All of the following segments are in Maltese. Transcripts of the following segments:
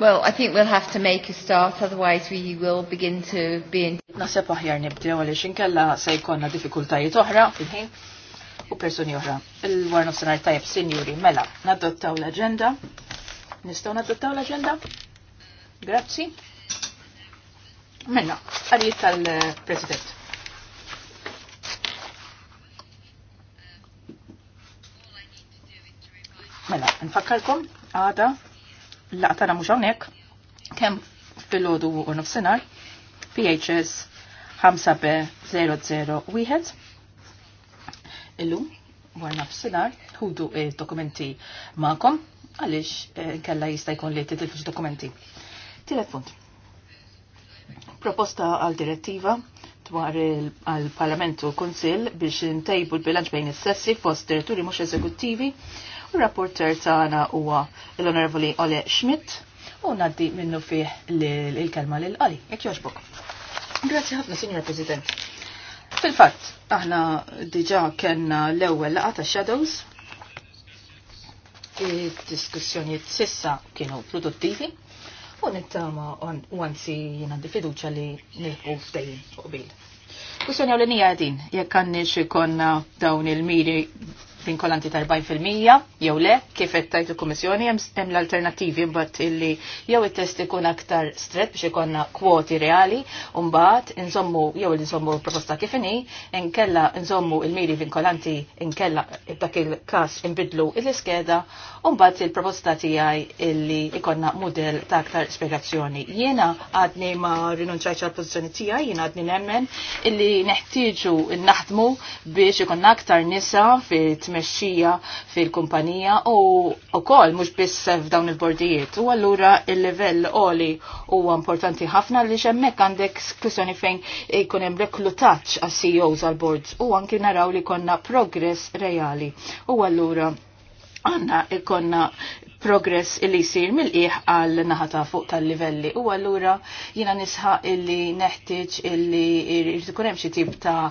Well, I think we'll have to make a start, otherwise we will begin to be in... Nasib aħjar nibdew għaliex inkella se jkollna diffikultajiet oħra fil-ħin u persuni oħra. Il-war nofsinhar tajjeb sinjuri mela nadottaw l agenda Nistaw nadottaw l agenda Grazzi. Mela, għarijiet tal-President. Mela, nfakkarkom għada laqtana mhux hawnhekk kemm filgħodu u nofsinhar PHS 5B001 illum war nofsinhar ħudu id-dokumenti magħkom għaliex eh, kella jista' jkun li titilfux dokumenti. Tielet punt. Proposta għal direttiva dwar għal parlamentu l-Konsil biex ntejbu l-bilanċ bejn is-sessi fost diretturi mhux eżekuttivi Il-rapporter tagħna huwa l-Onorevoli Ole Schmidt u naddi minnu fih il-kelma lil qali Jekk joġbuk. Grazzi ħafna, Signor President. Fil-fatt, aħna diġà kellna l-ewwel laqgħa ta' Shadows. Il-diskussjoni t sissa kienu produttivi u nittama u għansi jena di fiduċa li nilħu f'dejn fuq bil. Kussjoni għal nija għadin, jek għanni xikonna dawn il-miri vinkolanti ta' 40% jew le, kif qed tajt il-Kummissjoni hemm l-alternattivi mbagħad illi jew it-test ikun aktar stret biex ikonna kwoti reali mbatt mbagħad insommu jew insommu proposta kif inhi, inkella insommu il-miri vinkolanti inkella dak il-każ inbidlu il iskeda u mbagħad il-proposta tiegħi illi ikonna mudell ta' aktar spiegazzjoni Jiena għadni ma rinunċajċa għal-pożizzjoni tiegħi, jiena għadni nemmen illi neħtieġu naħdmu biex ikonna aktar nisa fit tmexxija fil-kumpanija u wkoll mhux biss f'dawn il-bordijiet. U allura il-livell oli huwa importanti ħafna li hemmhekk għandek kwistjoni fejn jkun hemm reklutaġġ għas CEOs għal boards u anki naraw li konna progress reali. U allura għanna ikonna progress illi jisir mill iħ għal naħata fuq tal-livelli u allura jiena nisħaq illi neħtieġ illi jrid ikun hemm xi tip ta'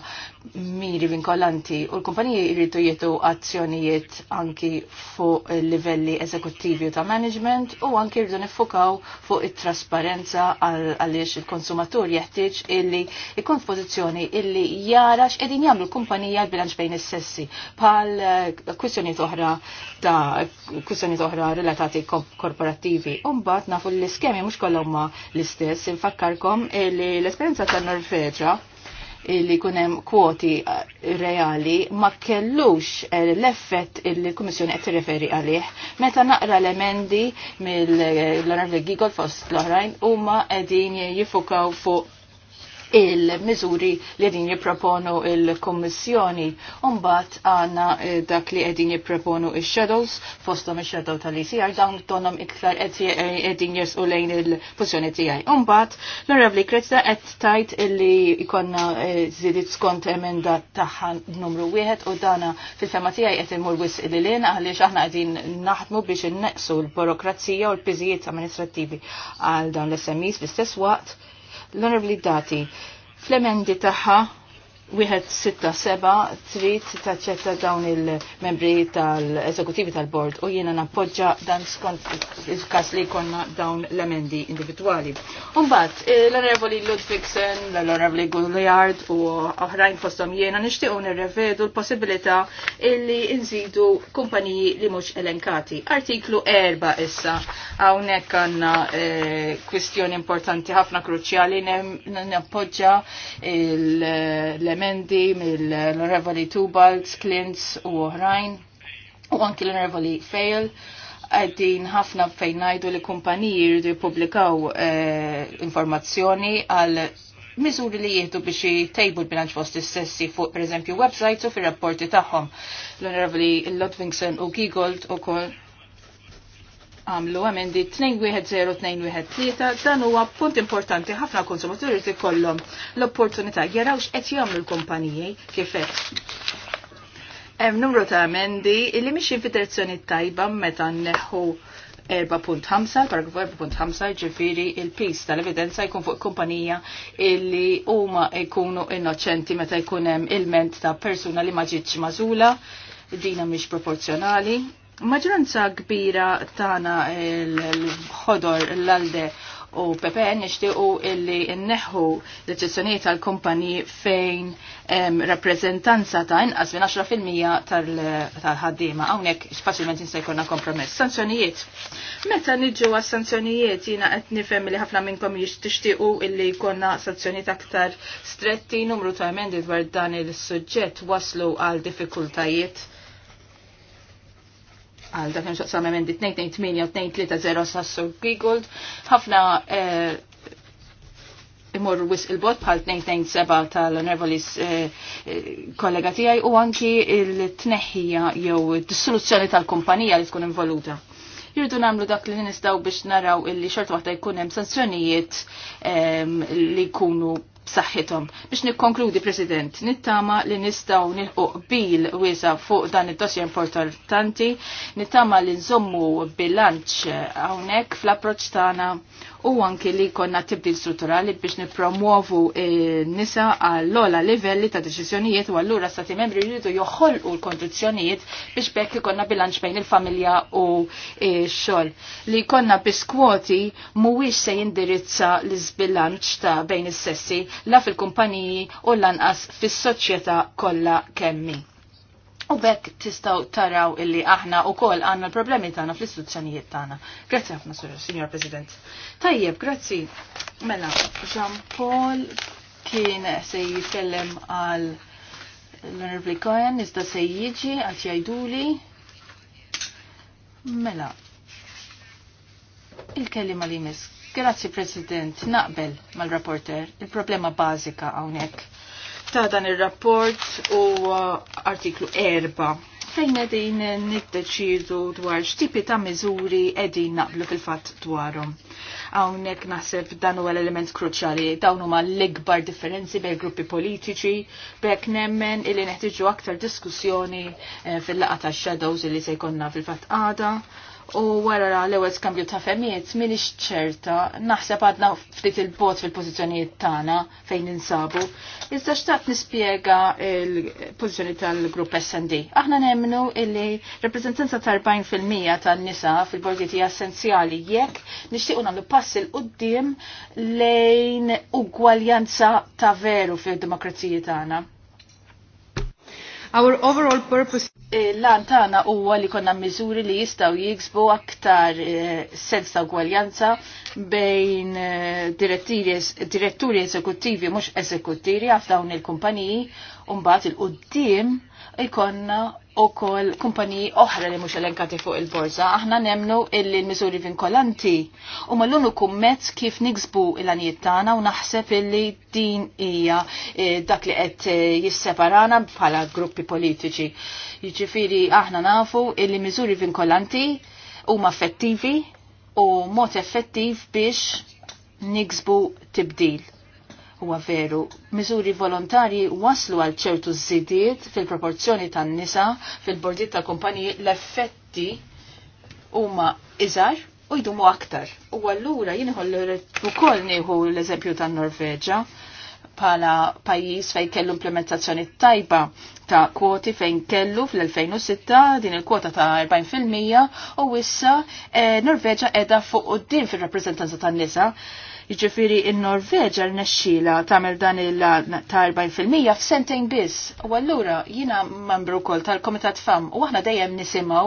miri vinkolanti u l-kumpaniji jridu jietu azzjonijiet anki fuq livelli eżekuttivi ta' management u anki jridu nifukaw fuq it-trasparenza għaliex il-konsumatur jeħtieġ illi ikun f'pożizzjoni illi jara x'qegħdin jagħmlu l-kumpanija bilanċ bejn is-sessi bħal eh, kwistjonijiet oħra ta' kwistjonijiet oħra relatati korporattivi. Umbat nafu l-iskemi mux kolomma l-istess, infakkarkom li l-esperienza ta' Norveġa li kunem kwoti eh, reali ma kellux eh, l-effett li l-Kummissjoni qed tirreferi għalih. Meta naqra l-emendi mill-Onorevoli Gigol fost l-oħrajn huma qegħdin jifukaw fuq il-mizuri li din jiproponu il-Kommissjoni. Umbat għana eh, dak li għedin jiproponu il-Shadows, fostom il-Shadow tal-ICR, dawn tonom iktar eh, għedin jersu lejn il-pozizjoni tijaj. Umbat, l-Revli Kretza għed tajt li ikonna zidit eh, skont emenda taħan numru 1 u dana fil-fema tijaj għed imur wis il-lin għalix aħna għedin naħdmu biex n-neqsu l-burokrazija u l-pizijiet amministrativi għal dawn l-SMIs fl-istess waqt l-Onorabli Dati fl-emendi tagħha wieħed sitta seba trid taċċetta dawn il-membri tal-eżekutivi tal-bord u jiena nappoġġa dan skont il-każ li jkollna dawn l-emendi individwali. Umbagħad eh, l-Onorevoli Ludwigsen, l-Onorevoli Gulliard u oħrajn fosthom jiena nixtiequ nirrevedu l-possibilità illi nżidu kumpaniji li mhux elenkati. Artiklu 4 issa hawnhekk għandna eh, kwistjoni importanti ħafna kruċjali nappoġġa l-emendi Mendi, mill-Onorevoli Tubalt, Klintz u oħrajn u anki l-Onorevoli Fail għaddin ħafna fejn najdu li kumpaniji jridu jpubblikaw eh, informazzjoni għal miżuri li jieħdu biex jtejbu l-bilanċ fost istessi fuq per eżempju websites u fir rapporti tagħhom. L-Onorevoli Lodvingsen u Gigold u kol għamlu emendi 210-213 dan huwa punt importanti ħafna konsumaturi li kollom l-opportunità jarawx qed jagħmlu l-kumpaniji kif hekk. Hemm numru ta' amendi li mixin fid direzzjoni tajba meta nneħħu 4.5, paragrafu 4.5 ġifiri il-pis tal-evidenza jkun fuq kumpanija illi huma jkunu innoċenti meta jkun hemm il-ment ta' persuna li ma ġietx mażula, dina mhix proporzjonali, Maġranza kbira tagħna l-ħodor l-alde u PPN nixtiequ illi nneħħu l-eċezzjonijiet tal-kumpani fejn rappreżentanza ta' inqas minn 10% tal-ħaddiema hawnhekk faċilment jinsa jkollna kompromess. Sanzjonijiet. Meta niġu għas sanzjonijiet jiena qed nifhem li ħafna minnkom tixtiequ illi jkollna sanzjonijiet aktar stretti numru ta' emendi dwar dan il-suġġett waslu għal difikultajiet għal dak nxaqsam emendi 228-230 sassu Gigold, ħafna eh, imur wis il-bot bħal 227 tal-Nervolis eh, kollega tijaj u anki il-tneħħija jew dissoluzzjoni tal-kumpanija li tkun involuta. Jirdu namlu dak li nistaw biex naraw illi xort waħda jkun hemm sanzjonijiet eh, li jkunu b'saħħithom. Biex nikkonkludi, President, nittama li nistaw nilqu bil wiesa fuq dan id-dossier importanti, nittama li nżommu bilanċ hawnhekk fl-approċċ tagħna u anki li konna tibdil strutturali biex nipromuovu eh, nisa għall-ola livelli ta' deċizjonijiet u għallura stati membri jridu joħolqu l-kondizjonijiet biex bekk konna bilanċ bejn il-familja u eh, xol. Li konna biskwoti mhuwiex se jindirizza l-izbilanċ ta' bejn is-sessi la fil-kumpaniji u lanqas fis-soċjetà kollha kemmi. U bekk tistaw taraw illi aħna u koll għanna l-problemi tagħna fl-istituzzjonijiet tagħna. Grazzi ħafna, Signor President. Tajjeb, grazzi. Mela, Jean Paul kien se jifellem għal l nervli Cohen, iżda se jiġi għal jgħiduli. Mela, il-kellima li mis. Grazzi, President, naqbel mal-rapporter, il-problema bażika hawnhekk ta' dan il-rapport u uh, artiklu 4 fejn edin niddeċidu dwar x'tipi ta' miżuri edin naqblu fil-fatt dwarhom. Hawnhekk naħseb dan huwa l-element kruċjali dawn huma l-ikbar differenzi bejn gruppi politiċi b'hekk nemmen illi neħtieġu aktar diskussjoni eh, fil-laqa tax-shadows illi se jkollna fil-fatt għada U wara l-ewwel skambju ta' femijiet min ċerta, naħseb għadna ftit il-bot fil-pożizzjonijiet tagħna fejn insabu. Iżda xtaqt nispjega l-pożizzjoni tal-grupp SD. Aħna nemmnu illi rappreżentanza ta' 40% tan-nisa fil-bordiet hija essenzjali jekk nixtiequ nagħmlu pass il qudiem lejn ugwaljanza ta' veru fid-demokrazija tagħna. Our overall purpose l-għan tagħna huwa li konna miżuri li jistgħu jiksbu aktar eh, sens ta' gwaljanza bejn eh, diretturi eżekuttivi mhux eżekuttivi għaf dawn il-kumpaniji u mbagħad il-qudiem ikonna u kol kumpaniji oħra li mux elenkati fuq il-borza, aħna nemnu illi l-mizuri vinkolanti. U mallunu kummet kif niksbu il-għaniet tana u naħseb illi din hija eh, dak li qed eh, jisseparana bħala gruppi politiċi. Jiġifieri aħna nafu illi miżuri vinkolanti huma effettivi u mod effettiv biex niksbu tibdil huwa veru. Miżuri volontarji waslu għal ċertu żidiet fil-proporzjoni tan-nisa fil-bordiet ta' kumpaniji l-effetti huma iżar u jdumu aktar. U allura jien ukoll nieħu l-eżempju tan-Norveġa bħala pajjiż fejn kellu implementazzjoni tajba ta' kwoti fejn kellu fl-2006 din il-kwota ta' 40% u wissa eh, Norveġa edha fuq din fil-rappreżentanza tan-nisa. Jiġifieri in-Norveġa rnexxila tagħmel dan il ta' 40% f'sentejn biss. U allura jiena membru wkoll tal-Komitat Fam u aħna dejjem nisimgħu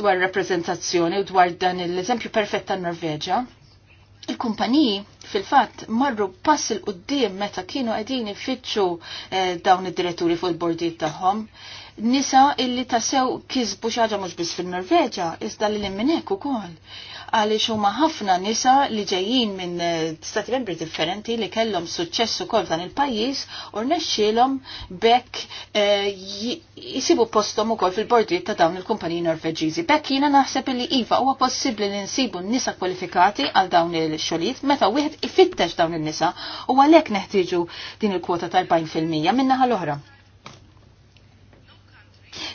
dwar rappreżentazzjoni u dwar dan l-eżempju perfett tan-Norveġa. Il-kumpaniji fil-fatt marru pass il qudiem meta kienu qegħdin ifittxu eh, dawn id-diretturi fuq il-bordijiet tagħhom. Nisa illi tassew kisbu xaġa mhux biss fin-Norveġa, iżda li l-imminek ukoll għaliex huma ħafna nisa li ġejjin minn eh, stati membri differenti li kellhom suċċess ukoll dan il-pajjiż u rnexxielhom bekk eh, jisibu postom ukoll fil-bordijiet ta' dawn il-kumpaniji Norveġiżi. Bekk jiena naħseb li iva huwa possibbli li nsibu nisa kwalifikati għal dawn il-xogħlijiet meta wieħed ifittex dawn in-nisa u għalhekk neħtieġu din il-kwota ta' 40% min-naħa l-oħra.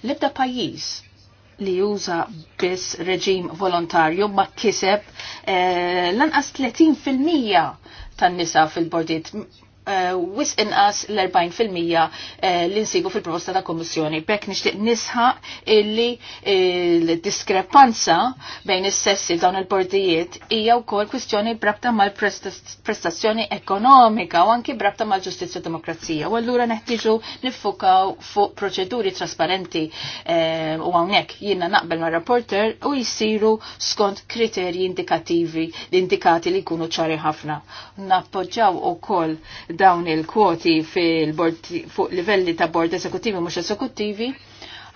L-ebda pajjiż li juża biss reġim volontarju ma kiseb eh, lanqas 30% tan-nisa fil-bordiet Eh, wis inqas l-40% eh, li nsibu fil-proposta ta' Kommissjoni. Bekk nixtieq nisħa illi l-diskrepanza bejn is-sessi dawn il-bordijiet hija wkoll kwistjoni brabta mal-prestazzjoni ekonomika u anki brabta mal-ġustizzja demokrazija. U allura neħtieġu niffukaw fuq proċeduri trasparenti eh, u hawnhekk jiena naqbel mar rapporter u jsiru skont kriterji indikativi indikati li jkunu ċari ħafna. Nappoġġaw ukoll dawn il-kwoti fuq livelli ta' bord esekutivi mhux esekutivi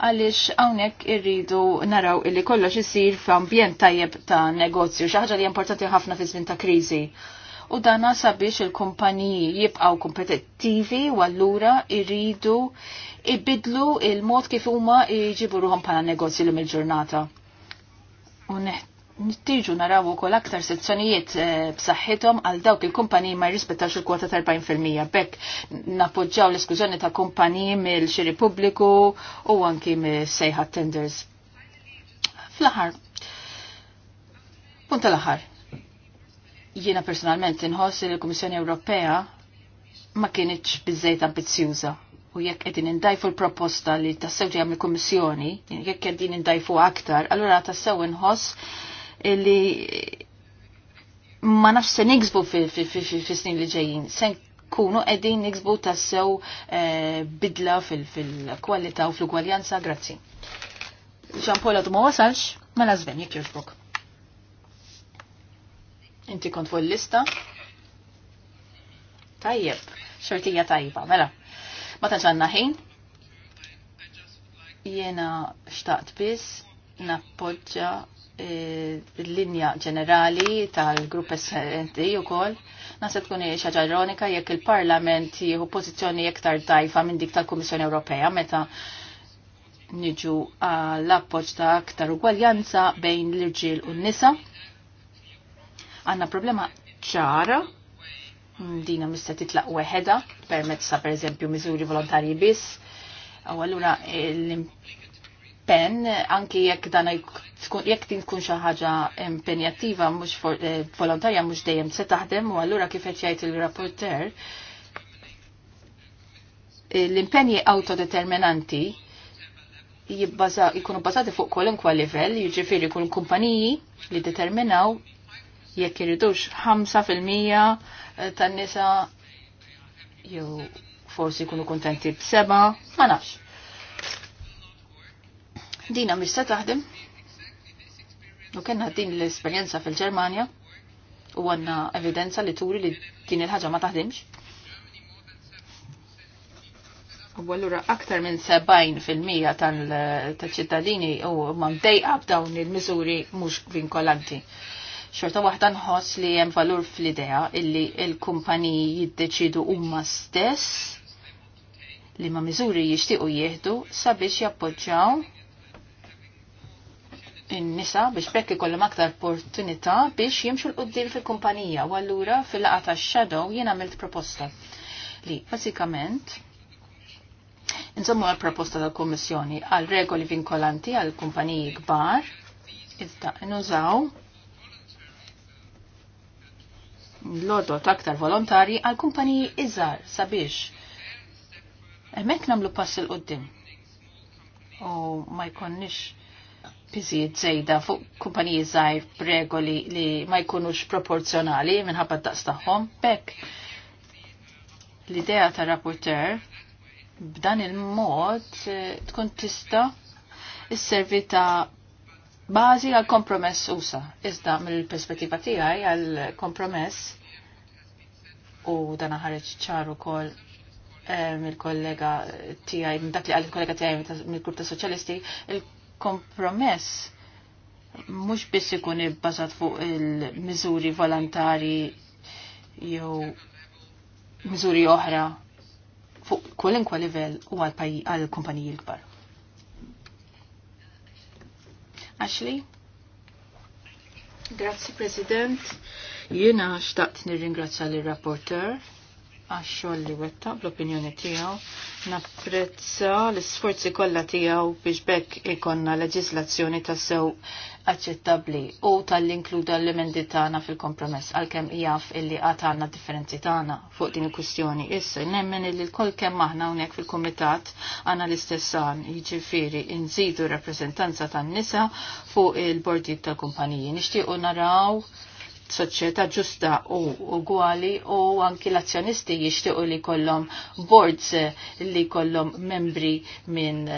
għaliex hawnhekk irridu naraw illi kollox isir f'ambjent tajjeb ta' negozju xi ħaġa li importanti ħafna fi żmien ta' kriżi. U dana sabiex il-kumpaniji jibqgħu kompetittivi u allura irridu ibidlu il-mod kif huma jġibu ruhom bħala negozju l mill ġurnata U neħt nittiġu naraw ukoll aktar sezzjonijiet eh, b'saħħithom għal dawk il-kumpaniji ma jrispettax il-kwota tal 40%. Bekk nappoġġaw l iskużjoni ta' kumpaniji mill-xiri pubbliku u anki mis-sejħa tenders. Fl-aħħar. Punta l-aħħar. Jiena personalment inħoss li l-Kummissjoni Ewropea ma kienitx biżejt ambizzjuża u jekk qegħdin indajfu l-proposta li tassew ġejja mill-Kummissjoni, jekk qegħdin indajfu aktar, allura tassew inħoss li ma nafx se niksbu fis-snin li ġejjin. Se kunu qegħdin niksbu tas-sew eh, bidla fil-kwalità u fl-ugwaljanza. Grazzi. Ġan tu ma wasalx, mela żven jekk jogħġbok. Inti kont fuq il-lista. Tajjeb, xortija tajba, mela. Ma tantx għandna ħin. Jiena xtaqt biss nappoġġa il-linja eh, ġenerali tal-grupp SND u kol. Nasib tkun xaġa ironika jekk il-Parlament jieħu pożizzjoni iktar tajfa minn dik tal-Kummissjoni Ewropea meta niġu għall appoġġ ta' aktar ugwaljanza bejn l-irġiel u n-nisa. Għanna problema ċara dina mista titlaq weħeda permezz per pereżempju miżuri volontarji biss. Aw allura l pen, anki jekk dan jekk tin tkun xi ħaġa impenjattiva mhux eh, volontarja mhux dejjem se taħdem u allura kif qed jgħid il-rapporter eh, l-impenji autodeterminanti jkunu jikunu fuq kwalunkwa livell, jiġifieri jkunu kumpaniji li determinaw jekk iridux 5% eh, tan-nisa jew forsi jkunu kuntenti b'seba, ma nafx. Dina mista taħdem. U kena din l-esperienza fil-Ġermanja u għanna evidenza li turi li din il-ħagġa ma taħdimx. U għallura aktar minn 70% tal-ċittadini u mandejqa dawn il-mizuri mux vinkolanti. Xorta waħda nħoss li hemm valur fl-idea illi il-kumpaniji jiddeċidu huma stess li ma miżuri jixtiequ jieħdu sabiex jappoġġaw in-nisa biex bekk ikollhom aktar opportunità biex jimxu l-qoddim fil-kumpanija u allura fil-laqa tax-shadow jien għamilt proposta li bażikament insommu għal proposta tal-Kummissjoni għal regoli vinkolanti għal kumpaniji kbar iżda nużaw l-ordot aktar volontari għal kumpaniji iżgħar sabiex. Hemmhekk nagħmlu pass il qoddim U ma jkonniex biżijiet żejda fuq kumpaniji żgħir regoli li ma jkunux proporzjonali minħabba daqs tagħhom. Bekk l-idea ta' rapporter b'dan il-mod eh, tkun tista' s-servi ta' bażi għal kompromess usa. Iżda mill-perspettiva tiegħi għal kompromess u dan ħareġ ċar ukoll eh, mill-kollega tiegħi, dak li għal kollega tiegħi mill kurta ta' Soċjalisti, kompromess mhux biss ikun ibbażat fuq il-miżuri volontari jew miżuri oħra fuq kwalinkwa livell u għal kumpaniji l-kbar. Ashley? Grazzi President. Jiena xtaqt nirringrazzja l rapporteur għaxxol li wetta bl-opinjoni tijaw, napprezza l-sforzi kolla tijaw biex bekk ikonna leġislazzjoni ta' sew aċċettabli u tal-inkluda l-emendi tagħna fil-kompromess għalkemm jaf illi għatana għandna differenzi tagħna fuq din il-kwistjoni. Issa nemmen illi l-kol kemm aħna hawnhekk fil-kumitat għana l-istess jġifiri jiġifieri nżidu rappresentanza tan-nisa fuq il-bordi tal-kumpaniji. Nixtiequ naraw soċjetà ġusta u ugwali u anki l-azzjonisti jixtiequ li kollom boards li kollom membri minn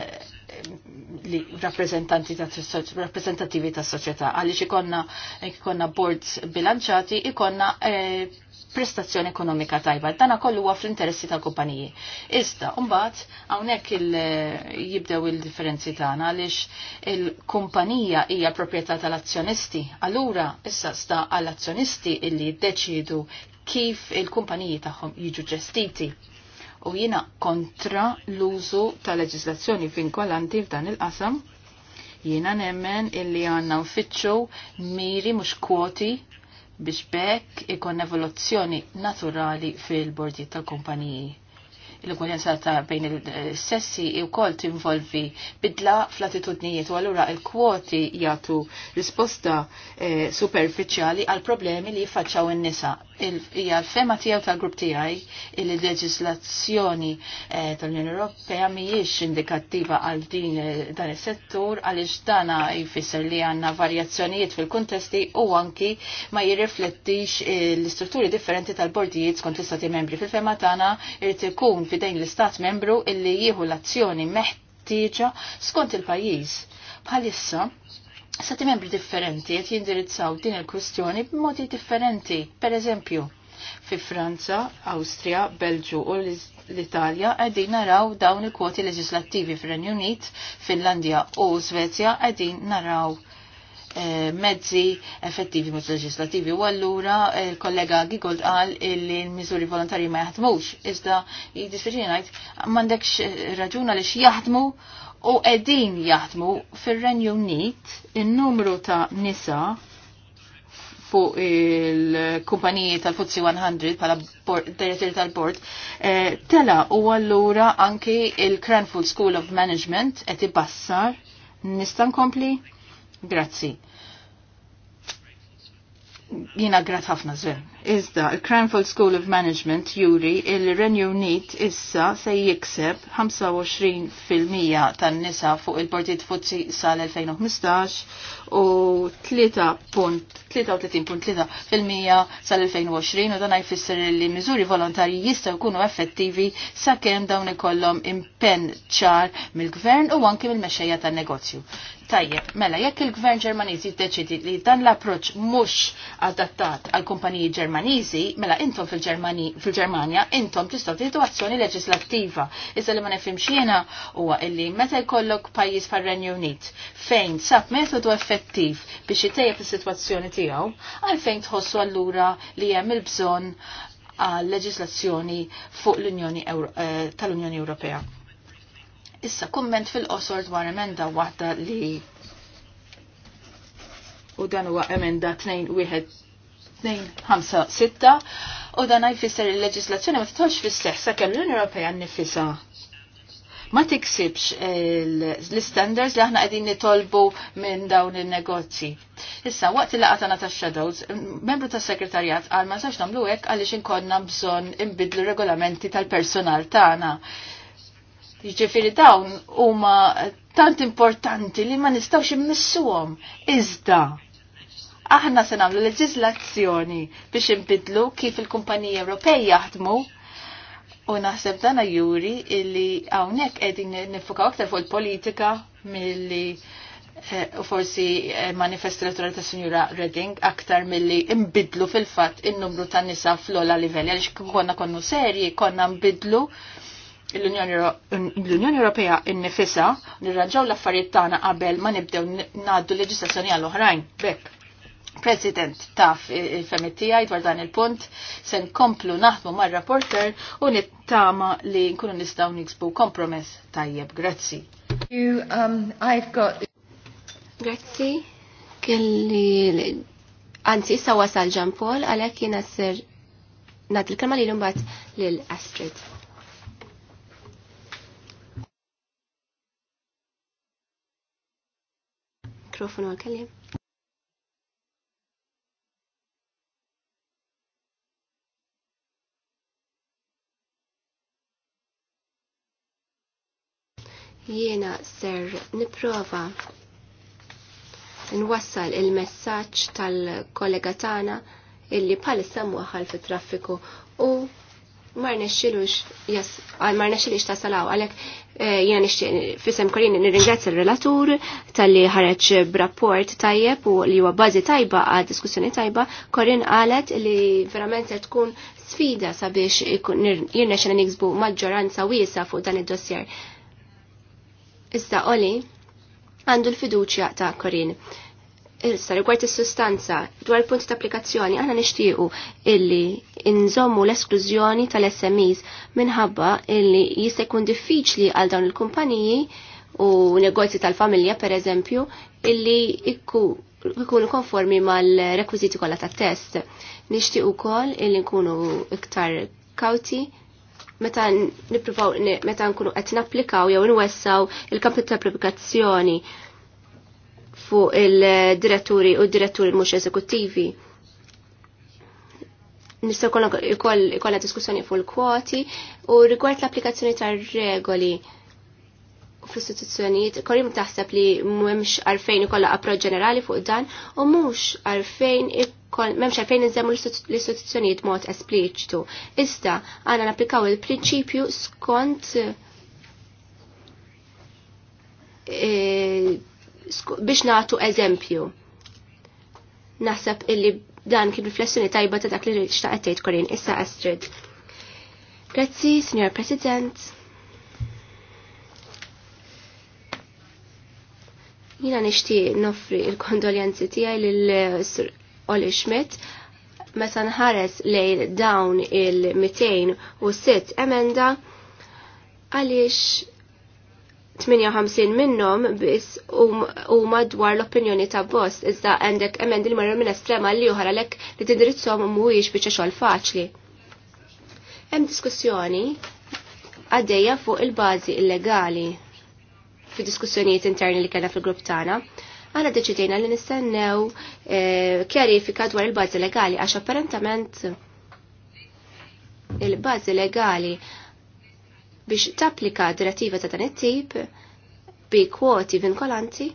li rappresentanti ta' rappresentativi ta' soċjetà għaliex ikonna ikonna boards bilanċati ikonna eh, prestazzjoni ekonomika tajba. Dana kollu huwa fl-interessi tal-kumpaniji. Iżda, mbagħad hawnhekk il eh, jibdew il-differenzi tagħna għaliex il-kumpanija hija proprjetà tal-azzjonisti. Allura issa sta għall-azzjonisti illi deċidu kif il-kumpaniji tagħhom jiġu ġestiti u jina kontra l-użu ta' leġislazzjoni vinkolanti f'dan il-qasam jina nemmen illi għanna nfittxu miri mux kwoti biex bekk ikon evoluzzjoni naturali fil-bordi tal-kumpaniji. Il-ugwaljanza ta' bejn il-sessi u kol tinvolvi bidla fl-attitudnijiet u għallura il-kwoti jgħatu risposta eh, superficiali għal problemi li faċċaw in-nisa hija l-fema tiegħu tal-grupp tiegħi il leġislazzjoni eh, tal-Unjoni Ewropea mhijiex indikattiva għal din eh, dan is-settur għaliex dana jfisser li għandna varjazzjonijiet fil-kuntesti u anki ma jirriflettix eh, l-istrutturi differenti tal-bordijiet skont l-istati membri. Fil-fema tagħna irid ikun fidejn l-istat membru illi jieħu l-azzjoni meħtieġa skont il-pajjiż. Bħalissa, Sati membri differenti qed jindirizzaw din il-kwistjoni b'modi differenti. Per eżempju, fi Franza, Austria, Belġu u l-Italja qegħdin naraw dawn il-kwoti leġislattivi fir-Renju Unit, Finlandja u Svezja qegħdin naraw eh, mezzi effettivi mhux leġislattivi u allura il-kollega Gigold qal li l-miżuri volontarji ma jaħdmux iżda jiddifiċi ngħid m'għandekx raġuna li jaħdmu u edin jaħdmu fil-Renju Unit il-numru ta' nisa fuq il-kumpaniji tal-Futsi 100 pala direttori tal-bord eh, tela u allura anki il-Cranfield School of Management qed ibassar nista' nkompli? Grazzi. Jina grat ħafna żvern Iżda, il-Cranfield School of Management juri il-Renew Unit issa se jikseb 25% tan-nisa fuq il-Bordit Futsi sal-2015 u 33.3% sal-2020 u dan jfisser li miżuri volontarji jistgħu jkunu effettivi sakemm dawn ikollhom impenn ċar mill-gvern u anke mill-mexxejja tan-negozju. Tajjeb, mela, jekk il-gvern ġermaniżi deċidi li dan l-approċ mhux adattat għal kumpaniji ġermaniżi, mela intom fil-Ġermanja intom tistgħu tieħdu azzjoni leġislattiva. Iżda li ma nifhimx jiena huwa illi meta jkollok pajjiż par renju Unit fejn sab metodu effettiv biex itejjeb is-sitwazzjoni tiegħu, għalfejn tħossu allura li hemm il-bżonn għal leġislazzjoni fuq l-Unjoni eh, tal-Unjoni Ewropea. Issa kumment fil-qosor dwar emenda waħda li u dan huwa emenda 2 5 u dan jfisser il-leġislazzjoni ma titħolx fis-seħħ sakemm l-Unjoni Ewropea nnifisha ma tiksibx l-standards li aħna qegħdin nitolbu minn dawn in-negozji. Issa waqt li laqatana ta' shadows, membru ta' segretarjat għal ma sax nagħmlu hekk għaliex inkonna bżonn inbidlu regolamenti tal-personal tagħna. Jiġifieri dawn huma tant importanti li ma nistgħux immissuhom. Iżda aħna se nagħmlu leġiżlazzjoni biex inbidlu kif il-kumpaniji Ewropej jaħdmu U naħseb dana juri illi hawnhekk qegħdin nifukaw aktar fuq il-politika milli eh, u forsi eh, manifest elettorali ta' Sinjura Redding aktar milli li imbidlu fil fatt in numru ta' nisa fl-ola livelli għaliex konna konnu serji, konna imbidlu l-Unjoni Ewropea innifisa nirraġaw l-affarijiet tagħna qabel ma nibdew ngħaddu leġislazzjoni għall oħrajn bekk. President taf il-femmi tiegħi dwar dan il-punt, Se nkomplu naħdmu mar rapporter u nittama li nkunu nistgħu niksbu kompromess tajjeb. Grazzi. You, um, I've got... Grazzi. Kelli, anzi, issa wasal ġampol għalhekk jiena ser nad il-kelma lil l lil astrid Mikrofonu għal-kellim. Jiena ser niprofa nwassal il-messaċ tal-kollega tagħna illi bħalissa mwaħħal fit-traffiku u mar nexxilux jas għal mar nexxilux tasalaw għalhekk eh, jiena nixtieq fissem korin nirringrazzja l-relatur tal-li ħareġ b'rapport tajjeb u li huwa bażi tajba għad diskussjoni tajba korin qalet li verament se tkun sfida sabiex jirna xena niksbu maġġoranza wiesa fuq dan id-dossier. Issa Oli għandu l-fiduċja ta' Korin. Issa, rigward is-sustanza, dwar il-punti ta' applikazzjoni, aħna nixtiequ illi inżommu l-esklużjoni tal-SMEs minħabba illi jista' jkun diffiċli għal dawn il-kumpaniji u negozji tal-familja per eżempju illi ikunu konformi mal-rekwiziti kollha tat-test. Nixtieq ukoll illi nkunu iktar kawti meta nippruvaw meta nkunu qed napplikaw jew nwessaw il-kampi ta' applikazzjoni fuq il-diretturi u diretturi mhux eżekuttivi. Nistgħu kollha diskussjoni fuq il-kwoti u rigward l-applikazzjoni tar-regoli fl-istituzzjonijiet, korim taħseb li m'hemmx għalfejn ikollha approċ ġenerali fuq dan u mhux għalfejn memx għalfejn inżemmu l-istituzzjonijiet mod espliċtu. Iżda, għana napplikaw il-prinċipju skont eh, biex nagħtu eżempju. Naħseb illi dan kien riflessjoni tajba ta' dak li xtaqet tgħid Korin issa Astrid. Grazzi, Signor President. Jina nixtieq noffri il-kondoljanzi tiegħi lil Oli Schmidt meta nħares lej dawn il-206 emenda għaliex 58 minnom biss u madwar l-opinjoni ta' bost, iżda għandek emend il marru minn estrema li uħar għalek li u mhuwiex biex xogħol faċli. Hemm diskussjoni għaddejja fuq il-bażi illegali fi diskussjonijiet interni li kellna fil-grupp tagħna. Għana deċidejna li nistennew eh, kjarifika dwar il-bażi legali għax apparentament il-bażi legali biex tapplika direttiva ta' dan it-tip bi kwoti vinkolanti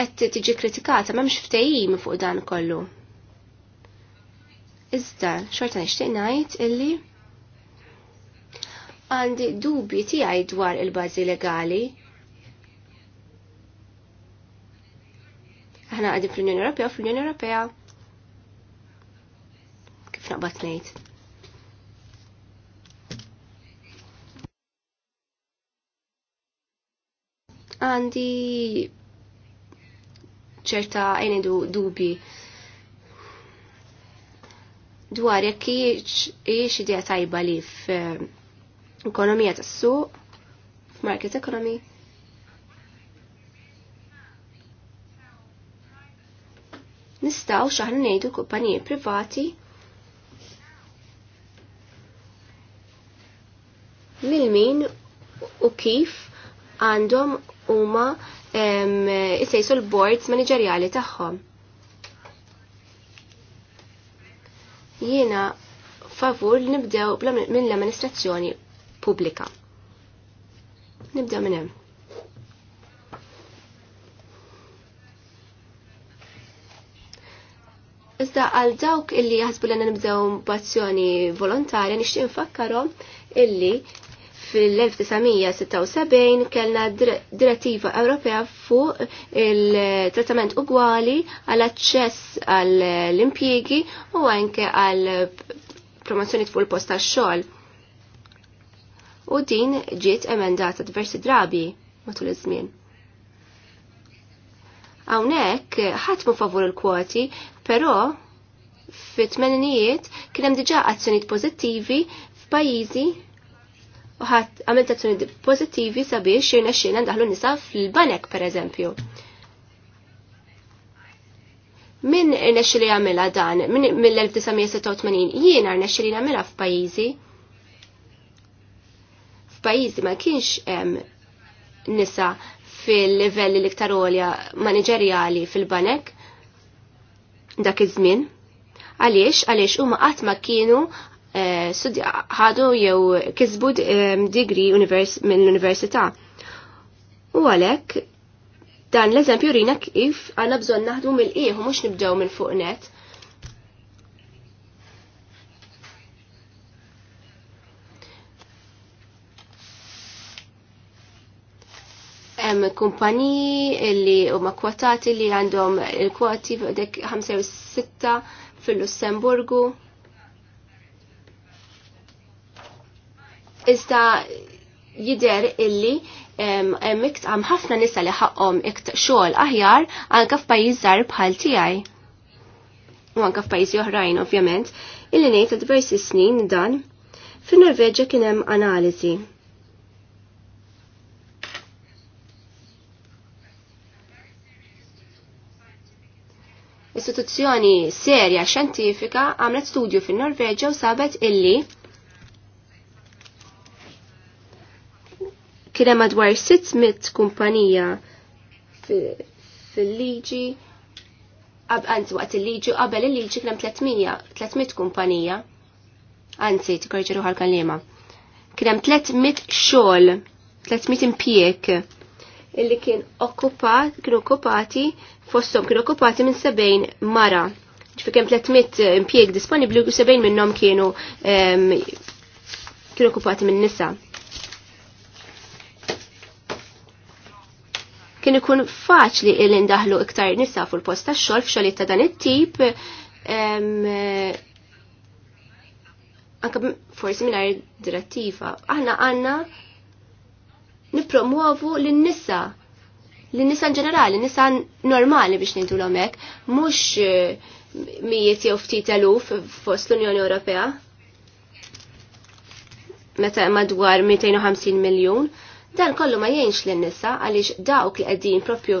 qed tiġi kritikata m'hemmx ftehim fuq dan kollu. Iżda, xorta nixtieq ngħid illi għandi dubji tiegħi dwar il-bażi legali. Aħna għadin fl-Unjoni Ewropea u fl-Unjoni Ewropea x'naqbad ngħid. Għandi ċerta għajnidu dubi dwar jekk hijiex idea tajba li f'ekonomija tas-suq, f'market economy, nistaw xaħna ngħidu kumpaniji privati mil-min u kif għandhom huma jsejsu l-boards manageriali tagħhom. Jiena favur li nibdew minn l-amministrazzjoni pubblika. Nibdew minn hemm. Iżda għal dawk illi jaħsbu l nibdew b'azzjoni volontarja nixtieq infakkarhom illi fil-1976 kellna direttiva Ewropea fuq il-trattament ugwali għal aċċess għall impjiegi u anke għal promozzjoni fuq il-post tax-xogħol. U din ġiet emendata diversi drabi matul iż-żmien. Hawnhekk ħatmu favur il-kwoti, però fit-tmeninijiet kien hemm diġà azzjonijiet pożittivi f'pajjiżi u ħadd għamilt azzjoni pożittivi sabiex xirna xirna ndaħlu nisa fil-banek pereżempju. Min irnexxi li jagħmilha dan mill-1986 jiena rnexxi li nagħmilha f'pajjiżi. F'pajjiżi ma kienx hemm nisa fil-livelli l-iktar għolja maniġerjali fil-banek dak iż-żmien. Għaliex, għaliex huma qatt ma kienu Eh, ħadu jew kisbu digri mill-università. U għalek, dan l-eżempju rina kif għanna bżon naħdu mill-qiegħu mhux nibdew minn fuq net. hemm kumpaniji li huma kwotati li għandhom il-kwoti dek 5 u 6 fil-Lussemburgu. Iżda jider illi mikt għam ħafna nisa li ħaqqom ikt xogħol aħjar anka f'pajjiż zar bħal tiegħi. U anka f'pajjiżi oħrajn ovvjament, illi ngħid diversi snin dan fin-Norveġġja kien hemm analiżi. Istituzzjoni serja xjentifika għamlet studju fin-Norveġġja u sabet illi Kien hemm madwar 600 kumpanija fil-liġi anzi waqt il-liġi qabel il-liġi kien 300, 300 kumpanija. Anzi, t-korġeru għal Kien hemm 300 xogħol, 300 impjieg illi kien okkupat, kienu okkupati, fosthom kienu okkupati minn 70 mara. Ġifi kien 300 impjieg disponibbli u 70 minnhom kienu kien okkupati minn nisa. kien ikun faċli li indaħlu iktar nisa fuq il-post ta' xogħol f'xogħol ta' dan it-tip anke forsi mingħajr direttiva. Aħna għandna nippromuovu lin-nisa l-nisa ġenerali, nisa normali biex nintu l-omek, mux eh, mijiet jew ftit eluf fost l-Unjoni Ewropea. Meta madwar 250 miljon. Dan kollu ma jgħinx lin-nisa għaliex dawk li qegħdin propju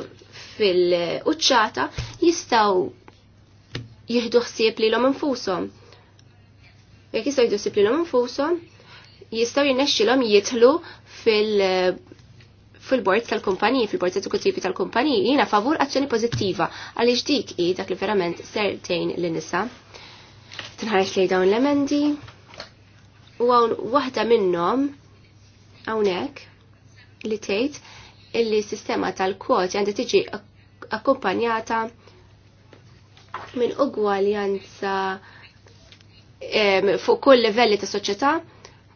fil-quċċata jistgħu jieħdu ħsieb lilhom infushom. Jekk jistgħu om nfusom, jistaw infushom, jistgħu jinnexxilhom jidħlu fil- fil-bord tal-kumpaniji, fil-bord eżekutivi tal-kumpaniji, jina favur azzjoni pozittiva għaliex dik i dak li verament sertejn l-nisa. Tinħares li dawn l-emendi u għawn wahda minnom għawnek li tgħid illi s-sistema tal-kwoti għandha tiġi akkumpanjata minn ugwaljanza fuq kull livelli ta' soċjetà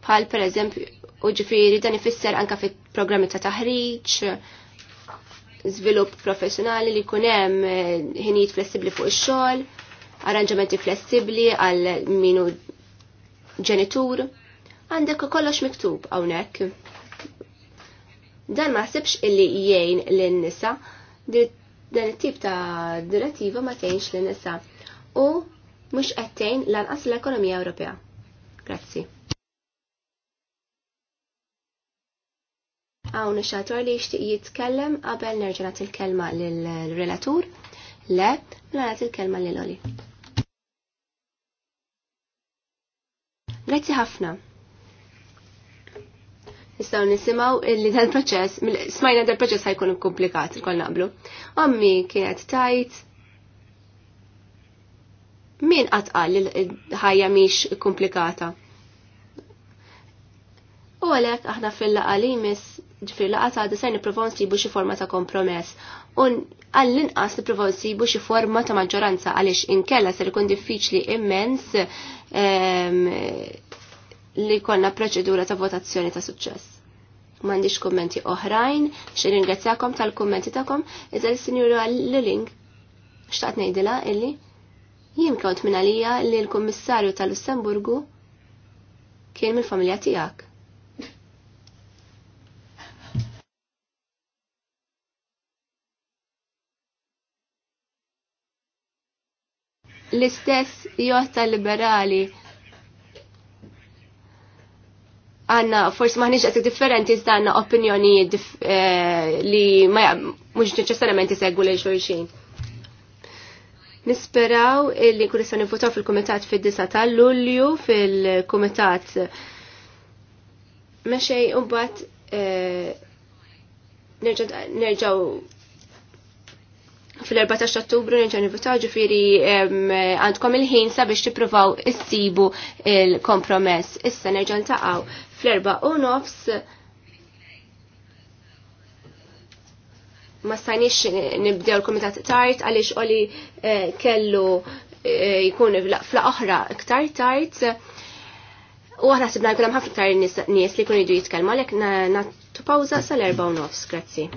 bħal pereżempju u ġifiri dan ifisser anka fit programmi ta' taħriġ, żvilupp professjonali li jkun hemm eh, ħinijiet flessibbli fuq ix-xogħol, arranġamenti flessibbli għal minu ġenitur, għandek kollox miktub hawnhekk. Dan ma ħsibx illi jgħin l-nisa, dan it-tip ta' direttiva ma tgħinx l-nisa u mhux qed tgħin lanqas l-ekonomija Ewropea. Grazzi. Hawn ix-xator li jixtieq jitkellem qabel nerġa' nagħti l-kelma lill-relatur. Le, mela nagħti l-kelma lil Oli. Grazzi ħafna nistaw nisimaw illi dal proċess, smajna dal proċess ħajkun komplikat il-kol naqblu. Ommi kienet tajt, min għatqal li ħajja miex komplikata. U għalek aħna fil-laqalimis ġifri laqat għadda sajn provon nsibu xi forma ta' kompromess. Un għall-inqas provon nsibu xi forma ta' maġġoranza għaliex inkella ser kun diffiċli immens ehm, li konna proċedura ta' votazzjoni ta' suċċess. Mandiġ kommenti oħrajn, xe ringrazzjakom tal-kommenti ta'kom, iżda l-Sinjura Liling xtaqt nejdila illi, jien kont minn għalija li l-Kommissarju tal-Lussemburgu kien mill-familja tijak. L-istess joħta liberali għanna forse maħniġ għati differenti iżda għanna opinjoni eh, li ma mux neċessarjament jisegħu li xulxin. Nisperaw li kurissan nifutaw fil-Kumitat fid-9 ta' Lulju fil-Kumitat mexej u mbagħad eh, nerġaw fil-14 ottubru nġan votaw ġifiri għandkom il-ħin sabiex tippruvaw issibu il-kompromess. Issa nerġan taqaw fl-erba u nofs ma stajniex nibdew l-komitat tart għaliex oli eh, kellu eh, jkun fl oħra iktar tajt. U għana sibna jkun hemm ħafna iktar nies li jkunu jidu jitkellmu għalhekk nagħtu pawża sal-erba' u nofs, grazzi.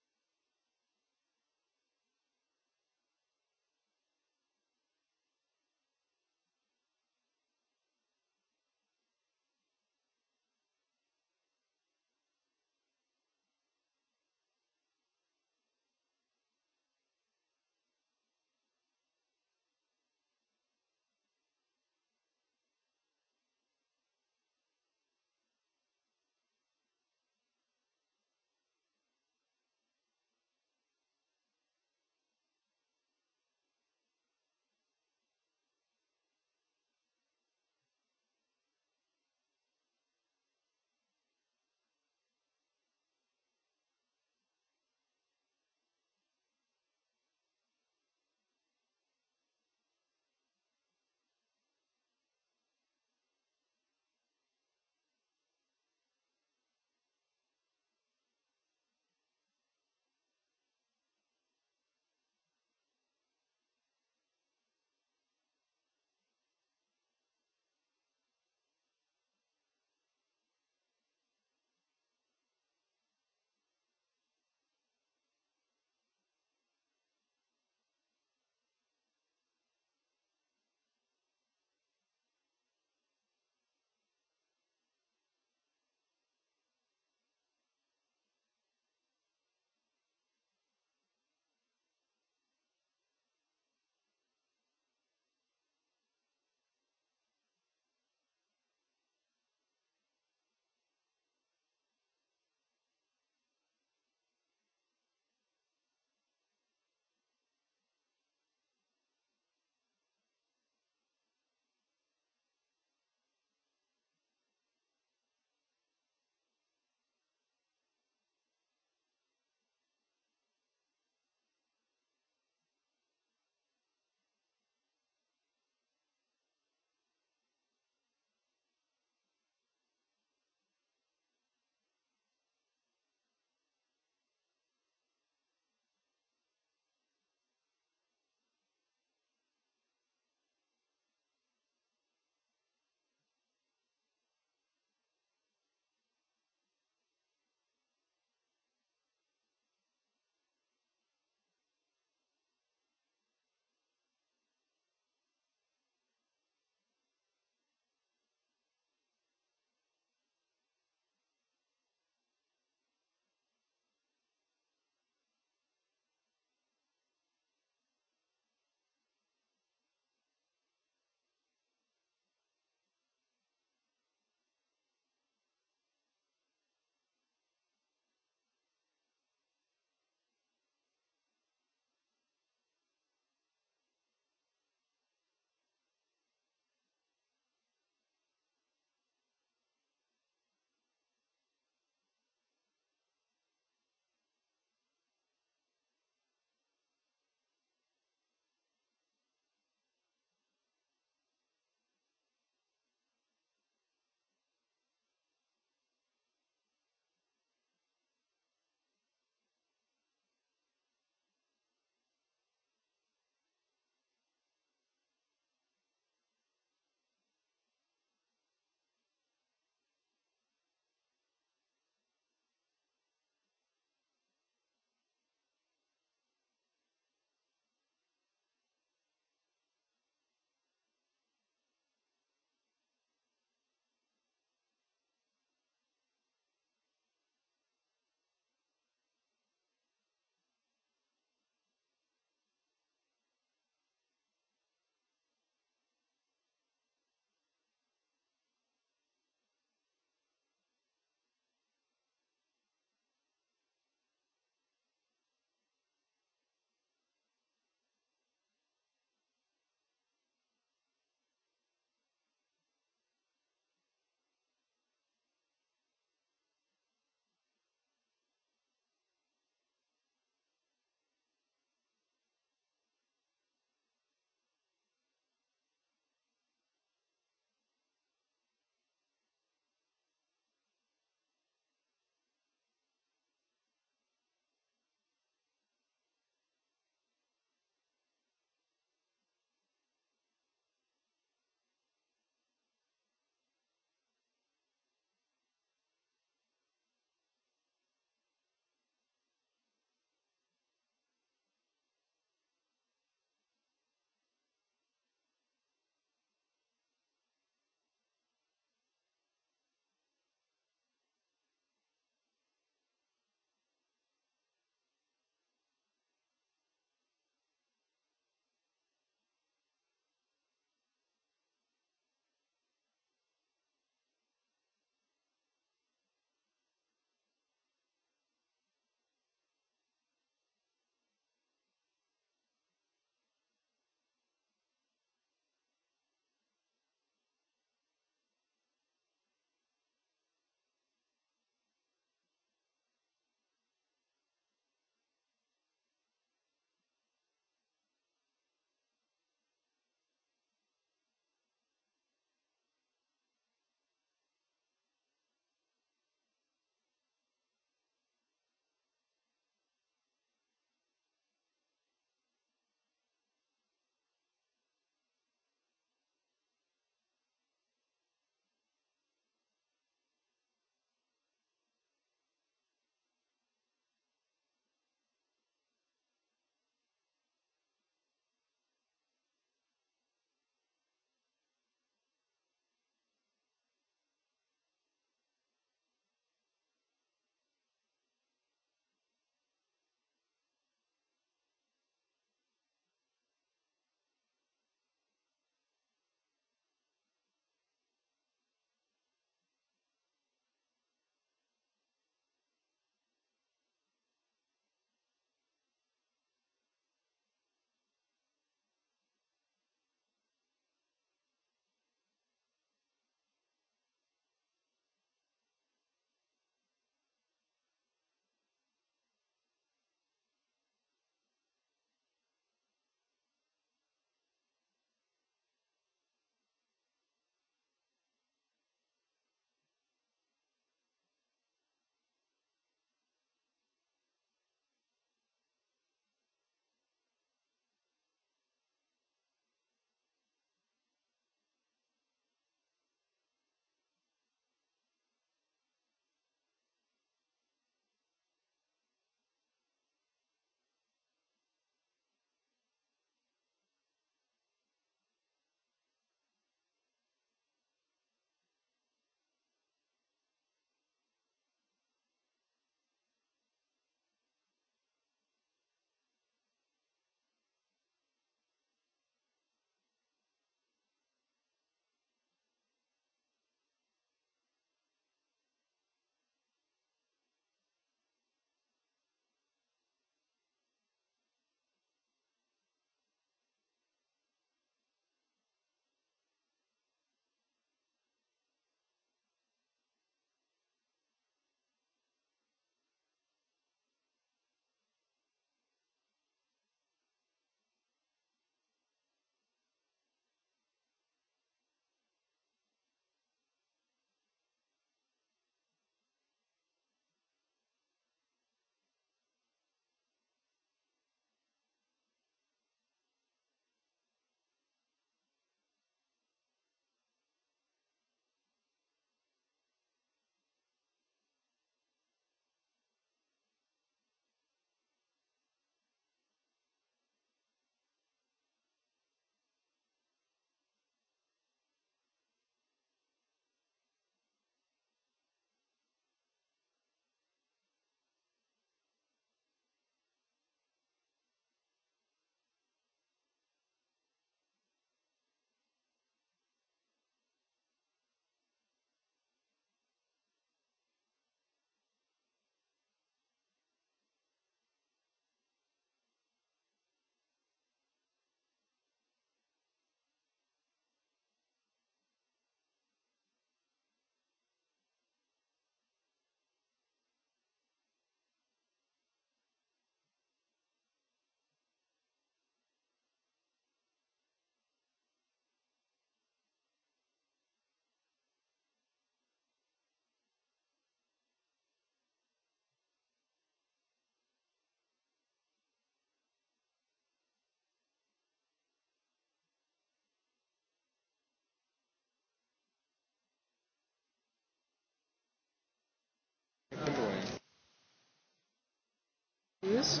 Yes?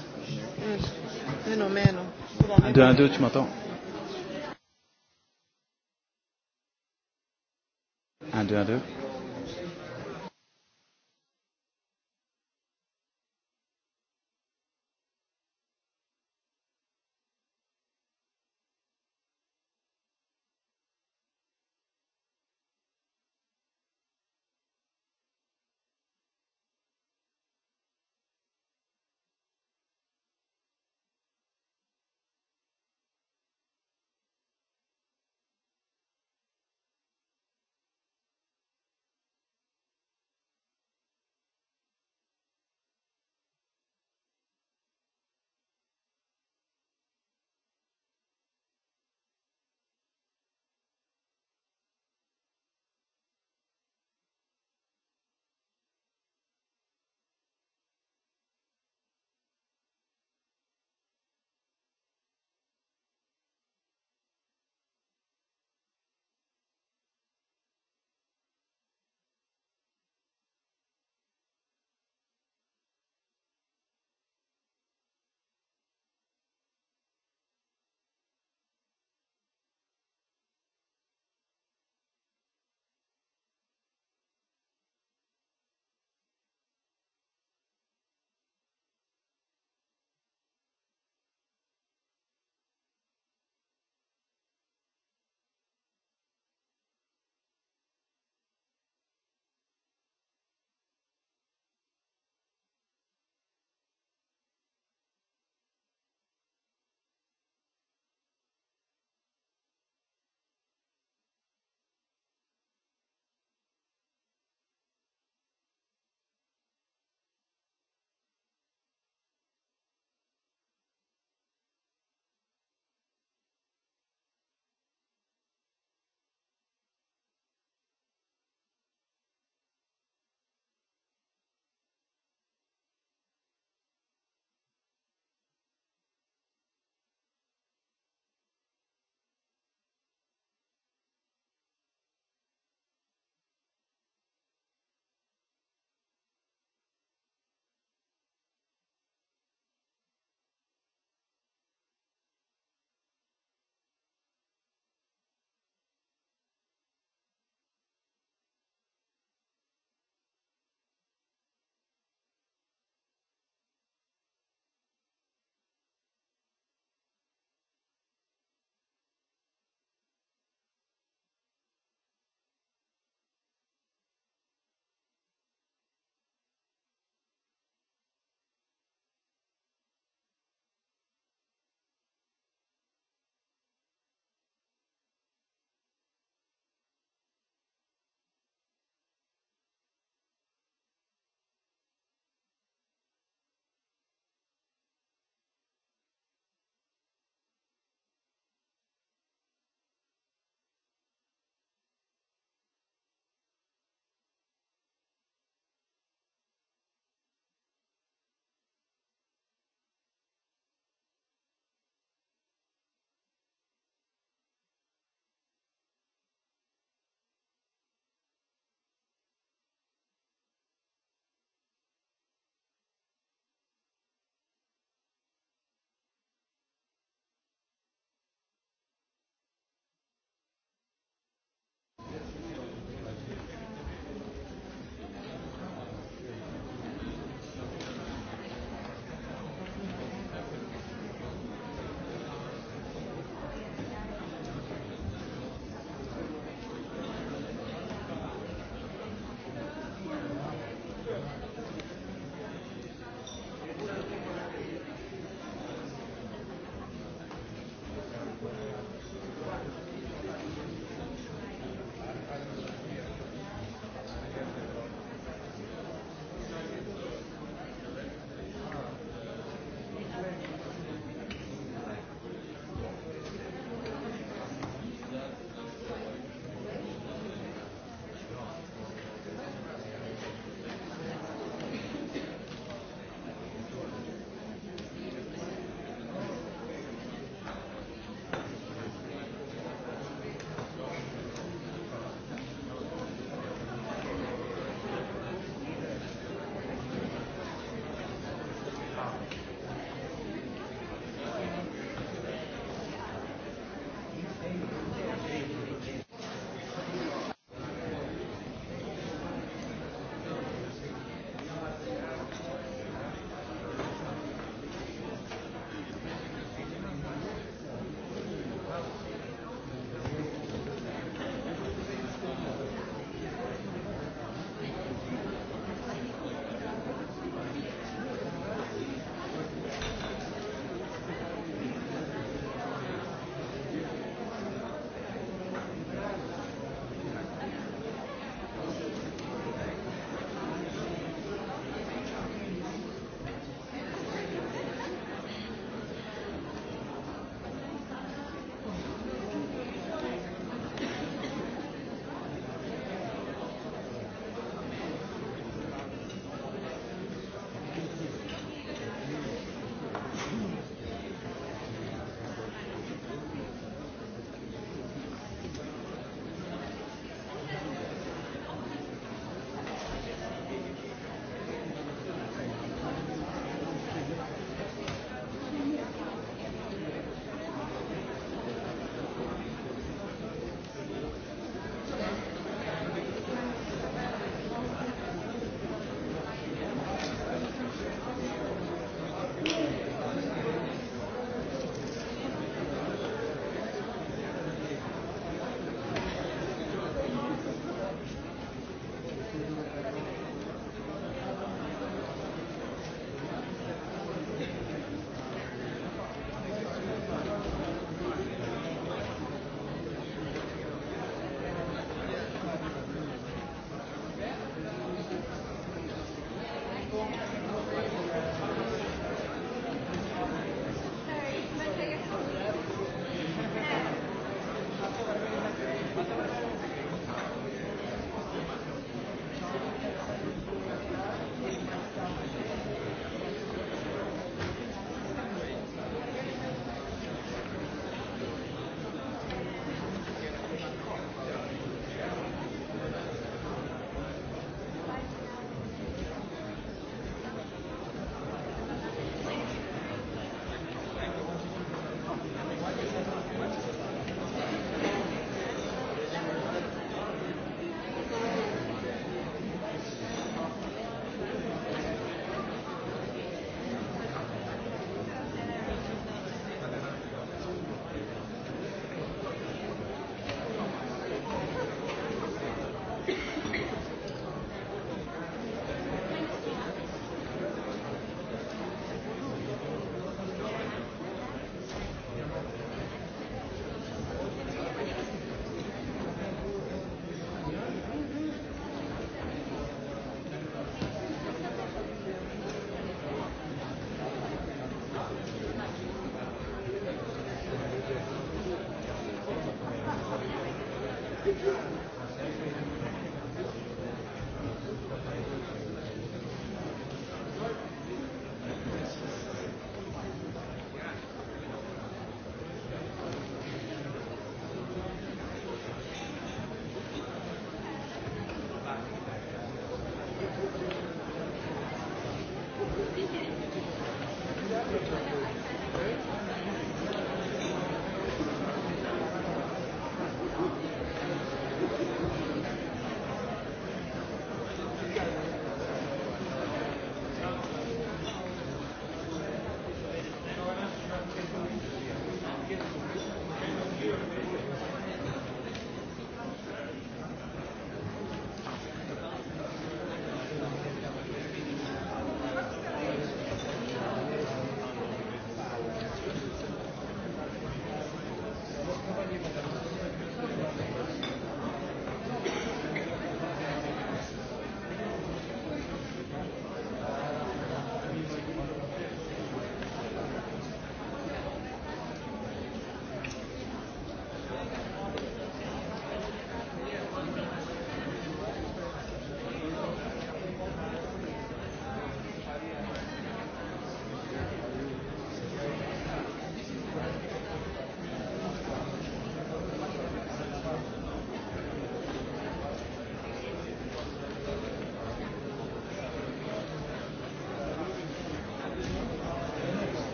Meno, meno. Għandu għandu ċmato. Għandu għandu.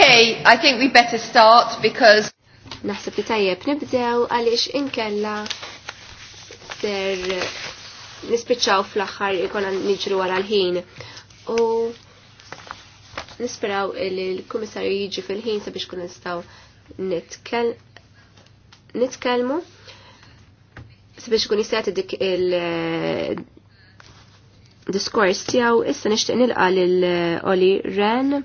Okay, I think we better start because Naħseb li tajjeb nibdew għaliex inkella ser nispiċċaw fl-aħħar ikonna niġru wara l-ħin. U nisperaw li l-kummissarju jiġi fil-ħin sabiex kun nistgħu nitkellmu sabiex kun jistgħu dik il- eh, diskors tiegħu issa nixtieq nilqa' il eh, Oli Ren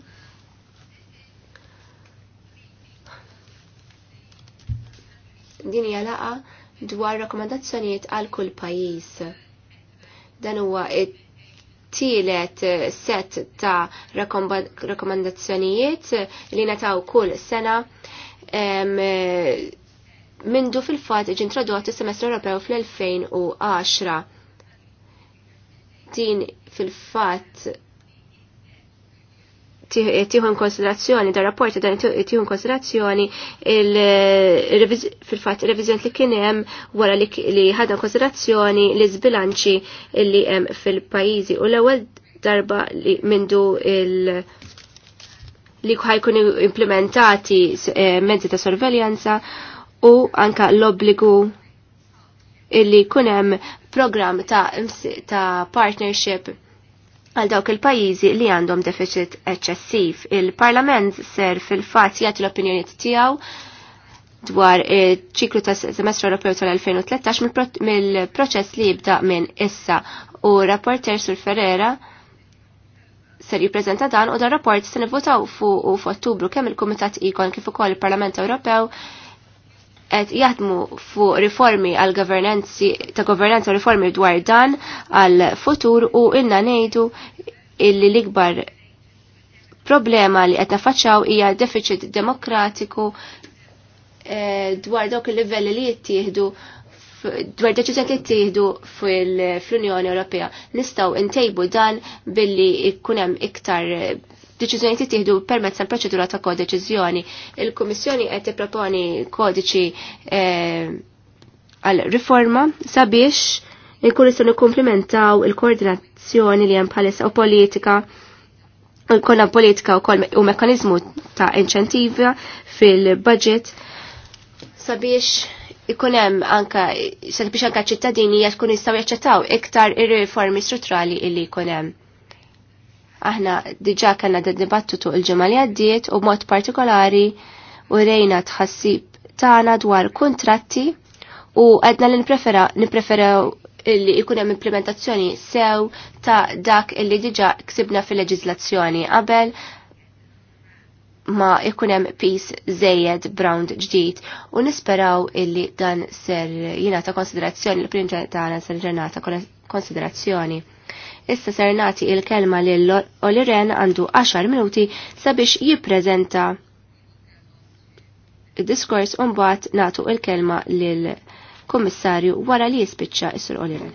din hija laqa dwar rakkomandazzjonijiet għal kull pajjiż. Dan huwa tielet set ta' rakkomandazzjonijiet li nataw kull sena mindu fil-fat ġin tradotti semestru Ewropew fl-2010. Din fil-fat tieħu konsiderazzjoni da rapporti dan in konsiderazzjoni fil-fatt revizjon li kien hemm wara li ħadan konsiderazzjoni li zbilanċi li hemm fil-pajjiżi u l-ewwel darba li mindu il- li ħajkun implementati eh, mezzi ta' sorveljanza u anka l-obbligu illi kunem program ta', ta partnership għal dawk il-pajjiżi li għandhom deficit eċċessiv. Il-Parlament ser fil-fatt jagħti l-opinjoni tiegħu dwar ċiklu ta' semestru Ewropew tal-2013 mill-proċess li jibda minn issa u rapporter sur Ferrera ser jippreżenta dan u dan rapport se nivvotaw fuq u f'Ottubru kemm il-Kumitat Ikon kif ukoll il-Parlament Ewropew qed jaħdmu fuq riformi għal governanzi ta' governanza riformi dwar dan għal futur u inna ngħidu illi l-ikbar problema li qed nafaċċaw hija deficit demokratiku eh, dwar dawk il-livelli li jittieħdu dwar deċiżjoni li jittieħdu fl-Unjoni Ewropea. Nistgħu ntejbu dan billi jkun hemm iktar deċiżjoni tittieħdu permezz tal proċedura ta' kodeċiżjoni. Il-Kummissjoni qed tipproponi kodiċi eh, għal riforma sabiex jkun jistgħu nikkumplimentaw il-koordinazzjoni li hemm bħalissa u politika konna politika u mekkaniżmu ta' inċentiva fil-budget sabiex ikun hemm anka sabiex anka ċittadini jkun jistgħu jaċċettaw iktar ir-riformi strutturali illi jkun hemm. Aħna diġa kanna tuq il-ġimgħa li għaddiet u mod partikolari u rejna tħassib tagħna dwar kontratti u għedna li niprefera nipreferaw illi ikun hemm implementazzjoni sew ta' dak illi diġa ksibna fil leġizlazzjoni qabel ma ikun hemm pis żejjed brown ġdid u nisperaw illi dan ser jingħata konsiderazzjoni l-prinċ tagħna ser ġenata konsiderazzjoni. Issa ser nagħti il-kelma l Oliren għandu 10 minuti sabiex jippreżenta il diskors u mbagħad nagħtu il-kelma lil kummissarju wara li jispiċċa is-Sur Oliren.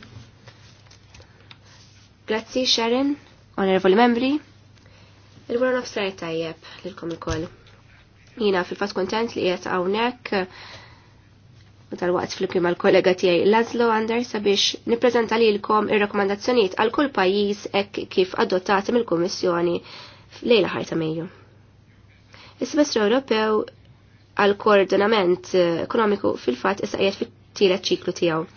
Grazzi Sharon, onorevoli membri. Il-Warren of Sar tajjeb lilkom il-koll. Jina fil-fat kontent li qiegħed hawnhekk u tal-waqt fl-imkien mal-kollega tiegħi Lazlo Ander sabiex nippreżenta lilkom ir-rakkomandazzjonijiet għal kull pajjiż hekk kif adottati mill-Kummissjoni lejla ħarta Mejju. Is-Semestru Ewropew għal koordinament eh, ekonomiku fil-fatt issa qiegħed fit-tielet ċiklu tiegħu.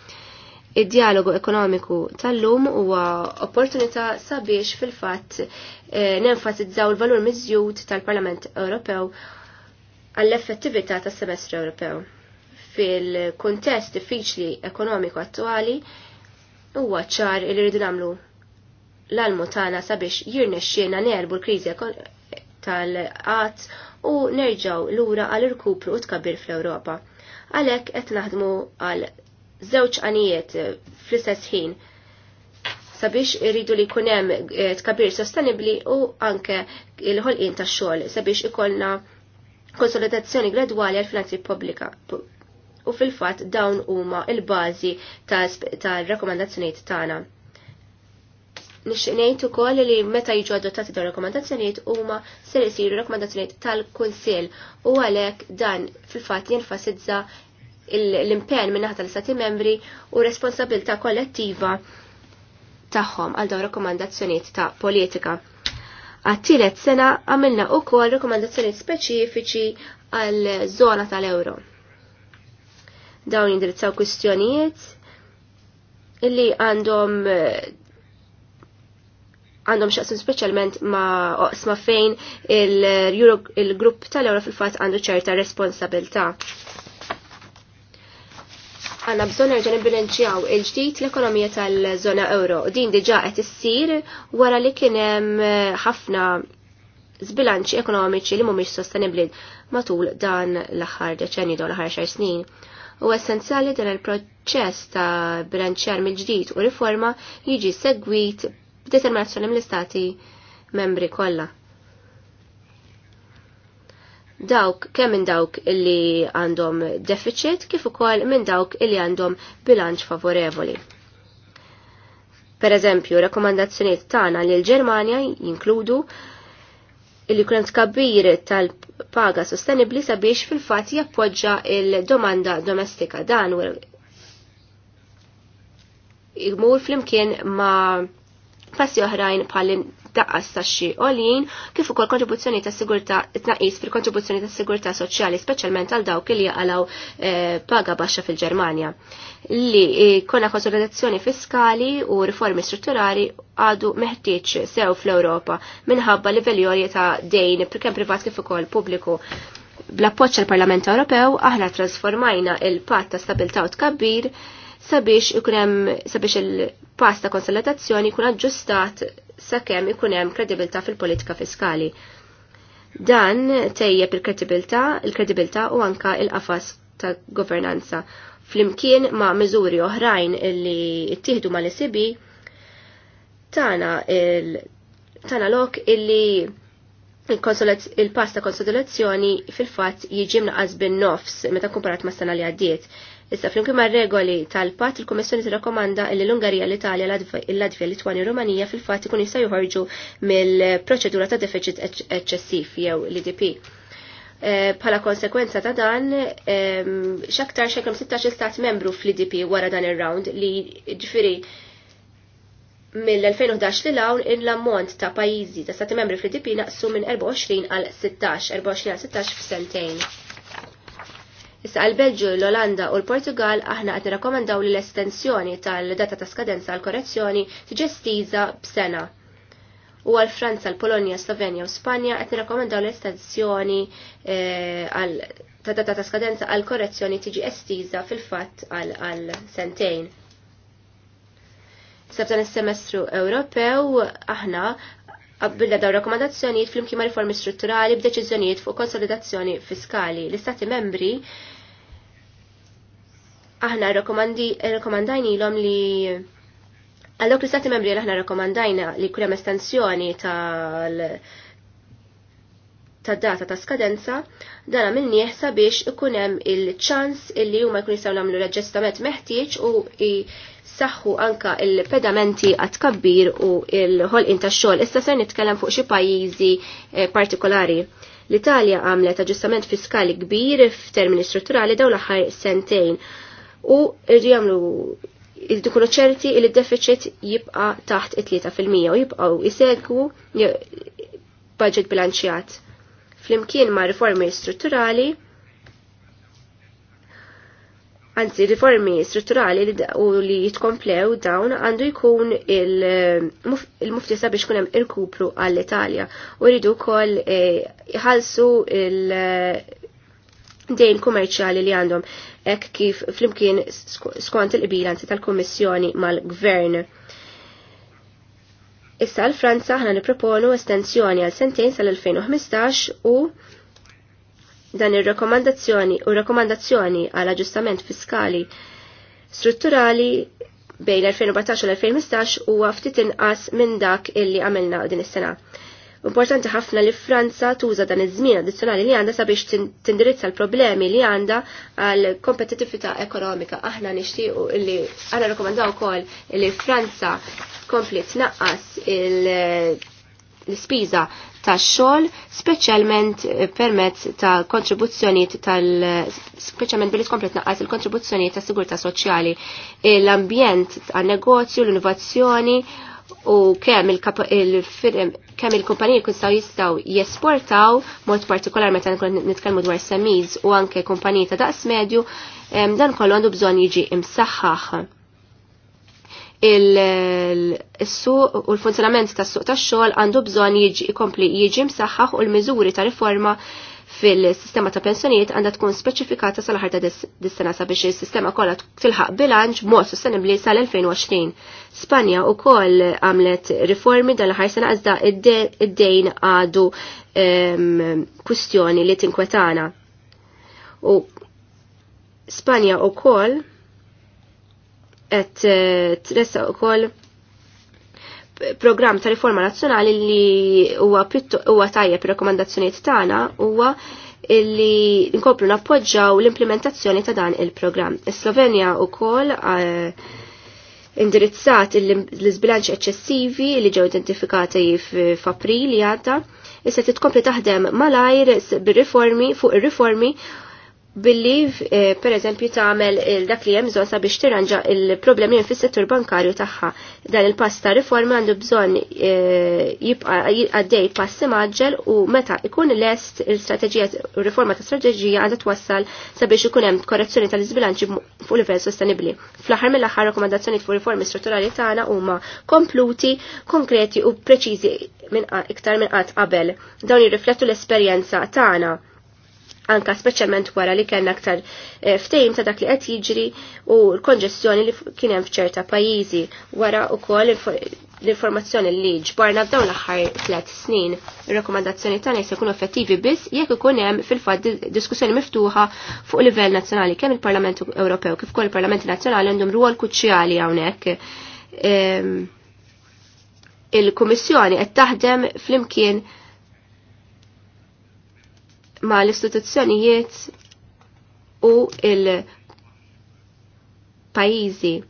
Id-dialogu ekonomiku tal-lum huwa opportunità sabiex fil-fatt eh, nenfasizzaw il-valur miżjud tal-Parlament Ewropew għall-effettività tas-Semestru Ewropew fil-kuntest diffiċli ekonomiku attwali huwa ċar li rridu nagħmlu l-almu tagħna sabiex jirnexxielna nerbu l-kriżi tal-qatt u nerġaw lura għal irkupru u tkabbir fl-Ewropa. Għalhekk qed naħdmu għal żewġ għanijiet fl-istess ħin sabiex irridu li kunem eh, tkabir sostenibli u anke il ħolqien ta' xogħol sabiex ikollna konsolidazzjoni gradwali għal finanzi pubblika u fil-fatt dawn huma il-bażi tal ta tagħna. Nixtieq ngħid ukoll li meta jiġu adottati dawn rakkomandazzjonijiet huma ser isiru rakkomandazzjonijiet tal-Kunsill u għalhekk dan fil-fatt jenfasizza l-impenn minn naħa tal-Stati membri u responsabilta kollettiva tagħhom għal dawn rakkomandazzjonijiet ta' politika. Għattilet sena għamilna u kol rekomendazzjoni speċifiċi għal zona tal-euro dawn jindirizzaw kwistjonijiet illi għandhom eh, għandhom xaqsun specialment ma oqsma fejn il-grupp il tal-ewra fil-fat għandu ċerta responsabilta. Għanna bżonna rġan bilanċjaw il-ġdijt l-ekonomija tal-zona euro. Din diġa qed issir wara li kienem eh, ħafna zbilanċi ekonomiċi li mhumiex sostenibbli matul dan l-aħħar deċenni dawn l-aħħar xar snin u essenzjali dan il-proċess ta' branċjar mill-ġdid u riforma jiġi segwit b'determinazzjoni mill-istati membri kollha. Dawk kemm minn dawk illi għandhom deficit kif ukoll minn dawk illi għandhom bilanċ favorevoli. Per eżempju, rekomandazzjoniet tagħna lil Ġermanja jinkludu il kunem tkabbir tal-paga sostenibli sabiex fil-fat jappoġġa il-domanda domestika dan u jgmur fl-imkien ma passi oħrajn bħal daqqas ta' xi għolin, kif ukoll kontribuzzjoni ta' sigurtà tnaqis fil-kontribuzzjoni ta' sigurtà soċjali speċjalment għal dawk li jaqalaw eh, paga baxxa fil-Ġermanja. Li eh, konna konsolidazzjoni fiskali u riformi strutturali għadu meħtieġ sew fl-Ewropa minħabba livelli orja ta' dejn kemm privat kif ukoll pubbliku bl appoċċ tal-Parlament Ewropew aħna trasformajna il-patt ta' stabilta' u tkabbir sabiex ikun sabiex il-pass ta' konsolidazzjoni kun aġġustat sakemm ikun hemm kredibilità fil-politika fiskali. Dan tejjeb il-kredibilità, il-kredibilità u anka il-qafas ta' governanza. Flimkien ma' miżuri oħrajn li ttieħdu mal l e tana il tana lok illi il-pass ta' konsolidazzjoni fil-fatt jiġi mnaqas bin nofs meta komparat ma' sena li għaddiet. Issa flimkien ma' regoli tal-pat il-Kummissjoni tirrakkomanda li l-Ungarija, l-Italja, l-Latvja, Litwanja, Rumanija fil-fatt ikun jista' joħorġu mill-proċedura ta' deficit eċċessiv jew l-IDP. Eh, bħala konsekwenza ta' dan, xaktar xekkem 16 stat membru fl-IDP wara dan ir-round li ġifiri mill-2011 li lawn il-lammont ammont ta' pajizi ta' stati membri fl-IDP naqsu minn 24 għal 16, 24 għal 16 f'sentejn Issa għal-Belġu, l-Olanda u l-Portugal aħna qed nirakomandaw li l-estensjoni tal-data ta' skadenza għal korrezzjoni tiġestiża b'sena. U għal Franza, l-Polonja, Slovenja u Spanja qed nirakomandaw l-estensjoni eh, ta' data ta' skadenza għal korrezzjoni tiġi estiża fil-fatt għal sentejn. Sabtan il-semestru Ewropew aħna Għabbilla daw rakkomandazzjonijiet flimkien ma' riformi strutturali b'deċiżjonijiet fuq konsolidazzjoni fiskali. L-Istati membri aħna l-om li għallok l-Istati membri li aħna rakkomandajna li kull hemm estensjoni tal ta' data ta' skadenza, dan minni jihsa biex ikunem il-ċans illi huma jkun jistgħu nagħmlu l meħtieġ u saħħu anka il-pedamenti għat kabbir u il-ħolqin ta' xogħol. Issa se nitkellem fuq xi pajjiżi eh, partikolari. L-Italja għamlet aġġustament fiskali kbir f'termini strutturali dawn l-aħħar sentejn u id-dukunu ċerti il deficit jibqa taħt it-3% u u jisegwu eh, budget bilanċjat. Flimkien ma' riformi strutturali, anzi riformi strutturali li u li jitkomplew dawn għandu jkun il-muftisa biex kunem il-kupru għall-Italja u rridu kol e, jħalsu il-dejn kummerċali li għandhom ek kif flimkien skont il-bilanzi tal-Kommissjoni mal-Gvern. Issa l-Franza ħna niproponu estensjoni għal sentejn sal-2015 u Dan ir-rekomandazzjoni u rekomandazzjoni għal aġustament fiskali strutturali bejn 2014 u 2015 huwa ftit inqas minn dak illi għamilna din is-sena. Importanti ħafna li Franza tuża dan iż-żmien addizzjonali li għandha sabiex tindirizza l-problemi li għandha għal kompetitività ekonomika. Aħna nixtiequ li aħna rakkomandaw ukoll li Franza kompli tnaqqas il l-spiża tax-xogħol speċjalment eh, permezz ta' kontribuzzjonijiet tal speċjalment billi tkomplet naqqas il-kontribuzzjonijiet ta' sigurtà soċjali l-ambjent għan negozju l-innovazzjoni u kemm il-firm kemm il-kumpaniji kun saw jistgħu jesportaw mod partikolar meta nitkellmu dwar semiz u anke kumpaniji ta' daqs medju dan kollu għandu bżonn jiġi imsaħħaħ il-suq u l-funzjonament tas suq tax xogħol għandu bżonn jiġi ikompli jiġi msaħħaħ u l-miżuri ta' riforma fil-sistema ta' pensjonijiet għandha tkun speċifikata sal ħarta ta' dis-sena sabiex is-sistema kollha tilħaq bilanċ mod sostenibbli sal-2020. Spanja wkoll għamlet riformi dan ħar sena iżda id-dejn għadu ehm, kwistjoni li tinkwetana. U Spanja wkoll et eh, tressa u koll program ta' riforma nazzjonali li huwa huwa tajjeb rekomandazzjoniet tagħna huwa li nkomplu nappoġġaw l-implementazzjoni ta' dan il-programm. Is-Slovenja wkoll eh, indirizzat l-izbilanċ eċċessivi li ġew identifikati f'April li għadda issa titkompli taħdem malajr bir-riformi fuq ir-riformi billi eh, per eżempju tagħmel dak li hemm bżonn sabiex tirranġa il-problemi fis-settur bankarju tagħha. Dan il-pass ta' riforma għandu bżonn eh, jibqa' għaddej passi maġġel u meta ikun lest il-strateġija u riforma ta' strateġija għandha twassal sabiex ikun hemm korrezzjoni tal-iżbilanċi fuq livell sostenibbli. Fl-aħħar mill-aħħar rakkomandazzjonijiet fuq riformi strutturali tagħna huma kompluti, konkreti u preċiżi iktar minn qatt qabel. Dawn jirriflettu l-esperjenza tagħna anka speċjalment wara li kellna aktar eh, ftehim ta' dak li qed jiġri u l-konġestjoni li kien hemm f'ċerta pajjiżi wara wkoll l-informazzjoni li ġbarna f'dawn l-aħħar tliet snin. Ir-rakkomandazzjoni tagħna se jkunu effettivi biss jekk ikun hemm fil-fatt diskussjoni miftuħa fuq livell nazzjonali kemm il-Parlament Ewropew kif ukoll il-Parlamenti Nazzjonali għandhom rwol kuċċjali hawnhekk. Ehm, Il-Kummissjoni qed taħdem flimkien ma l-istituzzjonijiet u il-pajizi.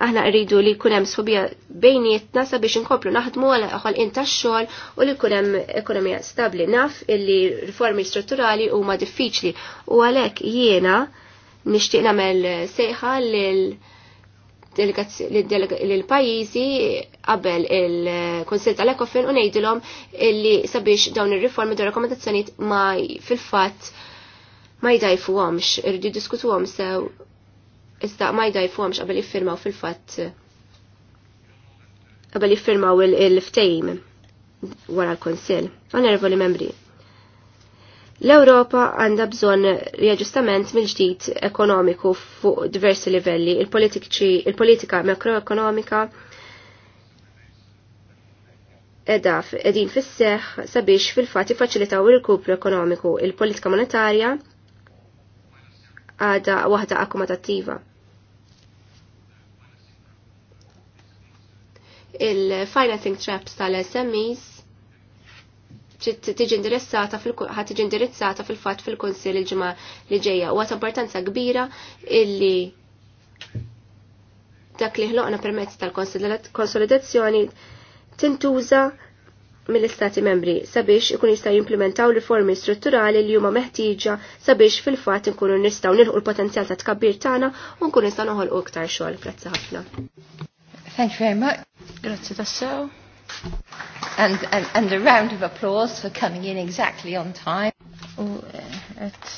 Aħna rridu li kunem sfobija bejnietna sabiex inkoplu naħdmu għal aħħal intax xogħol u li kunem ekonomija stabli naf illi riformi strutturali huma diffiċli u għalhekk jiena nixtieq nagħmel sejħa lil l-pajizi qabel il-Konsil tal-Ekofin u ngħidilhom li sabiex dawn ir-riformi dawn rakkomandazzjonijiet ma fil-fatt ma jdajfuhomx, irridu għom sew iżda ma jdajfuhomx qabel jiffirmaw fil-fatt qabel jiffirmaw il-ftejm wara l-Konsil. Onorevoli membri, L-Europa għandha bżonn riaġustament mill-ġdid ekonomiku fuq diversi livelli, il-politika il makroekonomika edaf edin fis-seħ sabiex fil-fatt jiffaċilitaw il-kupru ekonomiku, il-politika monetarja għadha waħda akkomodattiva. Il-financing traps tal-SMEs tiġi indirizzata ħad tiġi indirizzata fil-fatt fil-Kunsill il-ġimgħa li ġejja. Huwa ta' importanza kbira illi dak li ħloqna permezz tal-konsolidazzjoni tintuża mill-Istati membri sabiex ikun jista' jimplementaw riformi strutturali li huma meħtieġa sabiex fil-fatt inkunu nistgħu nilħu l-potenzjal ta' tkabbir tagħna u nkunu nistgħu noħolqu iktar xogħol. Grazzi ħafna. Thank you very much. Grazzi tassew. And, and, and a round of applause for coming in exactly on time. Eh, et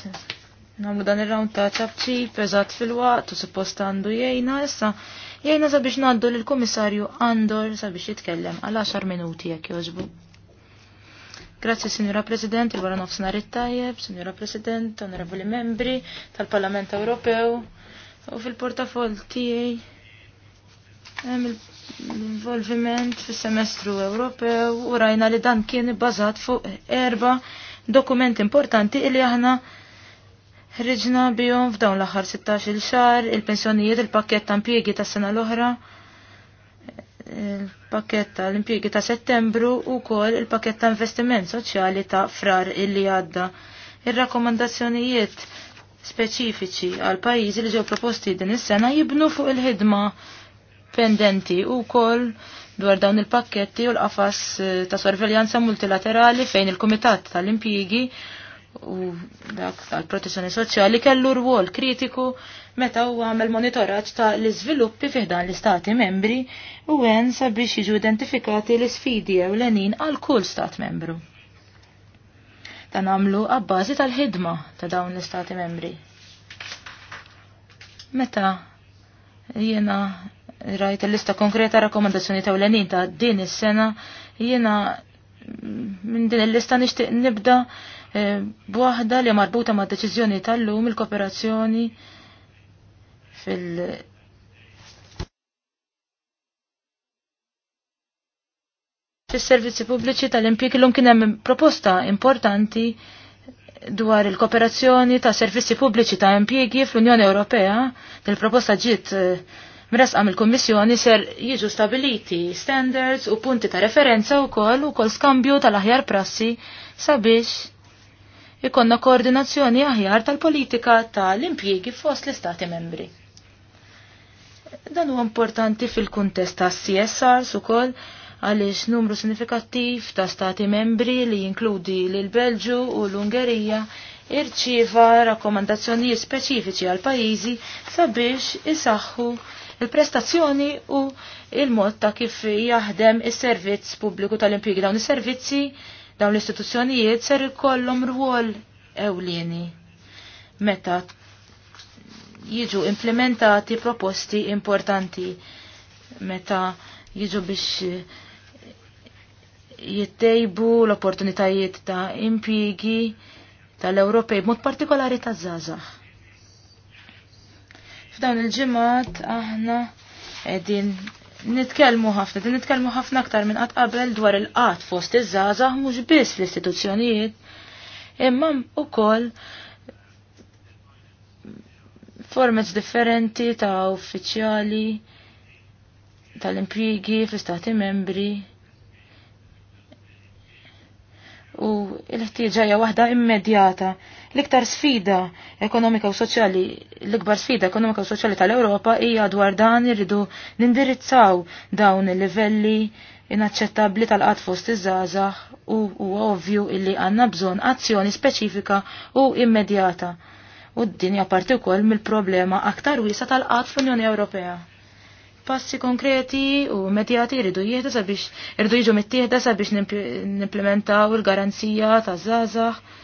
namlu dan il-round ta' ċabċi, preżat fil-waqt u suppost għandu jgħina issa. Jgħina sabiex naddu l-komissarju Andor sabiex jitkellem għal 10 minuti jekk joġbu. Grazie, Signora President, il-Wara Nofsnar Ittajeb, Signora President, Onorevoli Membri tal-Parlament Ewropew u fil-portafol tijaj, il l-involviment fis semestru Ewropew u rajna li dan kien bazat fuq erba dokument importanti li aħna ħriġna bihom f'dawn l-aħħar 16 il xahar, il-pensjonijiet, il-pakket ta' impjiegi ta' sena l-oħra, il-pakket tal impjiegi ta' settembru u kol il-pakket ta' investiment soċjali ta' frar illi għadda. Ir-rakkomandazzjonijiet speċifiċi għal pajjiżi li ġew proposti din is-sena jibnu fuq il-ħidma pendenti u kol dwar dawn il-pakketti u l-qafas eh, ta' sorveljanza multilaterali fejn il-Komitat tal-Impjigi u dak tal-Protezzjoni Soċjali kellu rwol kritiku meta u għamel monitoraġġ ta' l-iżviluppi fiħdan l-Istati membri u għen sabiex jiġu identifikati l-isfidi l-enin għal kull Stat membru. Dan għamlu għabbażi tal-ħidma ta' dawn l-Istati membri. Meta jiena rajt il-lista konkreta rakkomandazzjoni ta' l ta' din is-sena jiena minn din il-lista nixtieq nibda eh, b'waħda li marbuta ma' deċiżjoni tal-lum il-kooperazzjoni fil- fis-servizzi pubbliċi tal-impjeg illum kien hemm proposta importanti dwar il-kooperazzjoni ta' servizzi pubbliċi ta' impjiegi fl-Unjoni Ewropea. Il-proposta ġiet eh, mresqa mill-Kummissjoni ser jiġu stabiliti standards u punti ta' referenza wkoll ukoll skambju tal-aħjar prassi sabiex ikonna koordinazzjoni aħjar tal-politika tal-impjiegi fost l-Istati membri. Dan huwa importanti fil-kuntest ta' CSRs ukoll għaliex numru sinifikattiv ta' stati membri li jinkludi l-Belġu u l-Ungerija irċiva rakkomandazzjonijiet speċifiċi għal pajjiżi sabiex isaħħu il-prestazzjoni u il-mod ta' kif jaħdem is-servizz pubbliku tal-impjiegi dawn is-servizzi dawn l-istituzzjonijiet ser ikollhom rwol ewlieni meta jiġu implementati proposti importanti meta jiġu biex jittejbu l-opportunitajiet ta' impjiegi tal-Ewropej b'mod partikolari ta' zazax F'dawn il-ġimgħat aħna qegħdin nitkellmu ħafna, din nitkellmu ħafna aktar minn qatt qabel dwar il-qatt fost iż-żgħażagħ mhux biss l istituzzjonijiet imma wkoll formats differenti ta' uffiċjali tal-impjigi fl-istati membri u l-ħtieġa waħda immedjata. L-iktar sfida ekonomika u soċjali, l-ikbar sfida ekonomika u soċjali tal-Ewropa hija dwar dan irridu nindirizzaw dawn il-livelli inaċċettabbli tal-qatt fost iż-żgħażagħ u huwa ovvju illi għandna bżonn azzjoni speċifika u immedjata. U d-dinja parti wkoll mill-problema aktar wiesa tal-qatt fl-Unjoni Ewropea passi konkreti u immedjati jridu jieħda sabiex rridu jiġu mittieħda sabiex nimplementaw il-garanzija ta' żgħażagħ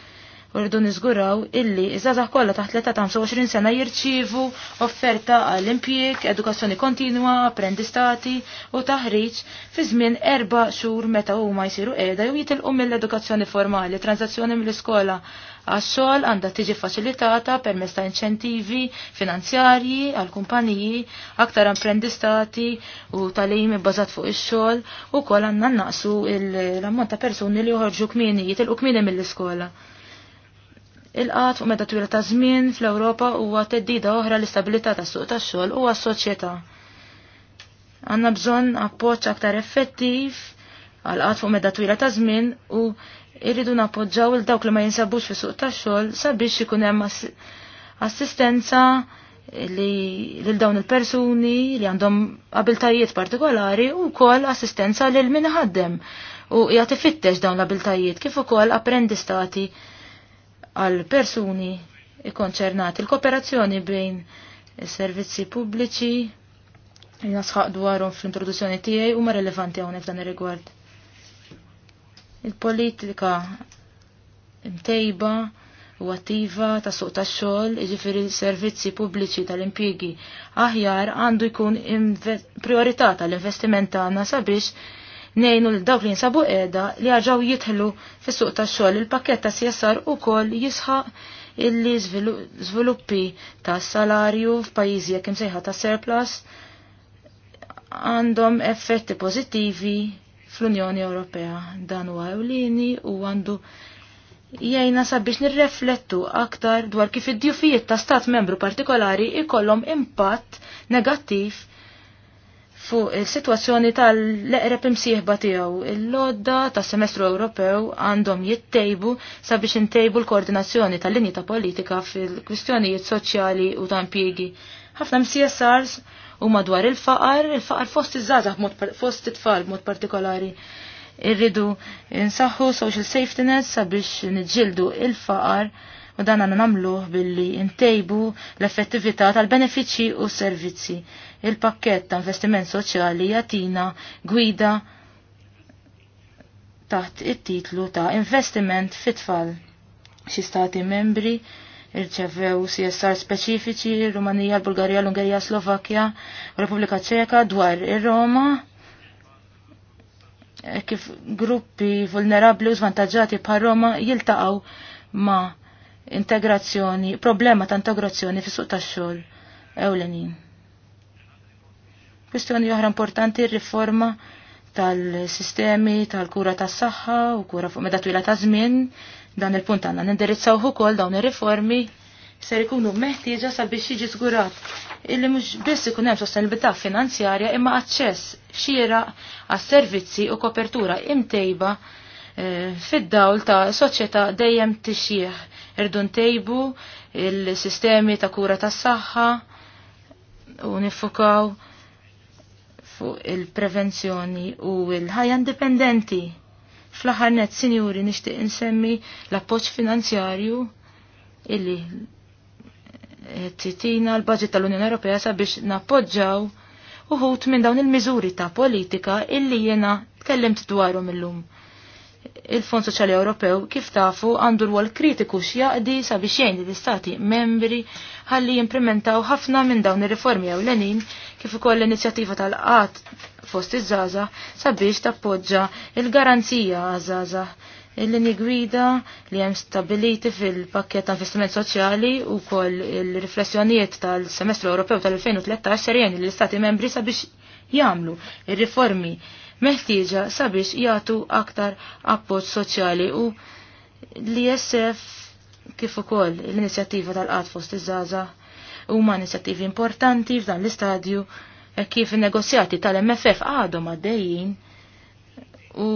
u rridu niżguraw illi iż-żgħażagħ kollha taħt 25 sena jirċievu offerta għall impjieg, edukazzjoni kontinwa, apprendistati u taħriġ fi żmien erba' xhur meta huma jsiru qiegħda jew jitilqu mill-edukazzjoni formali, transazzjoni mill-iskola għax-xogħol għandha tiġi faċilitata permezz ta' inċentivi finanzjarji għal kumpaniji aktar apprendistati u talim ibbażat fuq ix-xogħol ukoll għandna naqsu l-ammont ta' persuni li joħorġu kmieni jitilqu kmieni mill-iskola. Il-qat fuq meta twila ta' żmien fl-Ewropa huwa teddida oħra l-istabilità tas-suq tax-xogħol u għas-soċjetà. Għandna bżonn appoġġ aktar effettiv għal qat fuq medda twila ta' żmien u irridu nappoġġaw il dawk li ma jinsabux fi suq tax-xogħol sabiex ikun hemm assistenza li lil dawn il-persuni li għandhom abiltajiet partikolari u kol assistenza lil min ħaddem u jagħti fittex dawn l-abiltajiet kif ukoll apprendistati għal persuni ikkonċernati il-kooperazzjoni bejn is-servizzi pubbliċi li nasħaq dwarhom fl-introduzzjoni tiegħi huma relevanti hawnhekk dan ir-rigward. Il-politika imtejba u attiva ta' suq ta' xogħol, jiġifieri servizzi pubbliċi tal-impjiegi aħjar għandu jkun priorità tal-investiment tagħna sabiex nejnu l dawk li nsabu edha li għagħaw jitħlu fis suq ta' xogħol il pakkett ta' CSR u koll jisħaq illi żviluppi ta' salarju f'pajjiżi jekk imsejħa ta' surplus għandhom effetti pożittivi fl-Unjoni Ewropea. Dan huwa ewlieni u għandu jgħajna sabiex nirreflettu aktar dwar kif id-djufijiet ta' stat membru partikolari ikollhom impatt negattiv fuq il-sitwazzjoni tal-leqreb imsieħba tiegħu. Il-lodda ta' semestru Ewropew għandhom jittejbu sabiex intejbu l-koordinazzjoni tal-linji ta' politika fil-kwistjonijiet soċjali u ta' impjiegi. Ħafna MCSRs u madwar il-faqar, il-faqar fost iż-żazax fost it-tfal b'mod partikolari. Irridu nsaħħu social safety net sabiex niġildu il-faqar u dan għanna namluħ billi intejbu l-effettività tal-benefiċi u servizzi. Il-pakket ta' investiment soċjali jatina gwida taħt it-titlu ta' investiment fit-tfal. Xi stati membri irċevew CSR speċifiċi, Rumanija, Bulgarija, Lungarija, ungerija Slovakkja, Repubblika Ċeka dwar ir-Roma e kif gruppi vulnerabli u zvantagġati par Roma jiltaqgħu ma' integrazzjoni, problema ta' integrazzjoni fis-suq tax-xogħol ewlenin. Kwistjoni oħra importanti r-riforma tal-sistemi tal-kura tas-saħħa u kura fuq meda twila ta' żmien Dan il-punt għanna nindirizzaw ukoll dawn ir-riformi ser ikunu meħtieġa sabiex jiġi zgurat illi mhux biss ikun hemm sostenibilità finanzjarja imma aċċess xiera għas servizzi u kopertura imtejba eh, fid-dawl ta' soċjetà dejjem tixjih irdu ntejbu il-sistemi ta' kura tas-saħħa u nifukaw fuq il-prevenzjoni u l-ħajja indipendenti Fl-aħħar net, sinjuri, nixtieq insemmi l-appoġġ finanzjarju illi titina l-budget tal-Unjoni Ewropea sabiex nappoġġaw uħut minn dawn il-miżuri ta' politika illi jena tkellimt dwarhom illum. Il-Fond Soċjali Ewropew kif tafu għandu rwol kritiku x'jaqdi sabiex jgħin l-istati membri ħalli jimplementaw ħafna minn dawn ir-riformi ewlenin kif ukoll l-inizjattiva tal-qatt fost iż-żaza sabiex tappoġġa il-garanzija għaż-żaza il-lini gwida li hemm stabiliti fil-pakket ta' investiment soċjali u koll il-riflessjonijiet tal-semestru Ewropew tal-2013 serjeni li l-Istati membri sabiex jagħmlu ir-riformi meħtieġa sabiex jagħtu aktar appoġġ soċjali u li jessef kif ukoll l-inizjattiva tal-qatt fost iż-żaza huma inizjattivi importanti f'dan l-istadju E kif negozjati tal-MFF għadhom għaddejjin u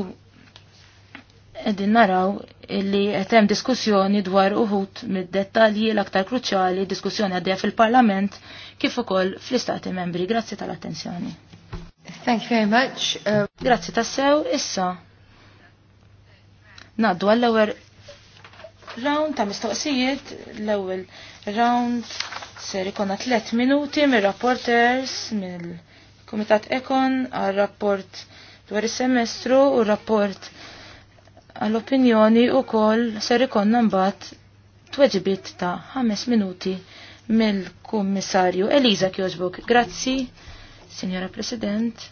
qegħdin naraw illi qed hemm diskussjoni dwar uħud mid-dettalji l-aktar kruċjali, diskussjoni għaddejja fil-Parlament kif ukoll fl-Istati Membri. Grazzi tal-attenzjoni. Thank you very much. Uh... Grazzi tassew, issa. Naddu għall-ewwel round ta' mistoqsijiet, l-ewwel round Ser ikonna tlet minuti mir-rapporters mill-Kumitat Ekon għal-rapport dwar is-semestru u rapport għall-opinjoni u koll ser ikonna mbagħad tweġibiet ta' ħames minuti mill-Kummissarju Eliza Kjosbuk. Grazzi, Signora President.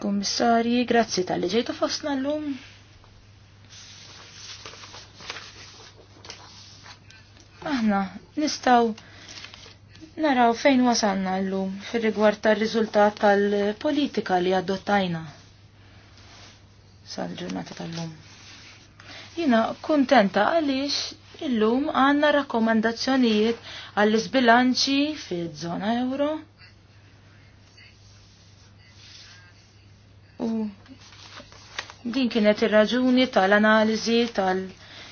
Kummissarji, grazzi tal-li ġejtu fostna l-lum. aħna nistaw naraw fejn wasalna llum fir-rigward tar-riżultat tal-politika li adottajna sal-ġurnata tal-lum. Jina kuntenta għaliex illum għanna rakkomandazzjonijiet għall sbilanċi fiż-żona euro. U din kienet ir-raġuni tal-analiżi tal-, -analizi, tal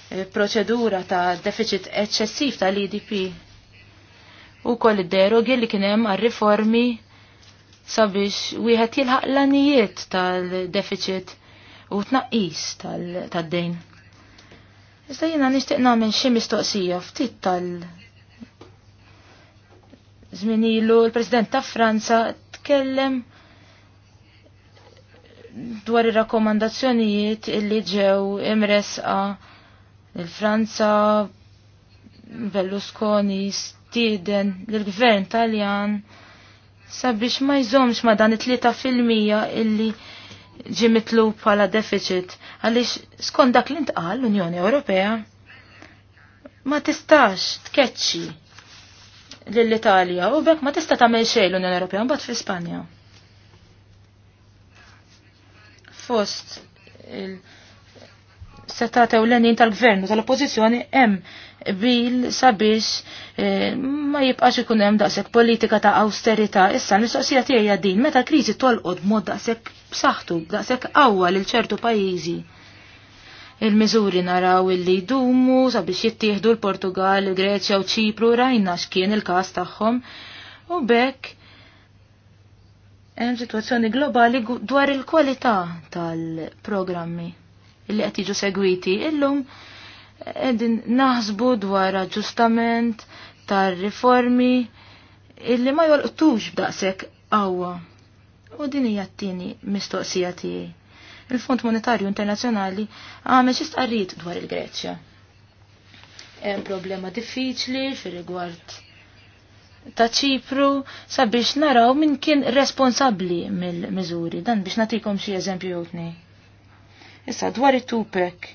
Eh, proċedura ta' deficit eċċessiv tal-IDP u koll id-derogi li kienem għal-riformi sabiex wieħed jilħaq l-anijiet tal-deficit u tnaqqis tal-dejn. Iżda jiena nixtieq nagħmel xi mistoqsija ftit tal- Zminilu, l-President ta' Franza tkellem dwar ir-rakkomandazzjonijiet illi ġew imresqa' Il-Franza, Berlusconi, Stieden, l-Gvern Taljan, sabiex ma jżomx ma dan it tlieta filmija illi illi ġimitlu pala deficit, għalix skont dak li intqal l-Unjoni Ewropea ma tistax tkeċċi l-Italja u bekk ma tista tagħmel xejn l-Unjoni Ewropea mbagħad fi Spanja. Fost il- setat ewlenin tal-gvern tal-oppożizzjoni hemm bil sabiex eh, ma jibqax ikun hemm daqshekk politika ta' austerità. Issa l-mistoqsija tiegħi din meta kriżi tolqod mod daqshekk b'saħħtu, daqshekk qawwa lil ċertu pajjiżi. Il-miżuri naraw illi jdumu sabiex jittieħdu l-Portugal, il-Greċja u ċipru rajna x'kien il-każ tagħhom u bekk hemm sitwazzjoni globali dwar il-kwalità tal-programmi. Illi qed jiġu segwiti illum qegħdin naħsbu dwar aġġustament tar-riformi illi ma jolqtux b'daqshekk qawwa. U din hija t-tieni mistoqsija tiegħi. Il-Fond Monetarju Internazzjonali għamel xi stqarrit dwar il-Greċja. Hemm problema diffiċli fir-rigward ta' ċipru sabiex naraw min kien responsabli mill-miżuri. Dan biex natikom xi eżempju jew tnej. Issa dwar it-tupek,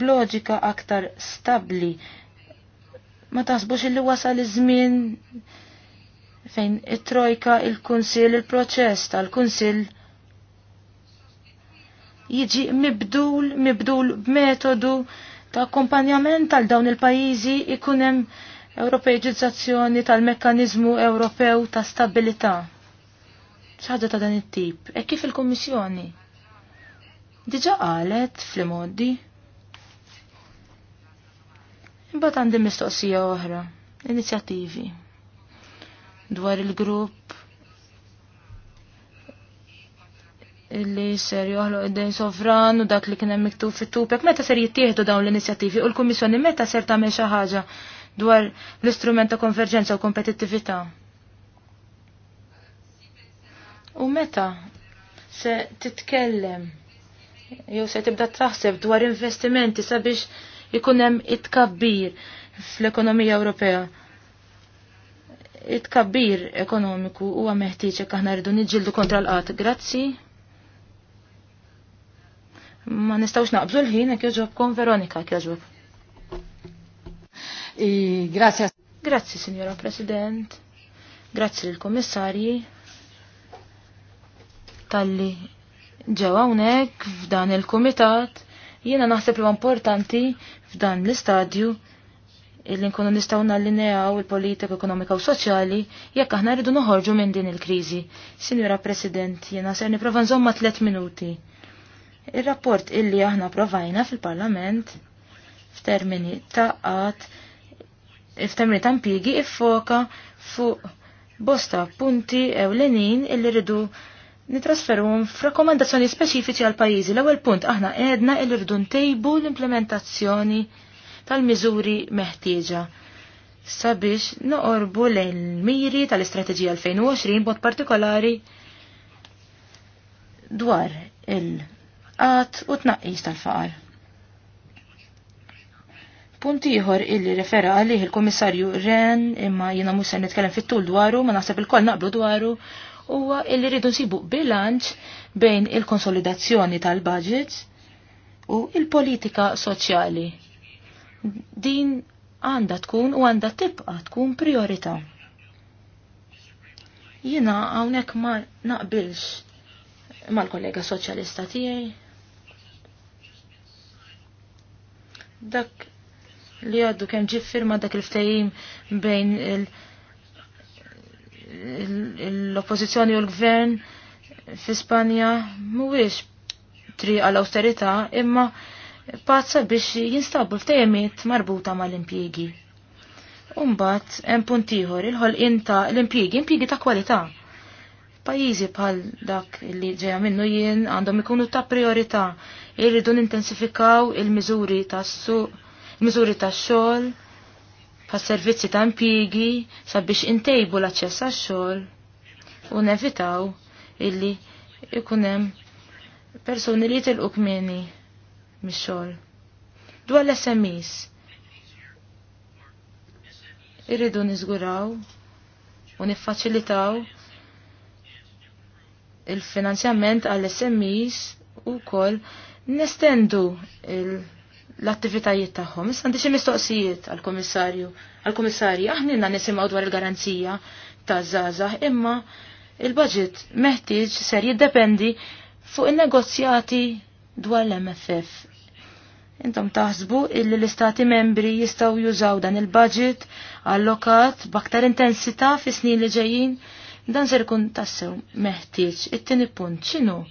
bloġika aktar stabli, ma tasbux illi wasal iż-żmien fejn it-trojka, il-kunsil, il-proċess tal-kunsil jiġi mibdul, mibdul b'metodu ta' akkompanjament tal dawn il-pajjiżi ikun hemm Ewropeġizzazzjoni tal-mekkanizmu Ewropew ta' stabilità. ċaġa ta' dan it-tip. E kif il-Kommissjoni? diġa qalet fl moddi Imbagħad għandi mistoqsija oħra, inizjattivi dwar il-grupp illi ser joħloq id-dejn sovran u dak li kien hemm miktub fit-tupek, meta ser jittieħdu dawn l-inizjattivi u l-Kummissjoni meta ser tagħmel xi ħaġa dwar l-istrument ta' konverġenza u kompetittività. U meta se titkellem jew se tibda taħseb dwar investimenti sabiex ikun hemm itkabbir fl-ekonomija Ewropea. Itkabbir ekonomiku huwa meħtieġ jekk aħna rridu niġġieldu kontra l-qatt. Grazzi. Ma nistgħux naqbżu l-ħin jekk jogħġobkom Veronika jekk jogħġob. Grazzi. Grazzi, sinjora President. Grazzi l kummissarji tal-li ġew hawnhekk f'dan il-kumitat jiena naħseb li importanti f'dan l-istadju illi nkunu nistgħu nallineaw il-politika ekonomika u soċjali jekk aħna rridu noħorġu minn din il-kriżi. Sinjura President, jiena ser nipprova nżomma tliet minuti. Ir-rapport il illi aħna provajna fil-Parlament f'termini ta' qatt f'termini ta' impjiegi iffoka fuq bosta punti ewlenin illi rridu nitrasferuhom f'rakkomandazzjoni speċifiċi għal pajjiżi. L-ewwel punt aħna għedna il ntejbu l-implementazzjoni tal-miżuri meħtieġa sabiex noqorbu lejn miri tal-istrateġija 2020 mod partikolari dwar il-qat u tnaqqis tal-faqar. Punt ieħor illi refera għalih il-Komissarju Ren imma jiena mhux se nitkellem fit-tul dwaru, ma naħseb il-koll naqblu dwaru, huwa illi rridu nsibu bilanċ bejn il-konsolidazzjoni tal-budget u il-politika soċjali. Din għanda tkun u għanda tibqa tkun priorità. Jina għawnek ma naqbilx mal-kollega soċjalista tiegħi. Dak li għaddu kem ġi firma dak il-ftajim bejn il- l-oppozizjoni u l-gvern fi Spanja mhuwiex tri għal austerità imma pazza biex jinstabu ftejemiet marbuta mal-impjiegi. Umbat hemm punt ieħor il-ħolqien ta' l-impjiegi, impjiegi ta' kwalità. Pajjiżi bħal dak li ġejja minnu jien għandhom ikunu ta' priorità irridu nintensifikaw il-miżuri tas-suq, il-miżuri tax-xogħol, pa' servizzi ta' impiegi sabiex intejbu l-aċċess għax-xogħol u nevitaw illi ikun hemm persuni li jitilqu kmieni mix-xogħol. Dwar l-SMEs. Irridu niżguraw u niffaċilitaw il-finanzjament għall-SMEs u kol nestendu il- l-attivitajiet tagħhom. Issa għandi xi mistoqsijiet għall-Kummissarju. Għall-Kummissarji aħna inna nisimgħu dwar il-garanzija taż-żgħażagħ imma il-budget meħtieġ ser jiddependi fuq in-negozjati dwar l-MFF. Intom taħsbu illi l-istati membri jistaw jużaw dan il-budget allokat b'aktar intensità fis snin li ġejjin dan ser ikun tassew meħtieġ. It-tieni punt x'inhu?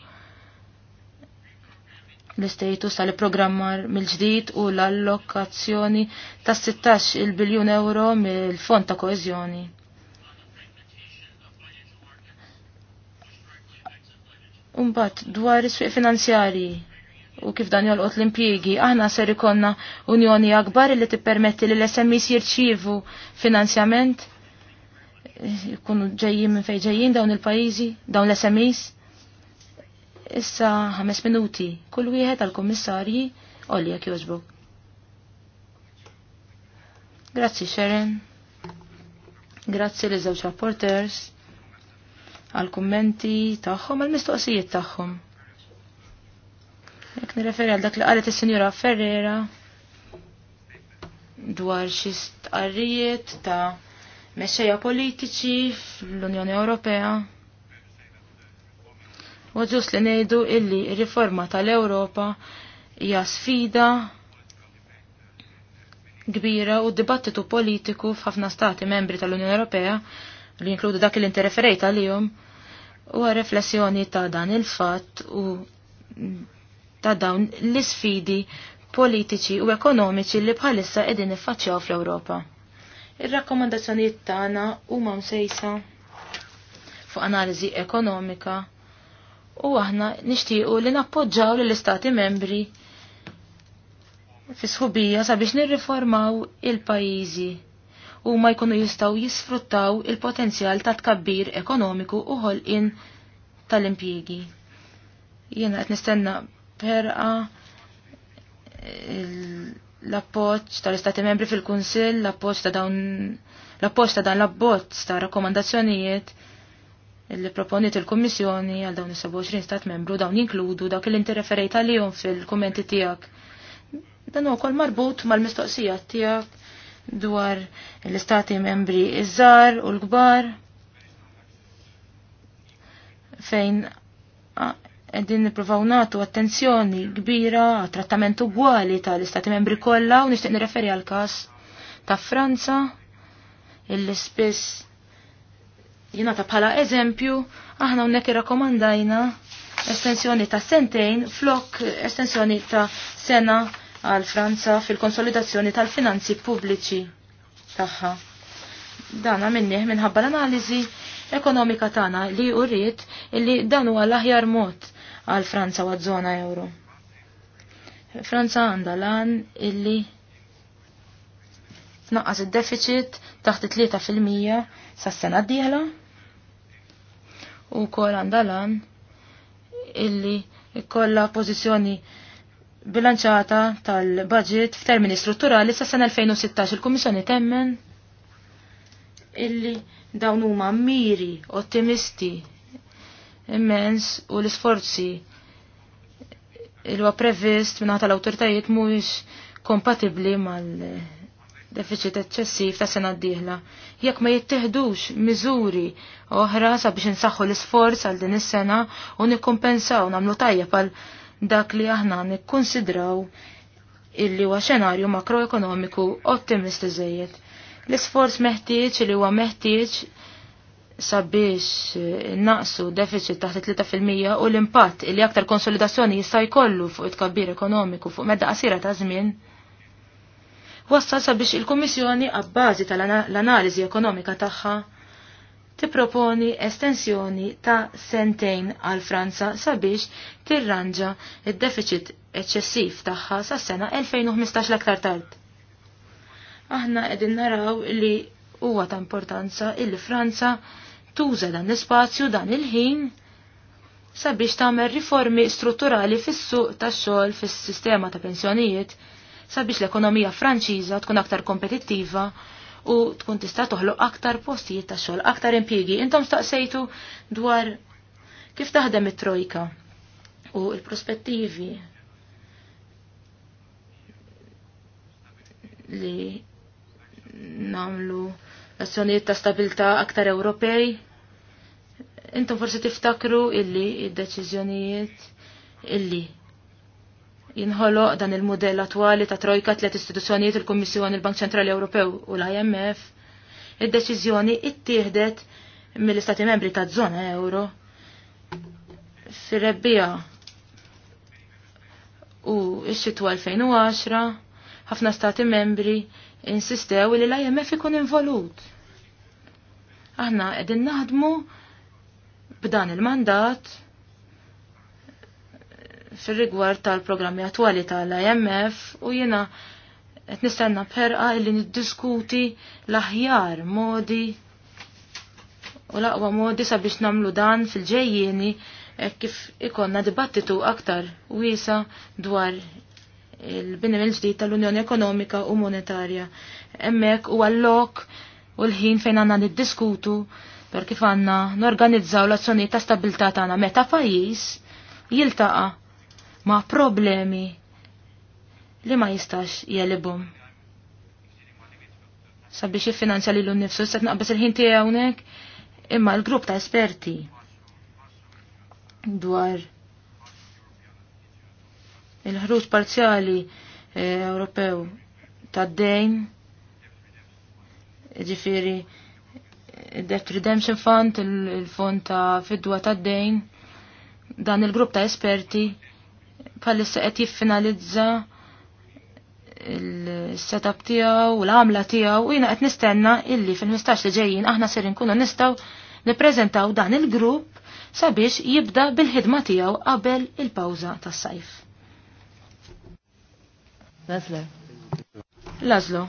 l-istatus tal-programmar mill-ġdid u l-allokazzjoni ta' 16 il-biljun euro mill-fond ta' koezjoni. Umbat, dwar is-swieq finanzjari u kif dan jolqot l-impjiegi, aħna ser ikonna unjoni akbar li tippermetti li l-SMIs jirċivu finanzjament, jkunu ġejjin minn fejn ġejjin dawn il pajizi dawn l-SMIs. Issa ħames minuti kull wieħed għal kummissarji jekk Kjosbok. Grazzi Sharon. Grazzi li żewġ rapporters għal kummenti tagħhom għal mistoqsijiet tagħhom. Jekk nirreferi għal dak li qalet is-Sinjura Ferrera dwar xi stqarrijiet ta' mexxejja politiċi fl-Unjoni Ewropea U ġus li nejdu illi riforma tal-Europa hija sfida kbira u dibattitu politiku f'ħafna stati membri tal-Unjoni Ewropea li jinkludu dak li interreferejt għalihom u riflessjoni ta' dan il-fatt u ta' dawn l-isfidi politiċi u ekonomiċi li bħalissa edin niffaċċjaw fl-Ewropa. Ir-rakkomandazzjonijiet tagħna huma msejsa fuq analiżi ekonomika u aħna nixtiequ li nappoġġaw lill istati membri fi sħubija sabiex nirriformaw il-pajjiżi u ma jkunu jistgħu jisfruttaw il-potenzjal ta' tkabbir ekonomiku u ħolqien tal-impjiegi. Jiena qed nistenna perqa l-appoġġ tal-Istati Membri fil-Kunsill, l-appoġġ ta' dawn l-appoġġ ta' dan l-abbozz ta' rakkomandazzjonijiet li proponiet il-Kommissjoni għal dawn is-27 stat membru dawn jinkludu dak li inti referejt għalihom fil-kummenti tiegħek. Dan ukoll marbut mal-mistoqsija tiegħek dwar l-istati membri iż u l-kbar fejn qegħdin nippruvaw nagħtu attenzjoni kbira għat trattament ugwali tal-istati membri kollha u nixtieq nirreferi għal każ ta' Franza illi spiss jinata bħala eżempju, aħna unnek irrakomandajna estensjoni ta' sentejn flok estensjoni ta' sena għal Franza fil-konsolidazzjoni tal-finanzi pubbliċi tagħha. Dan minnih minħabba l analizi ekonomika tagħna li urrit illi dan huwa l-aħjar mod għal Franza u zona żona euro. Franza għandha lan illi tnaqqas id-deficit taħt 3% sas-sena d-dieħla u kol għandalan illi kolla pozizjoni bilanċata tal-budget f'termini strutturali sa' sena 2016 il-Kummissjoni temmen illi dawn huma miri ottimisti immens u l-isforzi il wa previst minn tal-awtoritajiet mhuwiex kompatibbli mal- deficit eċċessiv ta' sena d-dieħla. Jekk ma jittihdux miżuri oħra sabiex insaħħu l-isforz għal din is-sena u nikkumpensaw nagħmlu tajja pal dak li aħna nikkonsidraw illi huwa xenarju makroekonomiku ottimisti żejjed. L-isforz meħtieġ li huwa meħtieġ sabiex naqsu deficit taħt 3% u l-impatt li aktar konsolidazzjoni jista' jkollu fuq it-kabbir ekonomiku fuq medda qasira ta' żmien wassal sabiex il-Kummissjoni għabbażi tal-analiżi ekonomika tagħha tipproponi estensjoni ta' sentejn għal Franza sabiex tirranġa id-deficit eċċessiv tagħha sas sena 2015 l-aktar tard. Aħna qegħdin naraw li huwa ta' importanza illi Franza tuża dan l-ispazju dan il-ħin sabiex tagħmel riformi strutturali fis-suq tax-xogħol fis-sistema ta' pensjonijiet sabiex l-ekonomija Franċiża tkun aktar kompetittiva u tkun tista' toħloq aktar postijiet ta' xogħol, aktar impjiegi. Intom staqsejtu dwar kif taħdem it-trojka u l-prospettivi li namlu azzjonijiet ta' stabilità aktar Ewropej. Intom forsi tiftakru illi id-deċiżjonijiet illi jinħoloq dan il-modell attwali ta' trojka tliet istituzzjonijiet il-Kummissjoni il-Bank Ċentrali Ewropew u l-IMF, id-deċiżjoni ittieħdet mill-Istati Membri ta' żona euro fir-rebbija u x-xitwa 2010 ħafna stati membri insistew li l-IMF ikun involut. Aħna qegħdin naħdmu b'dan il-mandat fil-rigward tal-programmi attwali tal-IMF u jena qed nistenna perqa li niddiskuti l-aħjar modi u l-aqwa modi sabiex namlu dan fil-ġejjieni e kif ikonna dibattitu aktar wiesa dwar il binem il ġdid tal-Unjoni Ekonomika u Monetarja. Emmek u għallok u l-ħin fejn għanna niddiskutu per kif għanna norganizzaw l-azzjoni ta' stabilità tagħna meta pajjiż jiltaqa' ma' problemi li ma jistax jelibum. Sabiex jiffinanzja li l-nifsu, s naqbis il-ħin tijawnek, imma l-grupp ta' esperti dwar il-ħruġ parzjali eh, Ewropew ta' dejn, ġifiri Debt Redemption Fund, il-fond ta' fidwa ta' dejn, dan il-grupp ta' esperti palissa qed jiffinalizza il-setup tiegħu u l-għamla tiegħu u jiena qed nistenna illi fil-15 li ġejjin aħna ser nkunu nistgħu nippreżentaw dan il-grupp sabiex jibda bil-ħidma tiegħu qabel il-pawża tas-sajf. Lazlo. Lazlo.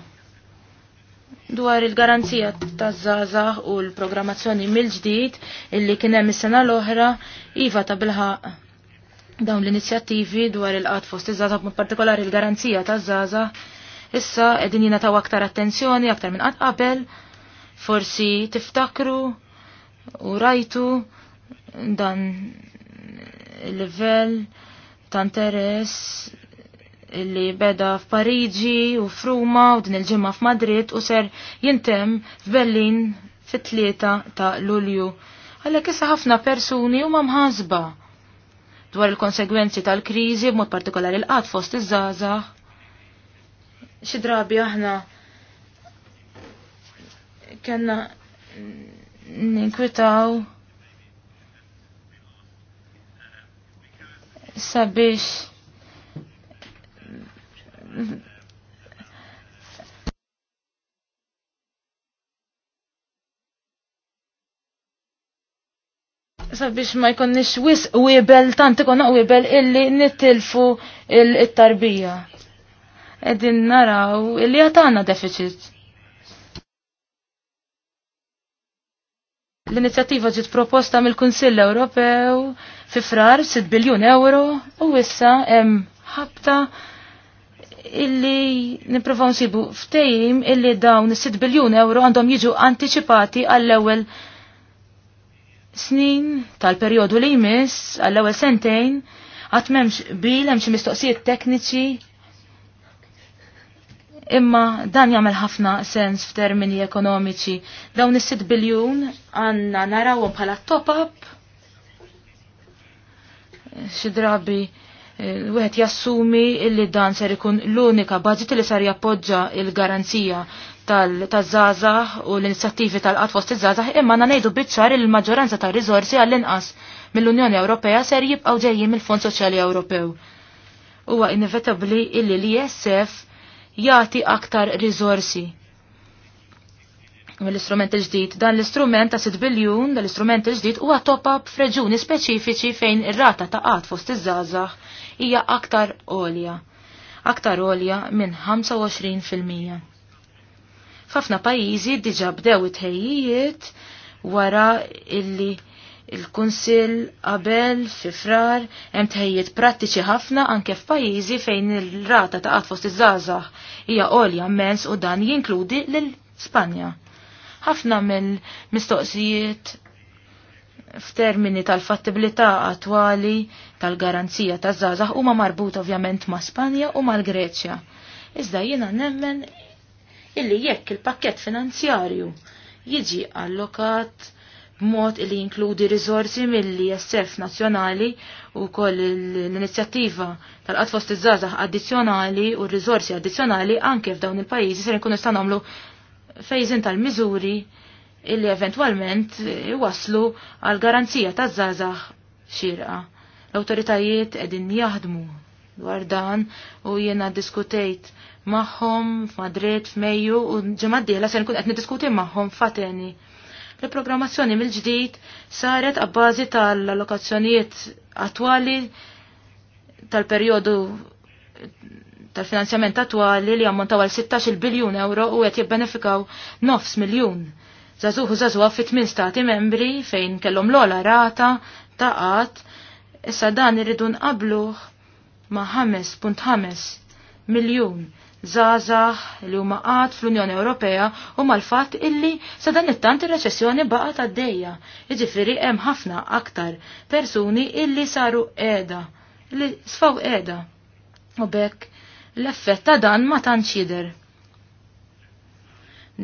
Dwar il-garanzija taż-żgħażagħ u l-programmazzjoni mill-ġdid illi kien hemm is-sena l-oħra iva ta' bil-ħaq. Dawn l-inizjattivi dwar il-qat fost iż-żaza b'mod partikolari l-garanzija taż-żaza issa qegħdin jingħataw aktar attenzjoni aktar minn qatt qabel, forsi tiftakru u rajtu dan il-livell ta' interess li beda f'Pariġi u f'Ruma u din il-ġimgħa f'Madrid u ser jintem f'Berlin fit-tlieta ta' Lulju. Għalhekk issa ħafna persuni huma mħasba dwar il-konsegwenzi tal-kriżi b'mod partikolari l-qatt fost iż-żaża. Xi drabi aħna kellna ninkwitaw sabiex sabiex ma jkunniex wis wiebel tant ikonna wiebel illi nittilfu il-tarbija. Edin naraw illi għatana deficit. L-inizjattiva ġiet proposta mill-Kunsill Ewropew fi frar 6 biljun euro u issa hemm ħabta illi niprofaw nsibu ftejim illi dawn 6 biljun euro għandhom jiġu antiċipati għall-ewwel snin tal-perjodu li jmiss għall-ewwel sentejn għat memx bil hemm xi mistoqsijiet tekniċi imma dan jagħmel ħafna sens f'termini ekonomiċi. Dawn is-6 biljun għandna narawhom bħala top-up xi drabi l-wieħed jassumi illi dan ser ikun l-unika baġit li ser jappoġġa il-garanzija tal-żazah u l-inizjattivi tal-qatfos iż-żazah imma na ngħidu biċċar il-maġġoranza ta' riżorsi għall-inqas mill-Unjoni Ewropea ser jibqgħu ġejjin mill-Fond Soċjali Ewropew. Huwa inevitabbli illi l-ISF jagħti aktar riżorsi mill-istrument il-ġdid. Dan l-istrument ta' 6 biljun, dan l-istrument il-ġdid huwa għatopa f'reġuni speċifiċi fejn ir-rata ta' qat fost iż żazax hija aktar olja. Aktar olja minn 25%. F'ħafna pajjiżi diġà bdew it-ħejjiet wara illi il-Kunsill qabel fi frar hemm tħejjiet prattiċi ħafna anke f'pajjiżi fejn il-rata ta' qatt fost iż-żgħażagħ hija għolja mens u dan jinkludi lil Spanja ħafna mill-mistoqsijiet f'termini tal-fattibilità attwali tal-garanzija taż-żgħażagħ huma marbut ovvjament ma' Spanja u mal-Greċja. Iżda jiena nemmen illi jekk il-pakkett finanzjarju jiġi allokat b'mod li jinkludi riżorsi mill-ISF nazzjonali u koll l-inizjattiva tal-qatfost iż-żgħażagħ addizzjonali u r-riżorsi addizzjonali anke f'dawn il-pajjiżi se nkunu nistgħu nagħmlu fejżin tal-miżuri illi eventwalment eh, waslu għal garanzija ta' zazax xirqa. L-autoritajiet edin jaħdmu dwar dan u jena diskutejt magħhom f'Madrid f'Mejju u ġemaddiela se nkun qed niddiskuti magħhom fateni. l programmazzjoni mill-ġdid saret għabbażi tal-allokazzjonijiet attwali tal-perjodu tal-finanzjament attuali li ammontaw għal 16 biljun euro u qed jibbenefikaw nofs miljun. Zazuħu zazuħa fit minn stati membri fejn kellhom l-ola rata ta' qatt, issa dan irridun nqabluh ma' 5.5 miljun zazax li huma qatt fl-Unjoni Ewropea u mal-fatt illi sa dan it-tant ir-reċessjoni baqgħet għaddejja. Jiġifieri hemm ħafna aktar persuni illi saru qiegħda li sfaw qiegħda. U bekk l-effett ta' dan ma tantx jidher.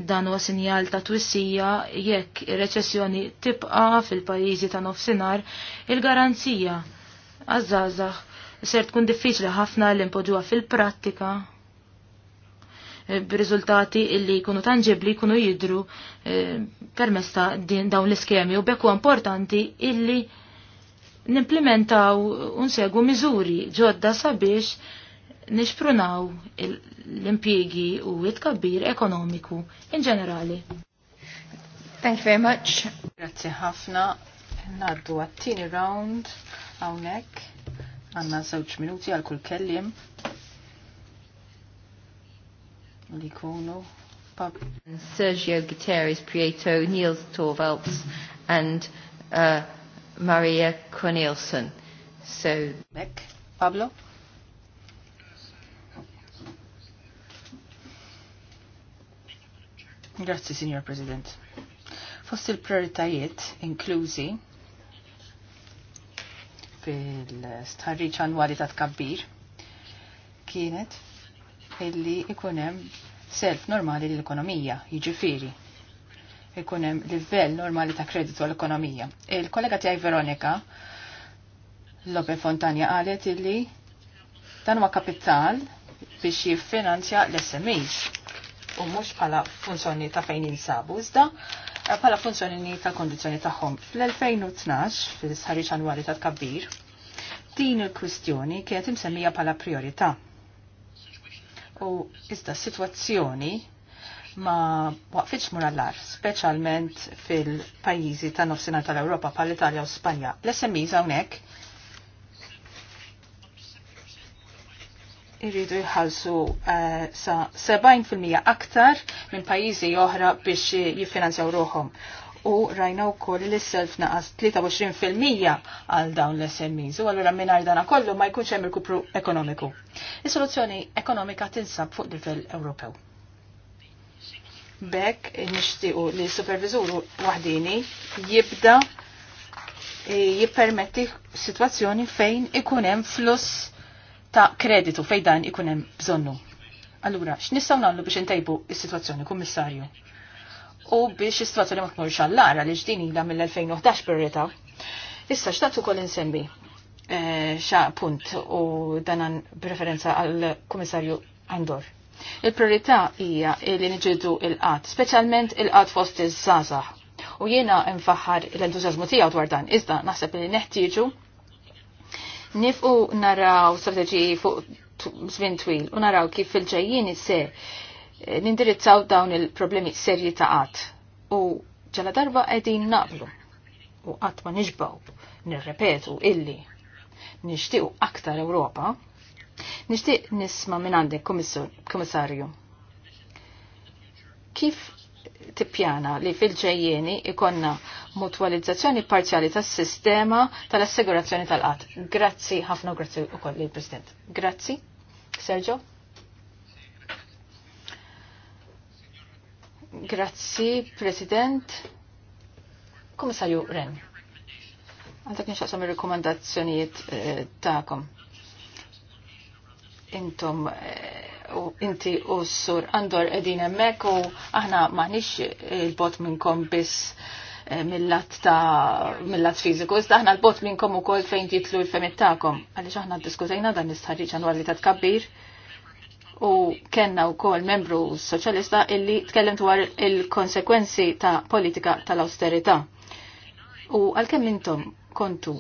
Dan huwa sinjal ta' twissija jekk ir-reċessjoni tibqa' fil-pajjiżi ta' nofsinhar il-garanzija għażażaħ ser tkun diffiċli ħafna li impoġuha fil-prattika eh, b'riżultati illi jkunu tanġibli jkunu jidru eh, permess ta' dawn l-iskemi u bekku importanti illi nimplementaw unsegu miżuri ġodda sabiex nixprunaw l Impiegi u it-kabbir ekonomiku in ġenerali. Thank you very much. Grazie ħafna. Naddu għattini round għawnek. Għanna zawċ minuti għal kull kellim. Li kunu. Sergio Guterres Prieto, Niels Torvalds and uh, Maria Cornelson. So. Pablo. Grazzi, Signor President. Fost il-prioritajiet inklużi fil-starriċ annwali ta' tkabbir kienet illi ikunem self normali l-ekonomija, jġifiri. Ikunem livell normali ta' kreditu l-ekonomija. Il-kollega tiegħi Veronika Lope Fontania qalet illi dan huwa kapital biex jiffinanzja l-SMEs u mhux bħala funzjoni ta' fejn jinsabu iżda eh, bħala funzjoni ta' ta' tagħhom. Fl-2012 fil sħarri ċanwari ta' kabir, din il-kwistjoni kienet imsemmija bħala priorita. U iżda situazzjoni sitwazzjoni ma waqfitx mur ar speċjalment fil-pajjiżi ta' nofsinhar tal europa pal Italja u Spanja. L-SMEs hawnhekk irridu jħalsu eh, sa 70% aktar minn pajjiżi oħra biex jiffinanzjaw ruħom. U rajna wkoll li self naqas 23% għal dawn l-SMEs. U allura mingħajr dana kollu ma jkunx hemm il-kupru ekonomiku. Is-soluzzjoni ekonomika tinsab fuq livell Ewropew. Bek nixtiequ li supervizuru waħdini jibda eh, jippermetti situazzjoni fejn ikun hemm fluss ta' kreditu fej dan ikun hemm bżonnu. Allura, x'nistgħu nagħmlu biex intejbu is-sitwazzjoni, Kummissarju? U biex is-sitwazzjoni ma tmurx għall-ara li ġdini ilha mill-2011 priorità. Issa x'taqtu ukoll insembi eh, xa punt u danan preferenza għal-Kummissarju Andor. Il-priorità hija li niġidu il-qat, speċjalment il-qat fost iż-żgħażagħ. U jiena nfaħħar l-entużjażmu tiegħu dwar dan, iżda naħseb li neħtieġu nifqu naraw strategiji fuq żmien twil u naraw kif fil-ġejjini se eh, nindirizzaw dawn il-problemi serji ta' qatt u ġala darba qegħdin naqblu u qatt ma nixbaw nirrepetu illi nixtiequ aktar Ewropa, nixtieq nisma' minn għandek komissarju. Kif tippjana li fil-ġejjeni ikonna mutwalizzazzjoni parzjali tas-sistema tal-assigurazzjoni tal-qatt. Grazzi ħafna grazzi ukoll lill president Grazzi. Sergio. Grazzi, President. Komissarju Ren. Għandak nixaqsam il-rekomandazzjonijiet eh, ta'kom. Intom eh, u inti u s-sur għandor edin emmek u aħna maħnix il-bot minnkom biss mill-lat ta' mill-lat fiziku. Iżda aħna l-bot minnkom ukoll fejn titlu l-femit Għaliex aħna diskutejna dan l-istħarriġ annwali ta' tkabbir u kenna wkoll membru soċjalista illi tkellem dwar il-konsekwenzi ta' politika tal-austerità. U għalkemm intom kontu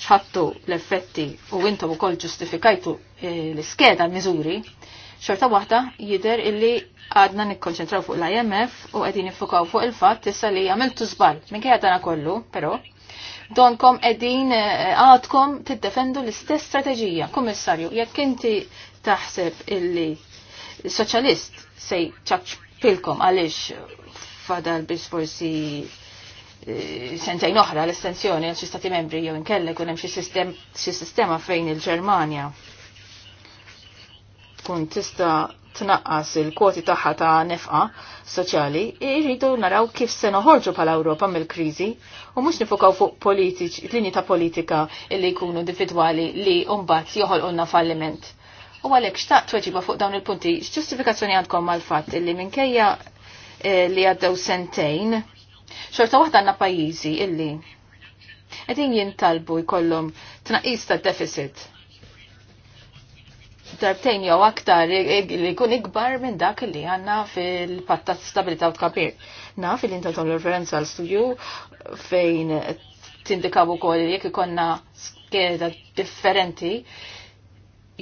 ċħattu l-effetti u intom ukoll ġustifikajtu eh, l-iskeda l-miżuri, Xorta waħda jider illi għadna nikkonċentraw fuq l-IMF u għedin nifukaw fuq il-fat issa li għamiltu zbal. Minn kħi għadna kollu, pero, donkom għedin eh, għadkom tiddefendu l-istess strategija. Kommissarju, jekk inti taħseb illi soċalist sej ċaċ pilkom għalix fadal bis forsi eh, sentajn oħra l-estensjoni għal xi stati membri jew inkellek u hemm xi sistema fejn il-Ġermanja tkun tista' tnaqqas il-kwoti tagħha ta' nefqa soċjali, irridu naraw kif se noħorġu bħala Ewropa mill-kriżi u mhux nifokaw fuq politiċ, linji ta' politika li jkunu individwali li mbagħad joħolqulna falliment. U għalhekk xtaqt tweġiba fuq dawn il-punti, x'ġustifikazzjoni għandkom mal-fatt illi minkejja eh, li għaddew sentejn, xorta waħda għandna pajjiżi illi qegħdin jintalbu jkollhom tnaqqis tad-deficit darbtejn jew aktar li jkun ikbar minn dak li għandna fil-pattat stabilita u tkabir. Naf li inta tom referenza għal studju fejn tindikabu ukoll li jekk ikonna skeda differenti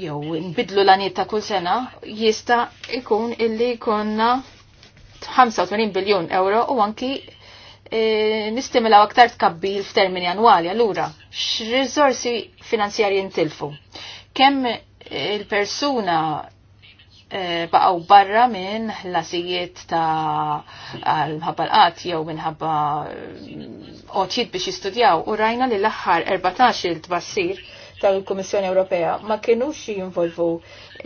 jew nbidlu l-għaniet ta' kull sena jista' ikun illi konna 85 biljon euro u anki e, nistimila aktar tkabbil f'termini annwali, allura, x-rizorsi ntilfu. jintilfu? Kemm il-persuna eh, baqaw barra minn l l-asijiet ta' l-mħabba l-qat jew minħabba eh, oċid biex jistudjaw u rajna li l-aħħar 14 il-tbassir tal-Komissjoni Ewropea ma kienux jinvolvu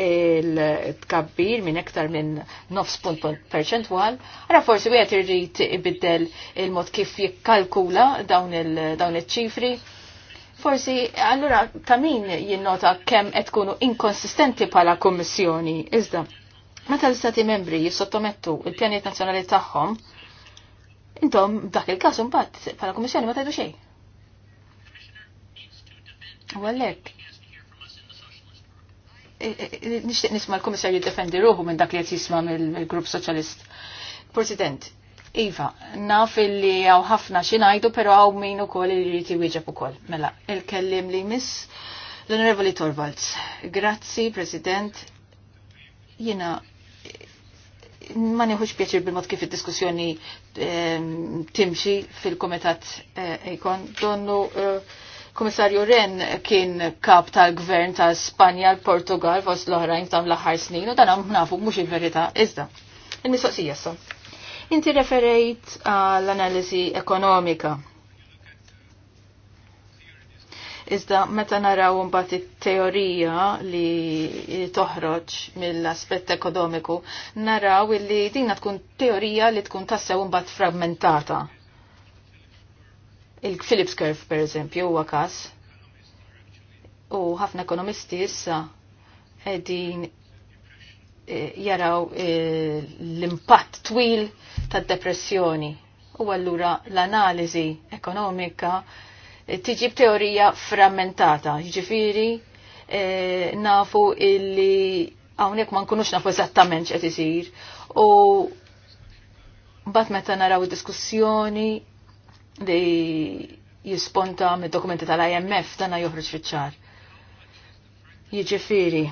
il-tkabbir minn ektar minn 9.1% għal. perċentwal, għara forsi wieħed irrid ibiddel il-mod kif jikkalkula dawn il-ċifri. il ċifri forsi allura ta' min jinnota kemm qed tkunu inkonsistenti bħala Kummissjoni iżda. Meta l-Istati membri jissottomettu il-pjaniet nazjonali tagħhom, intom dak il-każ imbagħad bħala Kummissjoni ma tgħidu xejn. U għalhekk nixtieq nisma' l-Kummissarju jiddefendi ruħu minn dak li qed jisma' mill-Grupp Soċjalist. President, Iva, naf illi għaw ħafna xinajdu, pero għaw min kol li irriti wieġeb u kol. Mela, il-kellim li miss l-Onorevoli Torvalds. Grazzi, President. Jina, ma nieħux pjaċir bil-mod kif id-diskussjoni ehm, timxi fil-komitat ikon. Eh, Donnu eh, Komissarju Ren kien kap tal-gvern ta' Spanja, l-Portugal, fos l-oħrajn tam l-aħħar snin, u dan nafu mhux il-verità iżda. Il-mistoqsija sa' Inti referejt għall-analiżi ekonomika. Iżda meta naraw mbagħad it-teorija li toħroġ mill-aspett ekonomiku, naraw li dinna tkun teorija li tkun tassew mbagħad fragmentata. Il-Phillips Curve, per eżempju, huwa każ. U ħafna ekonomisti issa qegħdin Eh, jaraw eh, l-impatt twil tad-depressjoni. U allura l-analiżi ekonomika eh, tiġib teorija frammentata, ġifiri nafu illi għawnek ma nkunux nafu eżattament x'qed isir. U bat meta naraw diskussjoni li jisponta mid dokumenti tal-IMF dana joħroġ fiċ-ċar. Jiġifieri,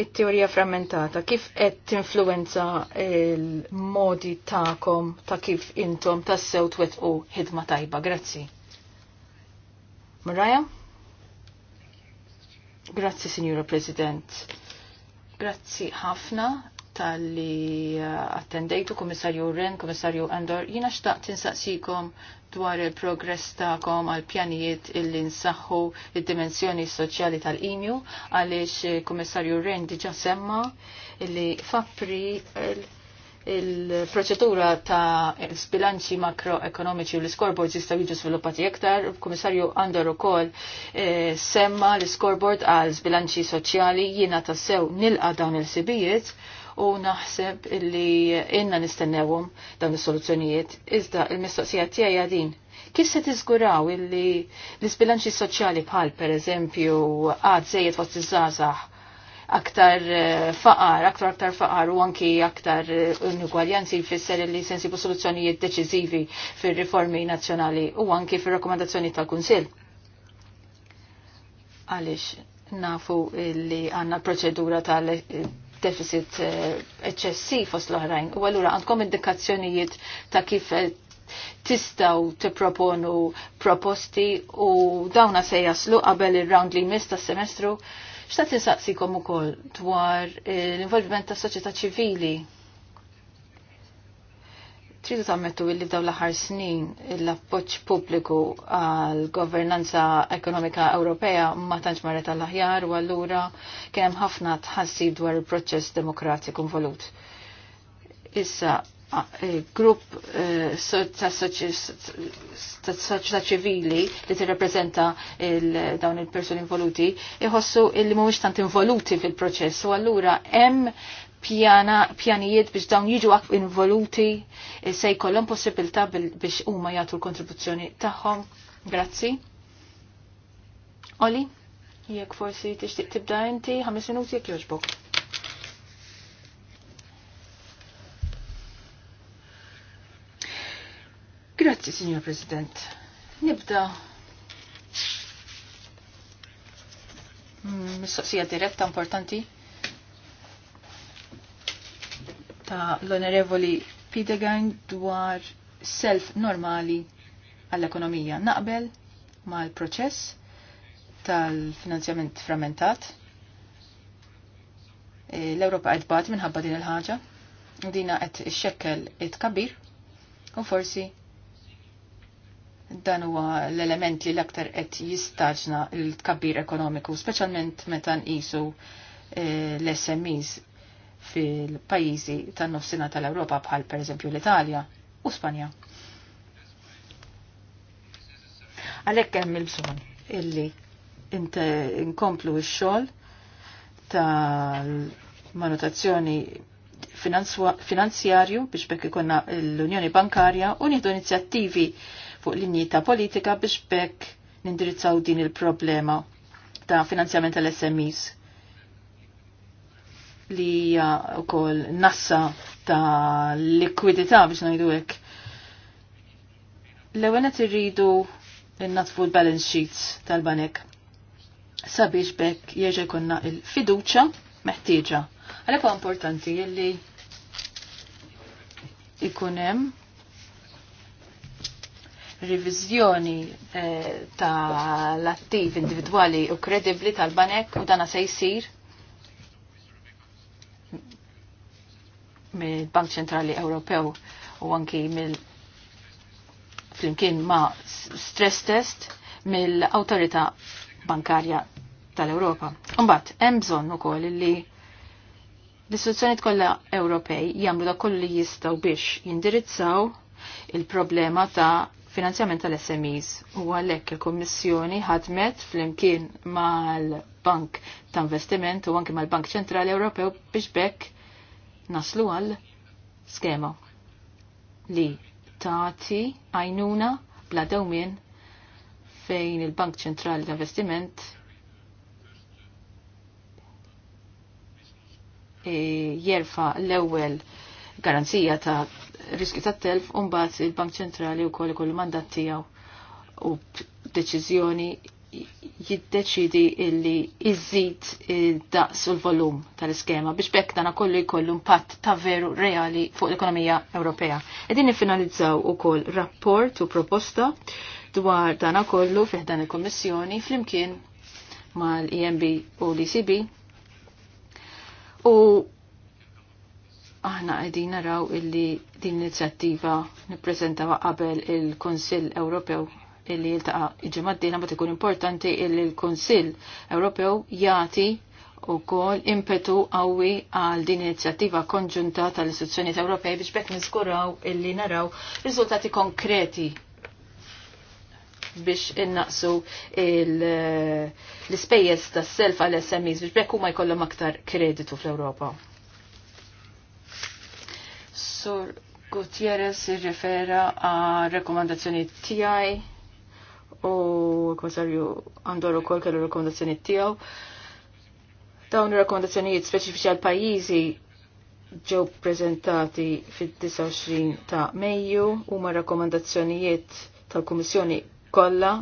it-teorija frammentata kif qed tinfluenza il-modi ta'kom ta' kif intom tassew twetqu ħidma tajba. Grazzi. Maraja? Grazzi, Signora President. Grazzi ħafna tal-li uh, attendejtu, Komissarju Ren, Komissarju Andor. Jina xtaqt tinsaqsikom dwar il-progress ta'kom għal pjanijiet illi nsaħħu id-dimensjoni soċjali tal imju għaliex eh, kummissarju Ren diġa semma illi fappri il-proċedura ta' sbilanċi makroekonomiċi u l-scoreboard jistaw jiġu sviluppati iktar. Kummissarju għandar ukoll eh, semma l-scoreboard għal sbilanċi soċjali jiena tassew nilqa dawn il-sibijiet. il sibijiet u naħseb illi inna nistennewhom dawn is-soluzzjonijiet. Iżda il-mistoqsija tiegħi din. Kif se tiżguraw illi l-isbilanċi soċjali bħal pereżempju għad żejjed fost iż-żgħażagħ aktar eh, faqar, aktar aktar faqar u anki aktar eh, inugwaljanzi jfisser li sensibu soluzzjonijiet deċiżivi fir-riformi nazzjonali u anki fir-rakkomandazzjoni tal-Kunsill. Għaliex nafu li għanna proċedura tal deficit eċċessiv eh, fos l-oħrajn. U għallura għandkom indikazzjonijiet ta' kif eh, tistaw tipproponu proposti u dawna se jaslu qabel ir-round li jmiss tas-semestru. X'ta' tinsaqsikom ukoll dwar eh, l-involviment tas-soċjetà ċivili Tridu tammetu illi f'daw l-aħħar snin l-appoġġ pubbliku għal governanza ekonomika Ewropea ma tantx marret għall aħjar u allura kien hemm ħafna tħassib dwar il-proċess demokratiku involut. Issa e, grupp e, ta' soċjetà ċivili li tirrappreżenta dawn il-persuni involuti iħossu illi mhumiex tant involuti fil-proċess u allura hemm Pjana pjanijiet biex dawn jiġu involuti eh, se jkollhom possibilta biex huma jagħtu l-kontribuzzjoni tagħhom. Grazzi. Oli, jekk forsi tixtieq tibda inti ħames minuti jekk jogħġbok. Grazzi, Signor President. Nibda hmm, mistoqsija diretta importanti ta' l-Onorevoli Pidegan dwar self normali għall-ekonomija. Naqbel mal-proċess tal-finanzjament frammentat. E, L-Ewropa qed bat minħabba din il-ħaġa din dina qed ixxekkel it-kabir u forsi dan huwa l-element li l-aktar qed jistaġna l-tkabbir ekonomiku, speċjalment meta nqisu e, l-SMEs fil-pajizi tan nofsina tal-Europa bħal per eżempju l-Italja u Spanja. Għalhekk hemm il-bżonn illi inkomplu x-xogħol tal-manutazzjoni finanzjarju biex bekk ikonna l-Unjoni Bankarja u nieħdu inizjattivi fuq linji ta' politika biex bekk nindirizzaw din il-problema ta' finanzjament tal-SMEs li hija wkoll nassa ta' likwidità biex ngħidu hekk. L-ewwel qed irridu innatfu l-balance sheets tal-banek sabiex bekk jerġa' jkollna il fiduċja meħtieġa. Għalhekk huwa importanti li ikun hemm riviżjoni eh, tal-attiv individwali u kredibli tal-banek u dana se jsir mill-Bank Ċentrali Ewropew u anki mill flimkien ma stress test mill-Awtorità Bankarja tal-Ewropa. Mbagħad hemm bżonn ukoll li l-istituzzjonijiet kollha Ewropej jagħmlu da kollu li jistgħu biex jindirizzaw il-problema ta' finanzjament tal-SMEs u għalhekk il-Kummissjoni ħadmet flimkien mal-Bank ta' Investiment u anke mal-Bank Ċentrali Ewropew biex bekk naslu għal skema li tati għajnuna bla dawmin fejn il-Bank ċentrali ta' investiment e, jerfa l-ewwel garanzija ta' riskju ta' telf u mbagħad il-Bank ċentrali wkoll ikollu mandat tiegħu u deċizjoni jiddeċidi illi iżid daqs u l-volum tal-iskema biex bekk dana kollu jkollu impatt ta' veru reali fuq l-ekonomija Ewropea. Edin nifinalizzaw u koll rapport u proposta dwar dana kollu fiħdan il-Kommissjoni fl-imkien mal-EMB u l-ECB u aħna għedin naraw illi din l-inizjattiva nipprezentawa qabel il-Konsil Ewropew illi jiltaqa' iġimgħa d bat ikun importanti illi l-Kunsill Ewropew jagħti wkoll impetu qawwi għal din inizjattiva konġunta tal-istituzzjonijiet Ewropej biex bekk niskuraw illi naraw riżultati konkreti biex innaqsu l-ispejjeż tas-self għal SMEs biex bekk huma jkollhom aktar kreditu fl-Ewropa. Sur Gutierrez rifera għal rekomandazzjoni tiegħi u l-Komissarju u kol kellu rekomendazzjoni tiegħu. Dawn ir-rekomendazzjonijiet speċifiċi għal pajjiżi ġew prezentati fit-29 ta' Mejju huma rakkomandazzjonijiet tal-Kummissjoni kollha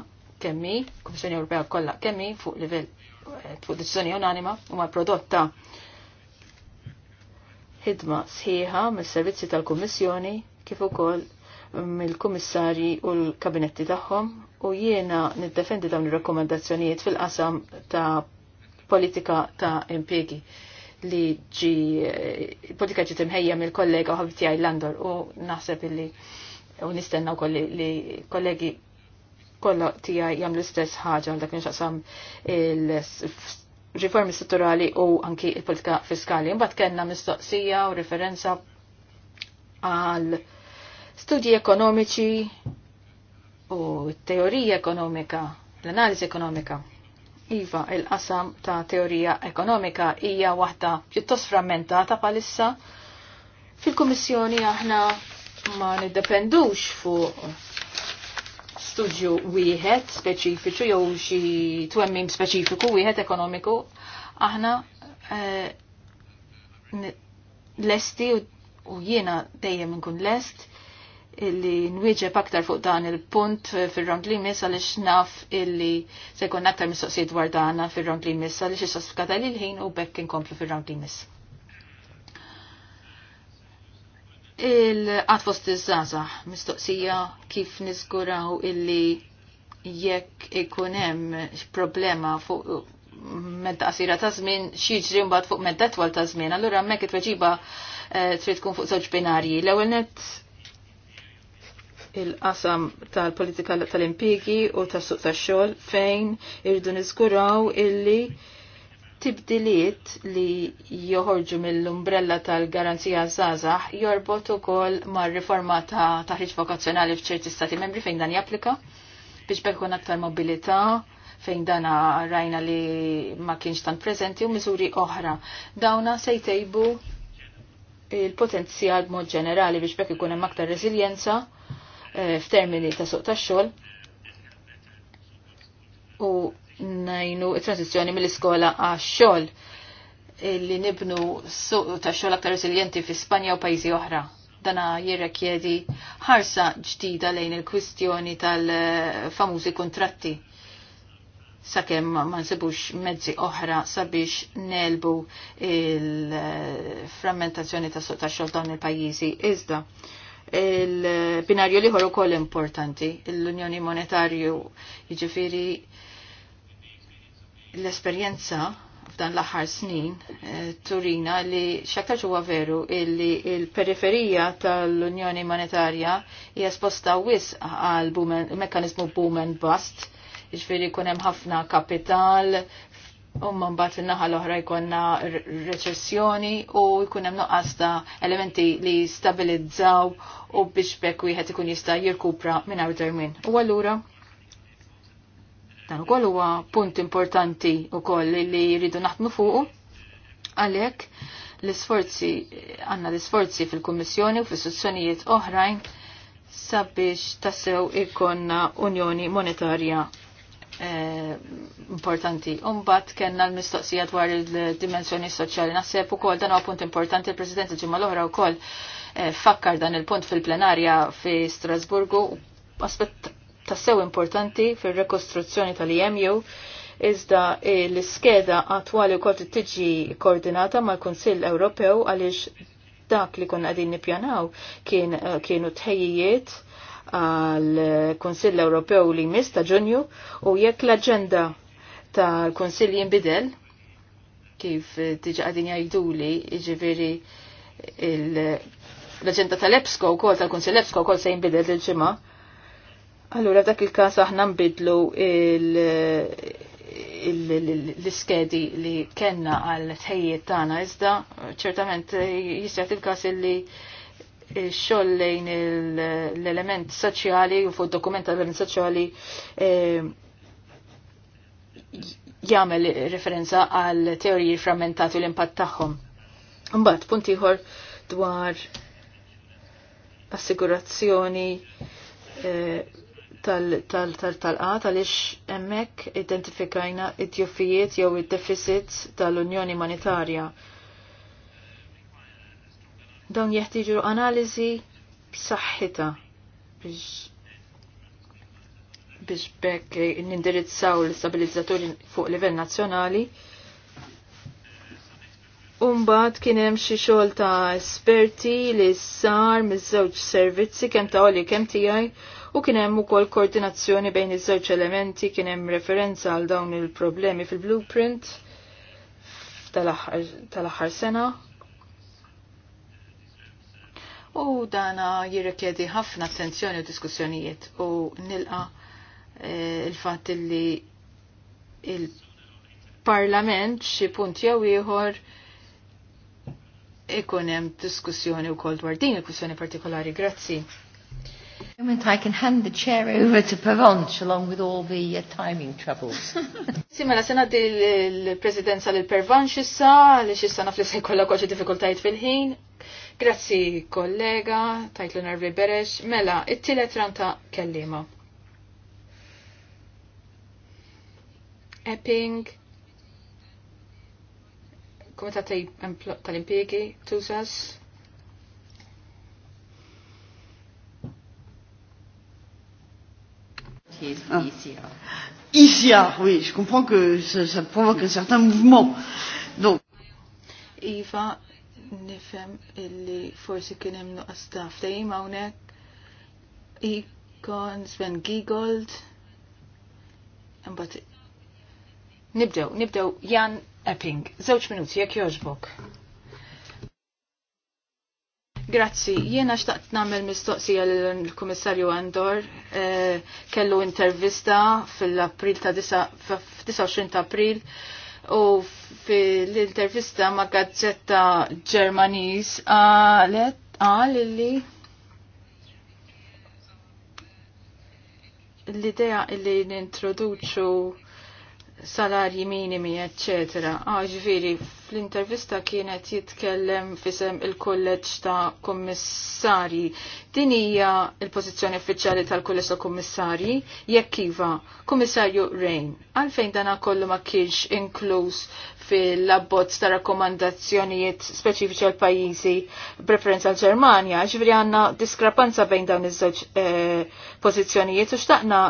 kemmi, Kummissjoni Ewropea kollha kemmi fuq livell eh, fuq deċiżjoni unanima huma prodotta ħidma sħiħa mis-servizzi tal-Kummissjoni kif ukoll mill-kummissari u l-kabinetti tagħhom u jiena niddefendi dawn ir-rakkomandazzjonijiet fil-qasam ta' politika ta' impjegi li ġi politika ġi timħejja mill-kollega u ħabti Landor u naħseb li u nistenna wkoll li kollegi kollha tiegħi jagħmlu l-istess ħaġa għal dak nixaqsam il- riformi strutturali u anki il-politika fiskali. Mbagħad kellna mistoqsija u referenza għal studji ekonomiċi u teorija ekonomika, l-analiżi ekonomika. Iva, il-qasam ta' teorija ekonomika hija waħda pjuttost frammentata palissa. Fil-Kummissjoni aħna ma niddependux fuq studju wieħed speċifiċu jew xi twemmim speċifiku wieħed ekonomiku, aħna eh, lesti u jiena dejjem nkun lest illi nwieġeb aktar fuq dan il-punt fil rong li mis għalix naf illi se jkun aktar mistoqsijiet dwar dana fil rong li mis għaliex jissosfikata li l-ħin u bekk inkomplu fil rong li mis. Il-qat fost iż-żaza mistoqsija kif niżguraw illi jekk ikun hemm problema fuq medda qasira ta' żmien jiġri mbagħad fuq medda twal ta' żmien, allura hemmhekk it-tweġiba eh, trid tkun fuq żewġ binarji. L-ewwel net il-qasam tal-politika tal-impigi u tas-suq tax-xogħol fejn irridu niżguraw illi tibdiliet li joħorġu mill-umbrella tal-garanzija żgħażagħ jorbot ukoll mar-riforma ta' taħriġ vokazzjonali f'ċerti stati membri fejn dan japplika biex bekk aktar mobilità fejn dana rajna li ma kienx tan preżenti u miżuri oħra. Dawna se jtejbu il-potenzjal b'mod ġenerali biex bekk ikun hemm aktar reżiljenza Eh, f'termini ta' suq tax-xogħol u najnu transizjoni mill-iskola għax-xogħol li nibnu suq ta' xogħol aktar resiljenti fi Spanja u pajjiżi oħra. Dana jirrekjedi ħarsa ġdida lejn il-kwistjoni tal-famużi kontratti sakemm ma nsibux mezzi oħra sabiex nelbu il-frammentazzjoni ta' suq ta' xogħol dawn il-pajjiżi. Iżda, il-binarju liħor u koll importanti, l-Unjoni Monetarju, iġifiri l-esperienza f'dan l-aħħar snin eh, turina li xaktar huwa veru illi il-periferija tal-Unjoni Monetarja hija sposta wis għal mekanizmu boom and bust, iġifiri kunem ħafna kapital, Umma mbagħad fin-naħa l-oħra jkollna reċessjoni u jkun hemm noqqas ta' elementi li stabilizzaw u biex bekk wieħed ikun jista' jirkupra mingħajr termin. U allura dan ukoll huwa punt importanti wkoll li jridu naħdmu fuqu għalhekk l-isforzi għandna l-isforzi fil-Kummissjoni u fis-sezzjonijiet oħrajn sabiex tassew ikonna Unjoni Monetarja Eh, importanti. Umbat kena l-mistoqsija dwar il-dimensjoni soċjali. Naħseb ukoll dan huwa punt importanti il presidenti ġimma l l-oħra wkoll eh, fakkar dan il-punt fil-plenarja fi Strasburgu aspett tassew importanti fil-rekostruzzjoni tal imu iżda eh, l-iskeda attwali wkoll tiġi koordinata mal-Kunsill Ewropew għaliex dak li konna għadin nippjanaw kienu tħejjijiet għal Konsill Ewropew li jmiss ta' Ġunju u jekk l-aġenda tal-Konsill jinbidel kif tiġa għadin jajdu li iġiviri l-aġenda tal-EPSCO u kol tal-Konsill EPSCO u kol se jinbidel il ġima Allura dak il-kas aħna nbidlu l-iskedi li kenna għal tħejjiet tagħna iżda ċertament jista' il-kas li xoll lejn l-element soċjali u fuq dokument tal-element soċjali eh, jagħmel referenza għal teoriji frammentati u l-impatt tagħhom. Mbagħad punt ieħor dwar assigurazzjoni eh, tal tal għaliex hemmhekk identifikajna id tjuffijiet jew id-deficits tal-Unjoni Monetarja Dawn jeħtieġu analiżi b'saħħita biex biex bekk nindirizzaw l istabilizzaturi fuq livell nazzjonali. Umbad kien hemm xi xogħol ta' esperti li sar miż-żewġ servizzi kemm ta' oli kemm tiegħi u kien hemm ukoll koordinazzjoni bejn iż-żewġ elementi kien hemm referenza għal dawn il-problemi fil-blueprint tal-aħħar sena u dana jirrikjedi ħafna attenzjoni u diskussjonijiet u nilqa eh, il-fat li il-parlament xi punt jew ieħor ikun hemm diskussjoni wkoll dwar din il-kwissjoni partikolari. Grazzi. Moment I can hand the chair over to Pervanche along with all the uh, timing troubles. Simela, sena di l-presidenza l-Pervanche issa, li xissa naf li se kolla kwaċi diffikultajt fil-ħin, Grazzi kollega, tajtlu Narvi Beres, mela, it-tielet ranta kellima. Epping, Komitat tal impiegi Tusas, Ah. Isia, oui, je comprends que ça, ça provoque un certain mouvement. Donc. Eva, nifhem illi forsi kien hemm nuqqas ta' flejm hawnhekk. Ikon Sven Giegold. Imbagħad nibdew, nibdew Jan Epping. Żewġ minuti jekk jogħġbok. Grazzi, jiena xtaqt nagħmel mistoqsija lill-Kummissarju Andor, eh, kellu intervista fil-April ta' 29 ta' April u fil-intervista ma' gazzetta Ġermanis għalet għalili l-idea li nintroduċu salarji minimi, eccetera, għaġviri ah, fl-intervista kienet jitkellem fisem il-kolleġġ ta' kommissari. Din hija l-pożizzjoni uffiċjali tal kolleġ ta' kommissari jekk iva Kummissarju Rain. Għalfejn dana kollu ma kienx inkluż fil-abbozz ta' rakkomandazzjonijiet speċifiċi għal pajjiżi preferenza għal Ġermanja, ġifri għandna diskrepanza bejn dawn iż-żewġ eh, pożizzjonijiet u xtaqna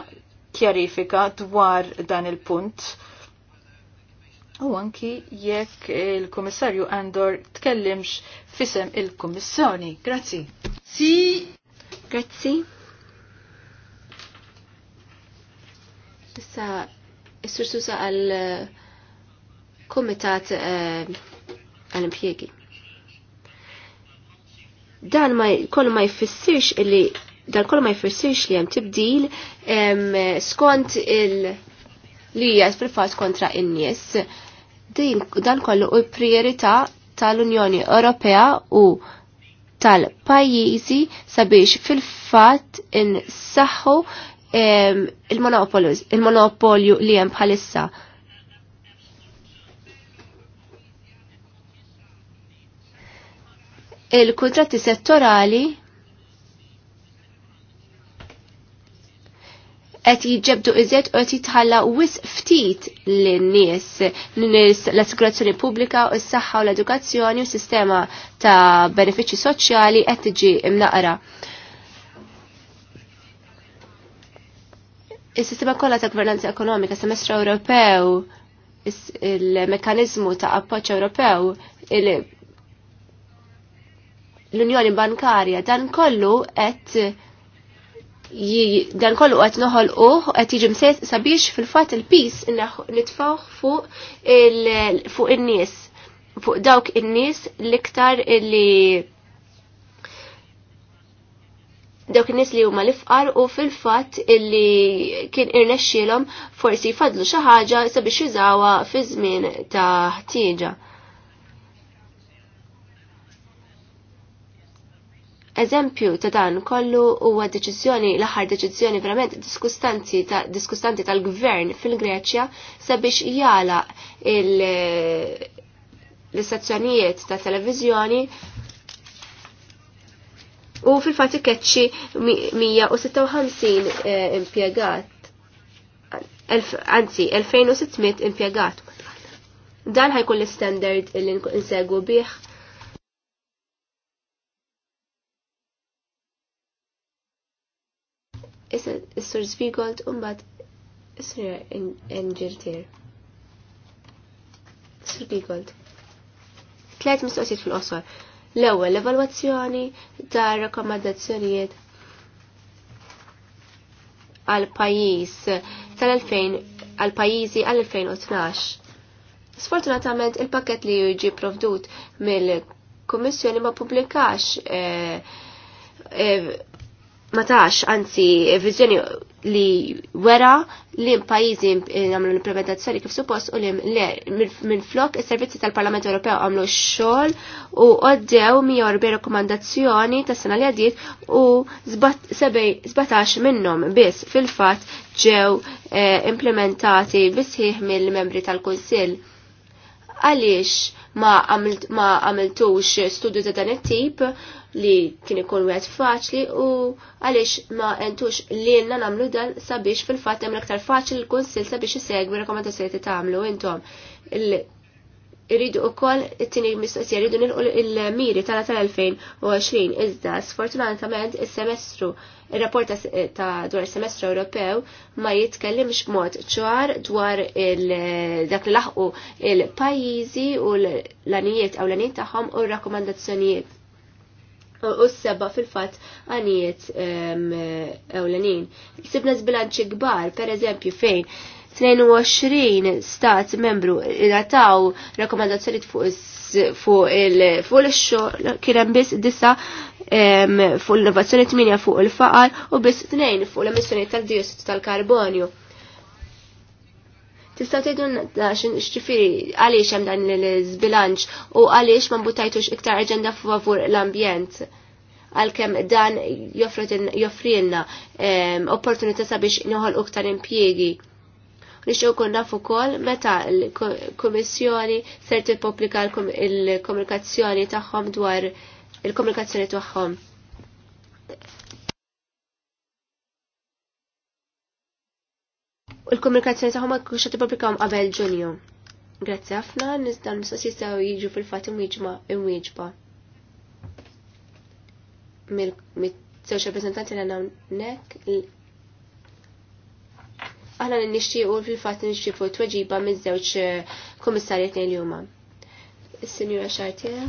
kjarifika dwar dan il-punt U anki jekk il-Komissarju Andor tkellimx fisem il komissjoni Grazzi. Si. Grazzi. Issa, s-sursusa għal eh, komitat eh, għal impiegi Dan ma kol ma jfissirx li dan kol ma jfissirx li hemm tibdil skont il li hija fil kontra in-nies Din dan kollu u priorità prijorità tal-Unjoni Ewropea u tal-pajjiżi sabiex fil-fatt insaħħu il-monopolju li hemm bħalissa. il kuntratti settorali qed jiġġebdu iżjed u qed jitħalla wis ftit lin-nies nies l-assigurazzjoni pubblika u s-saħħa u l-edukazzjoni u sistema ta' benefiċċji soċjali qed tiġi mnaqra. Is-sistema kollha ta' gvernanza ekonomika, semestru Ewropew, il mekkaniżmu ta' appoġġ Ewropew, l-Unjoni Bankarja, dan kollu qed dan kollu għet noħol uħ, għet jiġi msejt sabiex fil-fat il-pis nitfawħ fuq fuq il-nis, fuq dawk il-nis l-iktar li dawk il-nis li huma l-ifqar u fil-fat li kien irnexxielhom forsi fadlu xi ħaġa sabiex jużawha fi żmien ta' ħtieġa. Eżempju ta' dan kollu huwa deċiżjoni l-aħħar deċiżjoni verament diskustanti ta' diskustanti tal-gvern fil-Greċja sabiex jala l-istazzjonijiet ta' televizjoni u fil-fatt ikkeċċi 156 impjegat anzi 2600 impjegat. Dan ħajkun l-standard li nsegu bih is-sur Zvigold u mbagħad is-sur Engirtir. Sur Zvigold. Tlet mistoqsijiet fil-qosor. L-ewwel l-evalwazzjoni ta' rakkomandazzjonijiet għal pajjiż tal-2000 għal pajjiżi għal 2012. Sfortunatament il-pakket li jiġi provdut mill-Kummissjoni ma publikax eh, eh, ma tax, anzi, vizjoni li wera li pajizi għamlu l-implementazzjoni kif suppost u li minn flok il-servizzi tal-Parlament Ewropew għamlu xogħol u għoddew 140 rekomandazzjoni tas sena li għadiet u 17 minnhom biss fil-fatt ġew eh, implementati bisħiħ mill-membri tal-Kunsill għaliex ma għamiltux studju ta' dan it-tip li kien ikun wieħed faċli u għaliex ma entux lilna nagħmlu dan sabiex fil-fatt hemm l-aktar faċli l-kunsill sabiex isegwi rekomendazzjoni li tagħmlu intom irridu u koll it-tini mistoqsija irridu nilqu il-miri tala tal-2020 iżda sfortunatament il-semestru il-rapport ta' dwar semestru Ewropew ma jitkellimx mod ċar dwar dak li laħqu il-pajjiżi u l-anijiet aw l-anijiet tagħhom u r-rakkomandazzjonijiet. U s-seba fil-fat għanijiet ewlenin. Sibna zbilanċi gbar, per eżempju, fejn 22 stat membru irataw rekomendazzjoni fuq il-xogħol kien hemm biss disa fuq l-innovazzjoni 8 fuq il-faqar u biss 2 fuq l-emissjoni tal-dioxid tal-karbonju. Tistaw tgħidulna x'ġifieri għaliex hemm dan l żbilanċ u għaliex ma mbutajtux iktar aġenda favur l-ambjent għalkemm dan joffrilna opportunità sabiex noħol uktar impjiegi nixtieq kun naf ukoll meta l-Kummissjoni ser tippubblika l-komunikazzjoni tagħhom dwar il-komunikazzjoni tagħhom. U l-komunikazzjoni tagħhom ma kienx tippubblikahom qabel Ġunju. Grazzi ħafna, nista' mistoqs jistgħu jiġu fil-fatt mil mill prezentanti l-għanam nek, aħna nixtiequ fil-fatt nixtiequ tweġiba miż-żewġ eh, kummissarji li huma. Is-Sinjura Xartiera,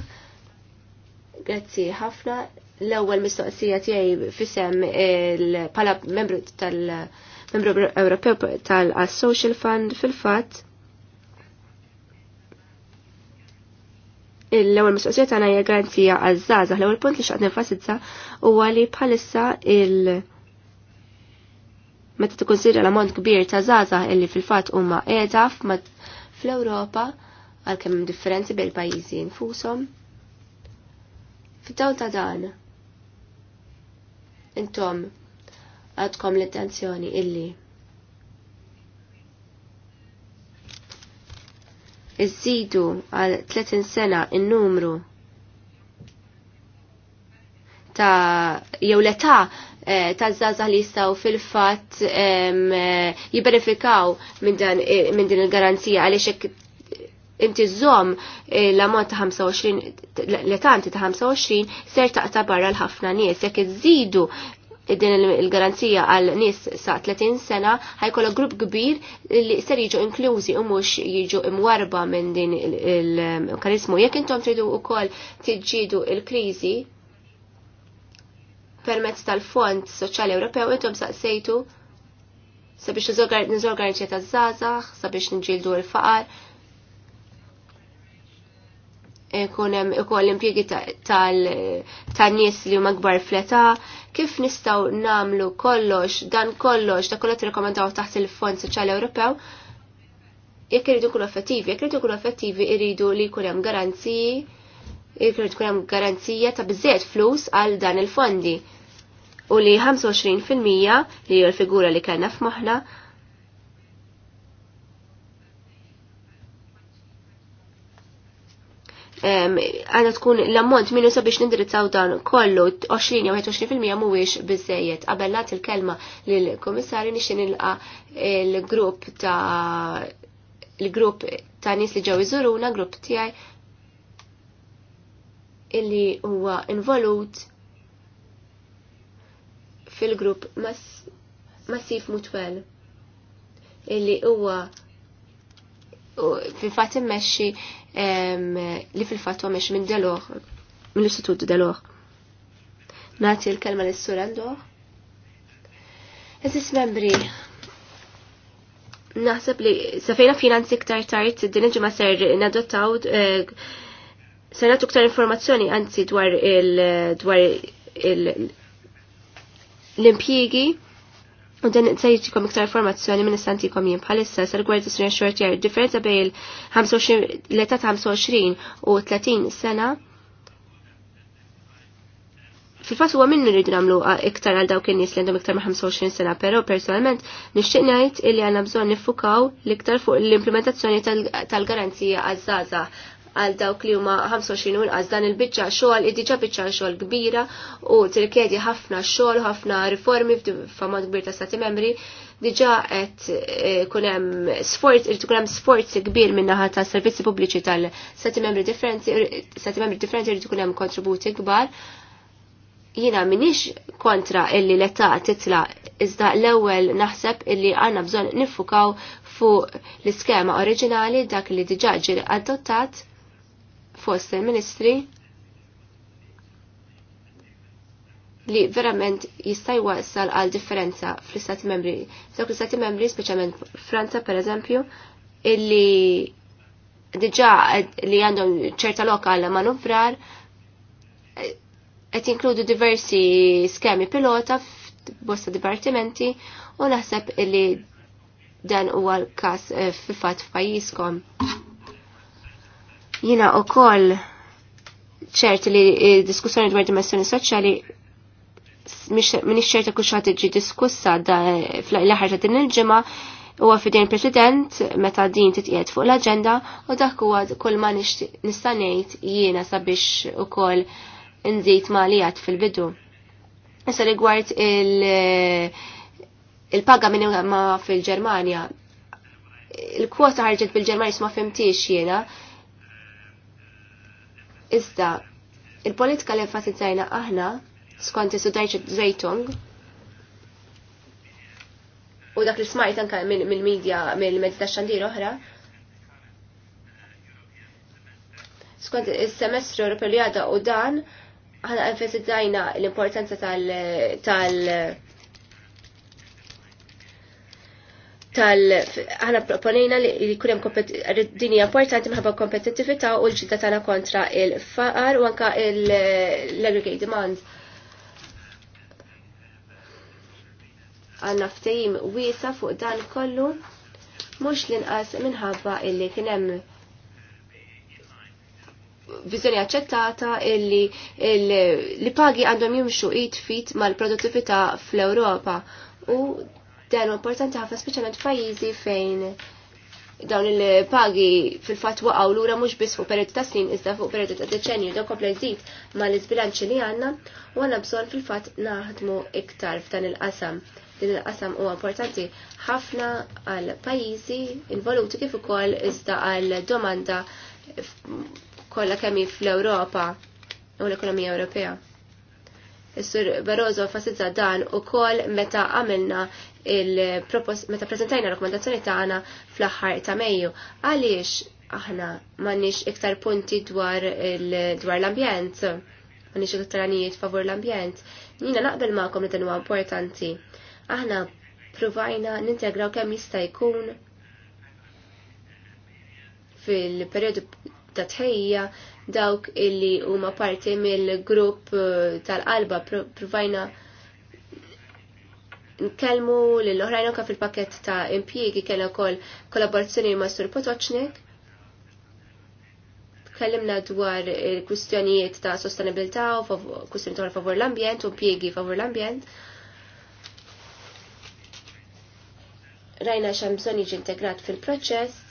grazzi ħafna. L-ewwel mistoqsija tiegħi fisem bħala membru tal-Membru Ewropew tal-Social Fund fil-fatt l-ewwel mistoqsija tagħna hija garanzija għaż-żgħażagħ. L-ewwel punt li xaqt nenfasizza huwa li bħalissa il- meta tikkonsidra l-ammont kbir ta' żgħażagħ illi fil-fatt huma qiegħda fl-Ewropa għalkemm hemm differenzi bejn pajjiżi nfushom. fid ta' dan, intom għadkom l-intenzjoni illi iżidu għal 30 sena in-numru ta' jew l-età Eh, taż li jistgħu fil-fatt eh, jiberifikaw eh, minn din il-garanzija għaliex hekk inti żomm l-ammont ta' 25 l etanti ta' 25 ser taqta' barra l-ħafna nies jekk iżidu din il-garanzija għal nies sa' 30 sena ħajkollok grupp kbir li ser jiġu inklużi u mhux jiġu imwarba minn din il karismu Jek intom tridu wkoll tiġidu il-kriżi permezz tal-Fond Soċjali Ewropew intom saqsejtu sabiex nizorganizja ta' zazax, sabiex niġildu l-faqar, ikunem ikoll impjiegi tan nies li huma kbar fleta, kif nistgħu namlu kollox, dan kollox, ta kollha tirrekomendaw taħt il-Fond Soċjali Ewropew, jekk iridu kun effettivi, jekk iridu kun effettivi iridu li jkun hemm garanziji Il tkun hemm garanzija ta' biżejjed flus għal dan il-fondi u li 25% li hija l-figura li kellna f'moħħna għanna tkun l-ammont minnu sabiex nindirizzaw dan kollu 20 jew 21% mhuwiex biżejjed. Qabel nagħti il-kelma lill-Kummissarju nixi nilqa l-grupp ta' l-grupp ta' nies li ġew iżuruna, grupp tiegħi illi huwa involut fil-grupp Massif Mutwell illi huwa fil-fatt immexxi li fil-fatt huwa mexxi minn Deloħ, mill-Istitut Deloħ. Nagħti l-kelma lis sur Endoħ. Eżis membri, naħseb li safejna finanzi iktar tard din il-ġimgħa ser nadottaw eh, Se nagħtu iktar informazzjoni anzi dwar il dwar il l-impjiegi u dan sejtikom jiġikom iktar informazzjoni minn istantikom jien bħalissa sar gwerd is-snin xort jar differenza bejn l-età ta' 25 u 30 sena Fil-fatt huwa minn nridu nagħmlu iktar għal dawk in-nies li għandhom iktar ma' 25 sena, però personalment nixtieq ngħid li għandna bżonn niffukaw l-iktar fuq l-implementazzjoni tal-garanzija għaż-żgħażagħ għal dawk li huma 25 unqas dan il-biċċa xogħol id-diġà biċċa xogħol kbira u tirkedi ħafna xogħol ħafna riformi f'mod kbir ta' stati membri diġà qed eh, ikun hemm sforz irid ikun hemm sforz kbir min naħa ta' servizzi pubbliċi tal-stati membri differenti stati membri differenti irid ikun hemm kontributi kbar. Jiena minix kontra illi l-età titla' iżda l-ewwel naħseb illi għandna bżonn niffukaw fuq l-iskema oriġinali dak li diġà ġiri adottat fost il-Ministri li verament jista' jwassal għal differenza fl-Istati Membri. Dawk l-Istati Membri, speċjalment Franza per eżempju, illi diġà li għandhom ċerta lokal manuvrar qed jinkludu diversi skemi pilota f'bosta dipartimenti u naħseb illi dan huwa l-każ eh, fil-fatt f'pajjiżkom. Jina u koll ċert li diskussjoni dwar dimensjoni soċjali minix ċerta kull ħat iġi diskussa l-ħarġa din il-ġimma huwa fidejn president meta din titqiet fuq l-agenda u dak huwa kull ma nista' ngħid jiena sabiex ukoll nżid ma li fil-bidu. Issa rigward il- il-paga minn ma fil-Ġermanja. Il-kwota ħarġet bil-Ġermanja ma fimtiex jiena, Iżda, il-politika li enfasizzajna aħna, skont isu Zejtung, u dak li smajt anka mill-medja, mill-medja xandir oħra, skont il-semestru Ewropew li u dan, aħna enfasizzajna l-importanza tal-, tal tal aħna proponejna li kunem din hija importanti minħabba kompetittività u l-ġidda tagħna kontra il-faqar u anka l-aggregate demand. Għanna ftejim wiesa fuq dan kollu mhux l-inqas minħabba illi kien hemm viżjoni aċċettata illi li pagi għandhom jimxu it fit mal-produttività fl-Ewropa u Dan importanti ħafna speċjalment f'pajjiżi fejn dawn il-pagi fil-fat waqaw lura mhux biss fuq periodi ta' snin iżda fuq periodi ta' deċenju daw kompla jżid mal iżbilanċi li għandna u għandna bżonn fil-fatt naħdmu iktar f'dan il-qasam. Din il-qasam huwa importanti ħafna għal pajjiżi involuti kif ukoll iżda għal domanda kollha kemm fl-Ewropa u l-ekonomija Ewropea. Is-Sur Barroso fasizza dan ukoll meta għamilna il propos meta prezentajna rakkomandazzjoni għana fl-aħħar ta' Mejju. Għaliex aħna m'għandniex iktar punti dwar dwar l-ambjent, mannix iktar għanijiet favur l-ambjent. nina naqbel ma'kom li dan huwa importanti. Aħna provajna nintegraw kemm jista' jkun fil-periodu ta' tħejja dawk illi huma parti mill-grupp eh, tal-qalba provajna pr nkellmu l oħrajn anke fil-pakett ta' impjiegi kellna wkoll kollaborazzjoni ma' Sur Potoċnik. Tkellimna dwar il-kwistjonijiet ta' sostenibilità u kwistjoni ta' favor l-ambjent u impjiegi favor l-ambjent. Rajna x'hemm bżonn jiġi integrat fil-proċess.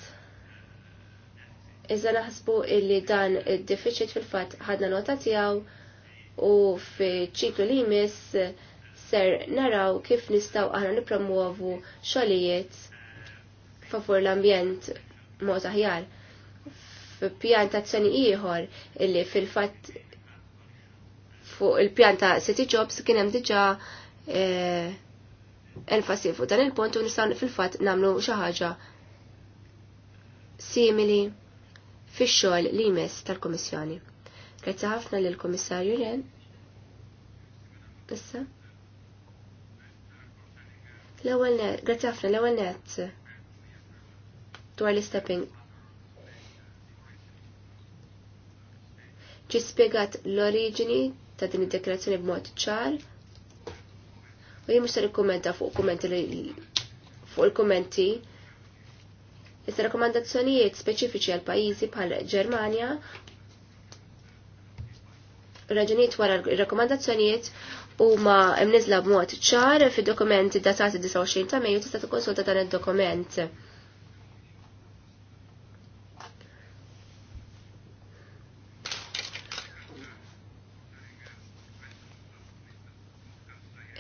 Iżda naħsbu illi dan id-deficit fil-fatt ħadna nota tiegħu u fi ċiklu li jmiss ser naraw kif nistaw aħna nipromuovu xogħlijiet favur l-ambjent mod aħjar. F'pjan ta' tsani ieħor illi fil-fatt fuq il-pjan ta' City Jobs kien hemm diġà e, enfasi fuq dan il-punt u nistgħu fil-fatt nagħmlu xi ħaġa simili fix-xogħol li jmiss tal-Kummissjoni. Grazzi ħafna lill-Kummissarju Ren. Issa. L-ewwel net, grazzi ħafna l-ewwel net dwar l-istepping. Ġi spjegat l-oriġini ta' din id-deklarazzjoni b'mod ċar. U jien mhux se rikkumenta fuq li fuq il-kummenti Issa rakkomandazzjonijiet speċifiċi għal pajjiżi bħal Ġermanja raġunijiet wara r rakkomandazzjonijiet u ma imnizla b'mod ċar fi dokumenti datati 29 ta' Mejju tista' tikkonsulta dan id-dokument.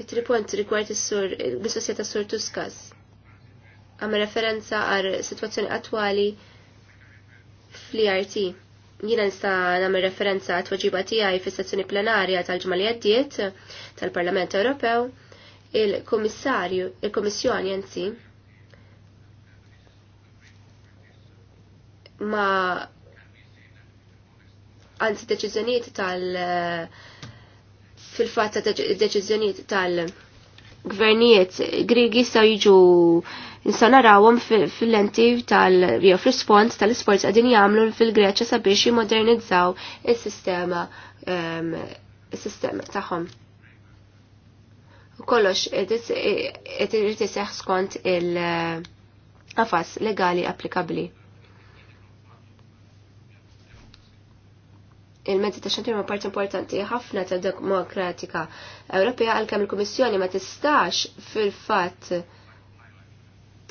It-tri rigward is-sur bis-sosjetà sur Tuskas. Għam referenza għar situazzjoni attwali fl-IRT jina nista namel referenza t-wġiba tijaj fi sezzjoni plenarja tal-ġmali għaddiet tal-Parlament Ewropew, il-Komissarju, il-Komissjoni jensi, ma għanzi deċizjoniet tal- fil-fatta deċizjoniet tal-gvernijiet Grigi sa jiġu Insa narawhom fil-lenti tal jew fl tal-isports għadin jagħmlu fil-Greċja sabiex jimmodernizzaw is-sistema ehm, is-sistema tagħhom. Kollox qed irid iseħħ skont il għafas legali applikabbli. il-mezzi ta' xantir ma' part importanti ħafna tal demokratika Ewropea għalkemm il-Kummissjoni ma tistax fil-fatt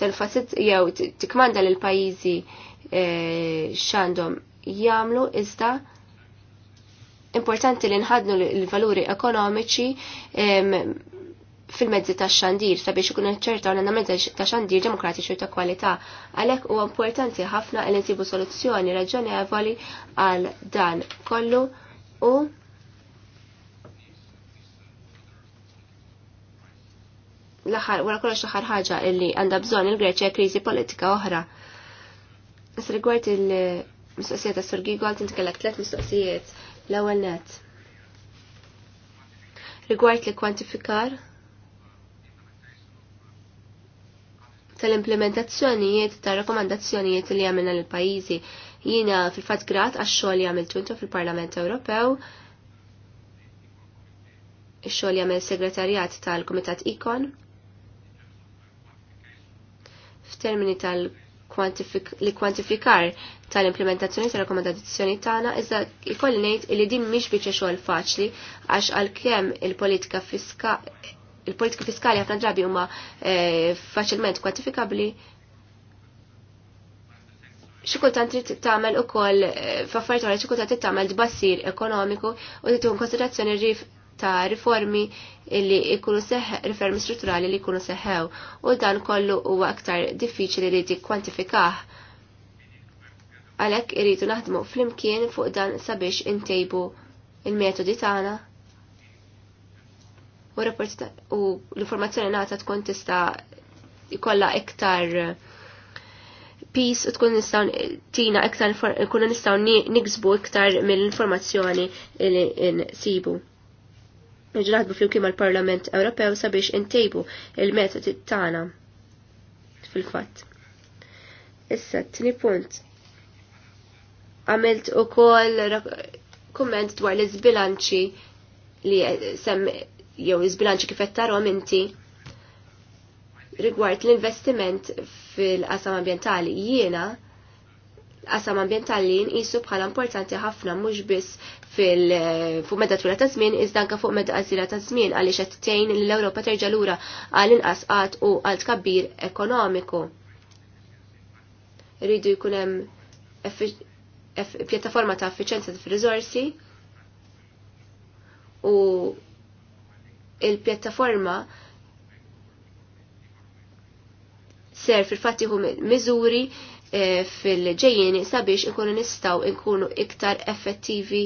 telfasit jew tikmanda lil pajjiżi eh, x'għandhom jagħmlu iżda importanti li nħadnu l-valuri ekonomiċi fil-mezzi ta' xandir sabiex ikun ċerta għandna mezzi ta' xandir demokratiċi ta' kwalità. Għalhekk huwa importanti ħafna li nsibu soluzzjoni raġonevoli għal dan kollu u l-aħħar wara kollox l-aħħar ħaġa illi għandha bżonn il-Greċja kriżi politika oħra. Is rigward il-mistoqsija ta' Sur Gigol tint kellek tliet mistoqsijiet l-ewwel net. Rigward li kwantifikar tal-implementazzjonijiet ta' rakomandazzjonijiet li għamilna l-pajizi. Jina fil-fat grat għax xogħol li għamiltu fil-Parlament Ewropew, ix xogħol li għamil segretarjat tal-Kumitat Ikon, f'termini tal li kwantifikar tal-implementazzjoni tal-rakkomandazzjoni tagħna iżda jkolli ngħid li din mhix biċċa xogħol faċli għax għalkemm il-politika fiska il-politika fiskali ħafna drabi huma e, faċilment kwantifikabbli xi kultant trid tagħmel ukoll e, f'affarijiet oħra xi kultant trid tagħmel tbassir ekonomiku u trid konsiderazzjoni rif ta' riformi li ikunu seħ, riformi strutturali li ikunu seħew u dan kollu huwa aktar diffiċli li kwantifikaħ. Għalhekk irridu naħdmu flimkien fuq dan sabiex intejbu il-metodi tagħna u, u l-informazzjoni nata tkun tista' jkollha iktar eh, peace u tkun nistaw tina iktar, nkunu nistaw niksbu iktar mill-informazzjoni li nsibu. Nġu fl-imkien mal-Parlament Ewropew sabiex intejbu il-metodi tagħna fil-fatt. Issa, tini punt. Għamilt ukoll komment dwar l-izbilanċi li sem jew l-izbilanċi kif qed tarhom inti rigward l-investiment fil-qasam ambjentali jiena qasam ambientali nqisu bħala importanti ħafna mhux biss fil fuq meta twila ta' żmien iżda anke fuq meta qasira ta' żmien għaliex qed tgħin li l-Ewropa terġa' lura għal inqas u għal tkabbir ekonomiku. Rridu jkun hemm pjattaforma ta' effiċenza fir risorsi u il-pjattaforma ser fil-fatti miżuri E, fil ġejjien sabiex ikunu nistaw ikunu iktar effettivi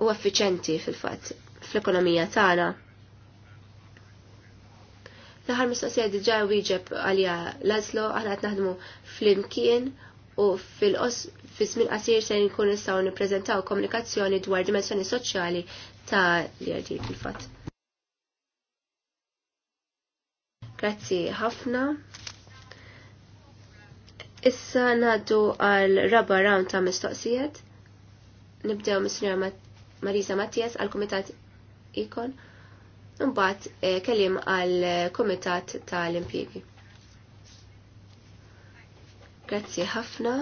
u effiċenti fil-fatt fl-ekonomija tagħna. L-aħħar mistoqsija diġà wieġeb għalija Lazlo aħna qed naħdmu flimkien u fil-qos fi żmien qasir se nkun nistgħu nippreżentaw komunikazzjoni dwar dimensjoni soċjali ta' l-irdi fil-fatt. Grazzi ħafna. Issa naddu għal raba round ta' mistoqsijiet. Nibdew mis-Sinjora Marisa Mattias għal Komitat Ikon. Mbagħad eh, kelim għal Komitat tal-Impjegi. Grazzi ħafna.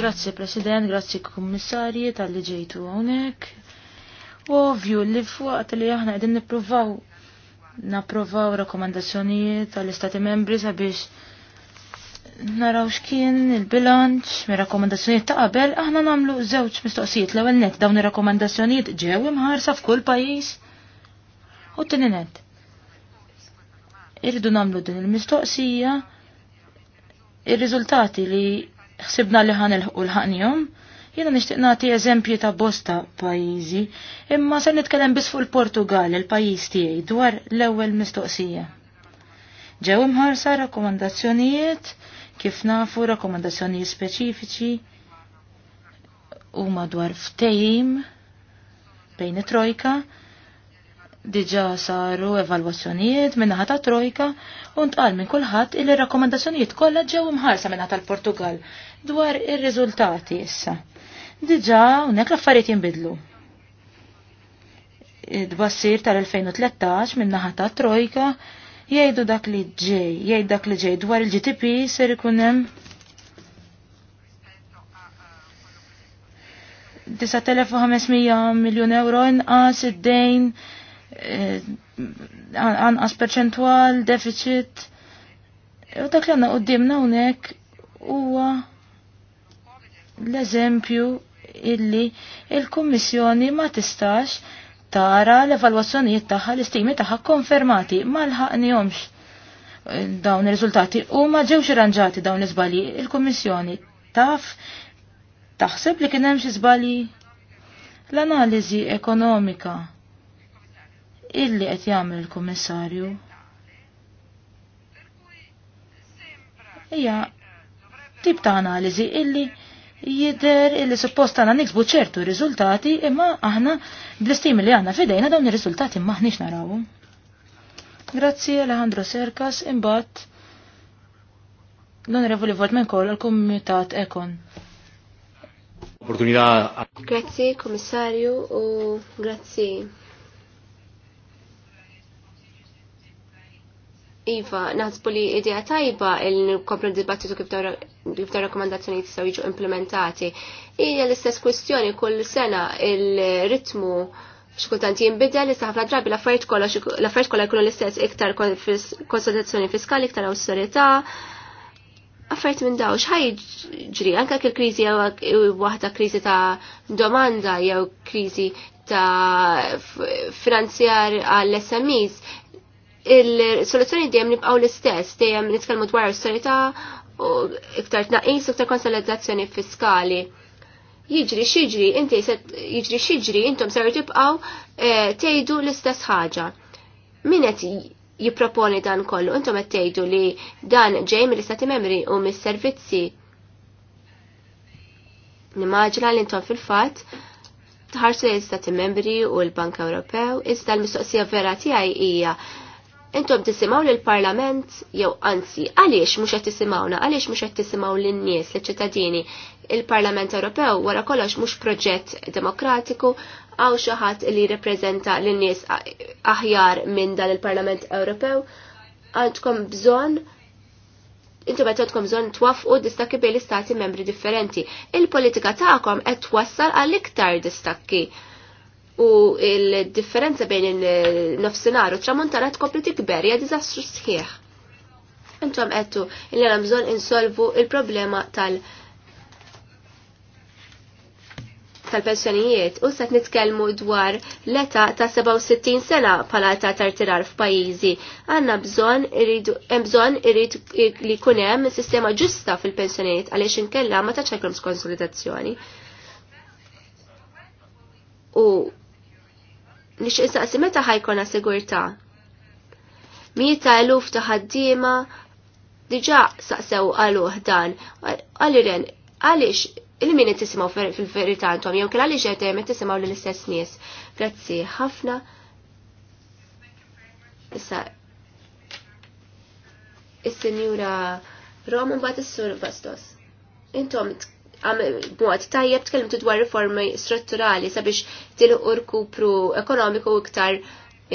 Grazzi President, grazzi Kummissarji tal-li ġejtu hawnhekk. Ovvju li fuqat li aħna qegħdin nippruvaw napprovaw rakkomandazzjonijiet tal-Istati Membri sabiex naraw x'kien il-bilanċ mir rakkomandazzjonijiet ta' qabel aħna nagħmlu żewġ mistoqsijiet l-ewwel net dawn ir-rakkomandazzjonijiet ġew imħarsa f'kull pajjiż u tieni net. Irridu nagħmlu din il-mistoqsija ir-riżultati li ħsibna li ħanilħu l-ħanjom jiena nixtieq nagħti eżempji ta' bosta pajjiżi, imma se nitkellem biss fuq il-Portugal, il-pajjiż tiegħi, dwar l-ewwel mistoqsija. Ġew imħarsa rakkomandazzjonijiet Kif nafu rakkomandazzjoni speċifiċi u madwar ftejim bejn trojka diġa saru evalwazzjonijiet minnaħa ta' trojka u ntqal minn kulħadd il rakkomandazzjonijiet kollha ġew imħarsa minnaħa tal-Portugal dwar ir-riżultati issa. Diġa hawnhekk l-affarijiet jinbidlu id-bassir tal-2013 minnaħa ta' Trojka jgħidu dak li ġej, jgħid dak li ġej dwar il-GTP ser ikun hemm 9500 miljun euro inqas id-dejn eh, anqas perċentwal, deficit. U dak li għandna qudiemna hawnhekk huwa l-eżempju illi il-Kummissjoni ma tistax tara l-evalwazzjonijiet tagħha l-istimi tagħha konfermati ma lħaqnihomx eh, dawn ir-riżultati u ma ġewx irranġati dawn l-iżbalji. Il-Kummissjoni taf taħseb li kien hemm xi żbalji l-analiżi ekonomika illi qed jagħmel il-Kummissarju. Ija tip ta' analiżi illi jider li suppost għana niksbu ċertu riżultati imma aħna bl li għanna fidejna dawn ir-riżultati maħniex narawhom. Grazzi Alejandro Serkas imbat l-onorevoli Voltmen Kol għal-Kumitat Ekon. Opportunità. Grazzi Komissarju u grazzi Iva, naħsbu li idea tajba il-kopru dibattitu kif ta' rakkomandazzjoni jistaw jiġu implementati. Ija l-istess kwestjoni kull sena il-ritmu xikultant jimbidel, li ħafna drabi l-affarijiet kollha jkunu l-istess iktar konsultazzjoni fiskali, iktar awtorità, affarijiet minn daw ġri, anke kil kriżi jew waħda kriżi ta' domanda jew kriżi ta' finanzjar għall smes il-soluzzjoni dejjem nibqgħu l-istess, dejjem nitkellmu dwar austerità u iktar tnaqis u iktar konsolidazzjoni fiskali. Jiġri xiġri, inti se jiġri xiġri, intom ser tibqgħu eh, tgħidu l-istess ħaġa. Min qed jipproponi dan kollu, intom qed tgħidu li dan ġej mill-istati membri u mis-servizzi. Nimmaġina li intom fil-fatt tħarsu l-Istati Membri u l-Bank Ewropew, iżda l-mistoqsija vera tiegħi hija intom tisimaw l-parlament jew anzi, għaliex mhux qed tisimawna, għaliex mhux qed tisimgħu lin-nies, l-ċittadini. Il-Parlament Ewropew wara kollox mhux proġett demokratiku għaw xi ħadd li jirrepreżenta lin-nies aħjar minn dan il-Parlament Ewropew. Għandkom bżonn intu għandkom bżonn twafqu distakki bejn l-istati membri differenti. Il-politika tagħkom qed twassal għall iktar distakki u il-differenza bejn il-nofsenar u tramontana tkopli tikber hija diżastru sħiħ. għettu il li għam bżonn insolvu il-problema tal- tal-pensjonijiet u set nitkellmu dwar l-età ta' 67 sena pala ta' tartirar f'pajjiżi. Għandna bżonn irridu hemm bżonn irid li jkun hemm sistema ġusta fil-pensjonijiet għaliex inkella ma ta' ċeklhom skonsolidazzjoni. U nix insaqsi meta ħajkona sigurta. Mieta eluf ta' ħaddiema diġa saqsew għalu dan, għalliren, għalix il-min tisimaw fil verita għantom, jew kien għalix għetem tisimaw l-istess nies. Grazzi ħafna. Issa, is-senjura Roman bat is-sur Bastos. Intom b'mod tajjeb tkellimtu dwar riformi strutturali sabiex tilħu rkupru ekonomiku iktar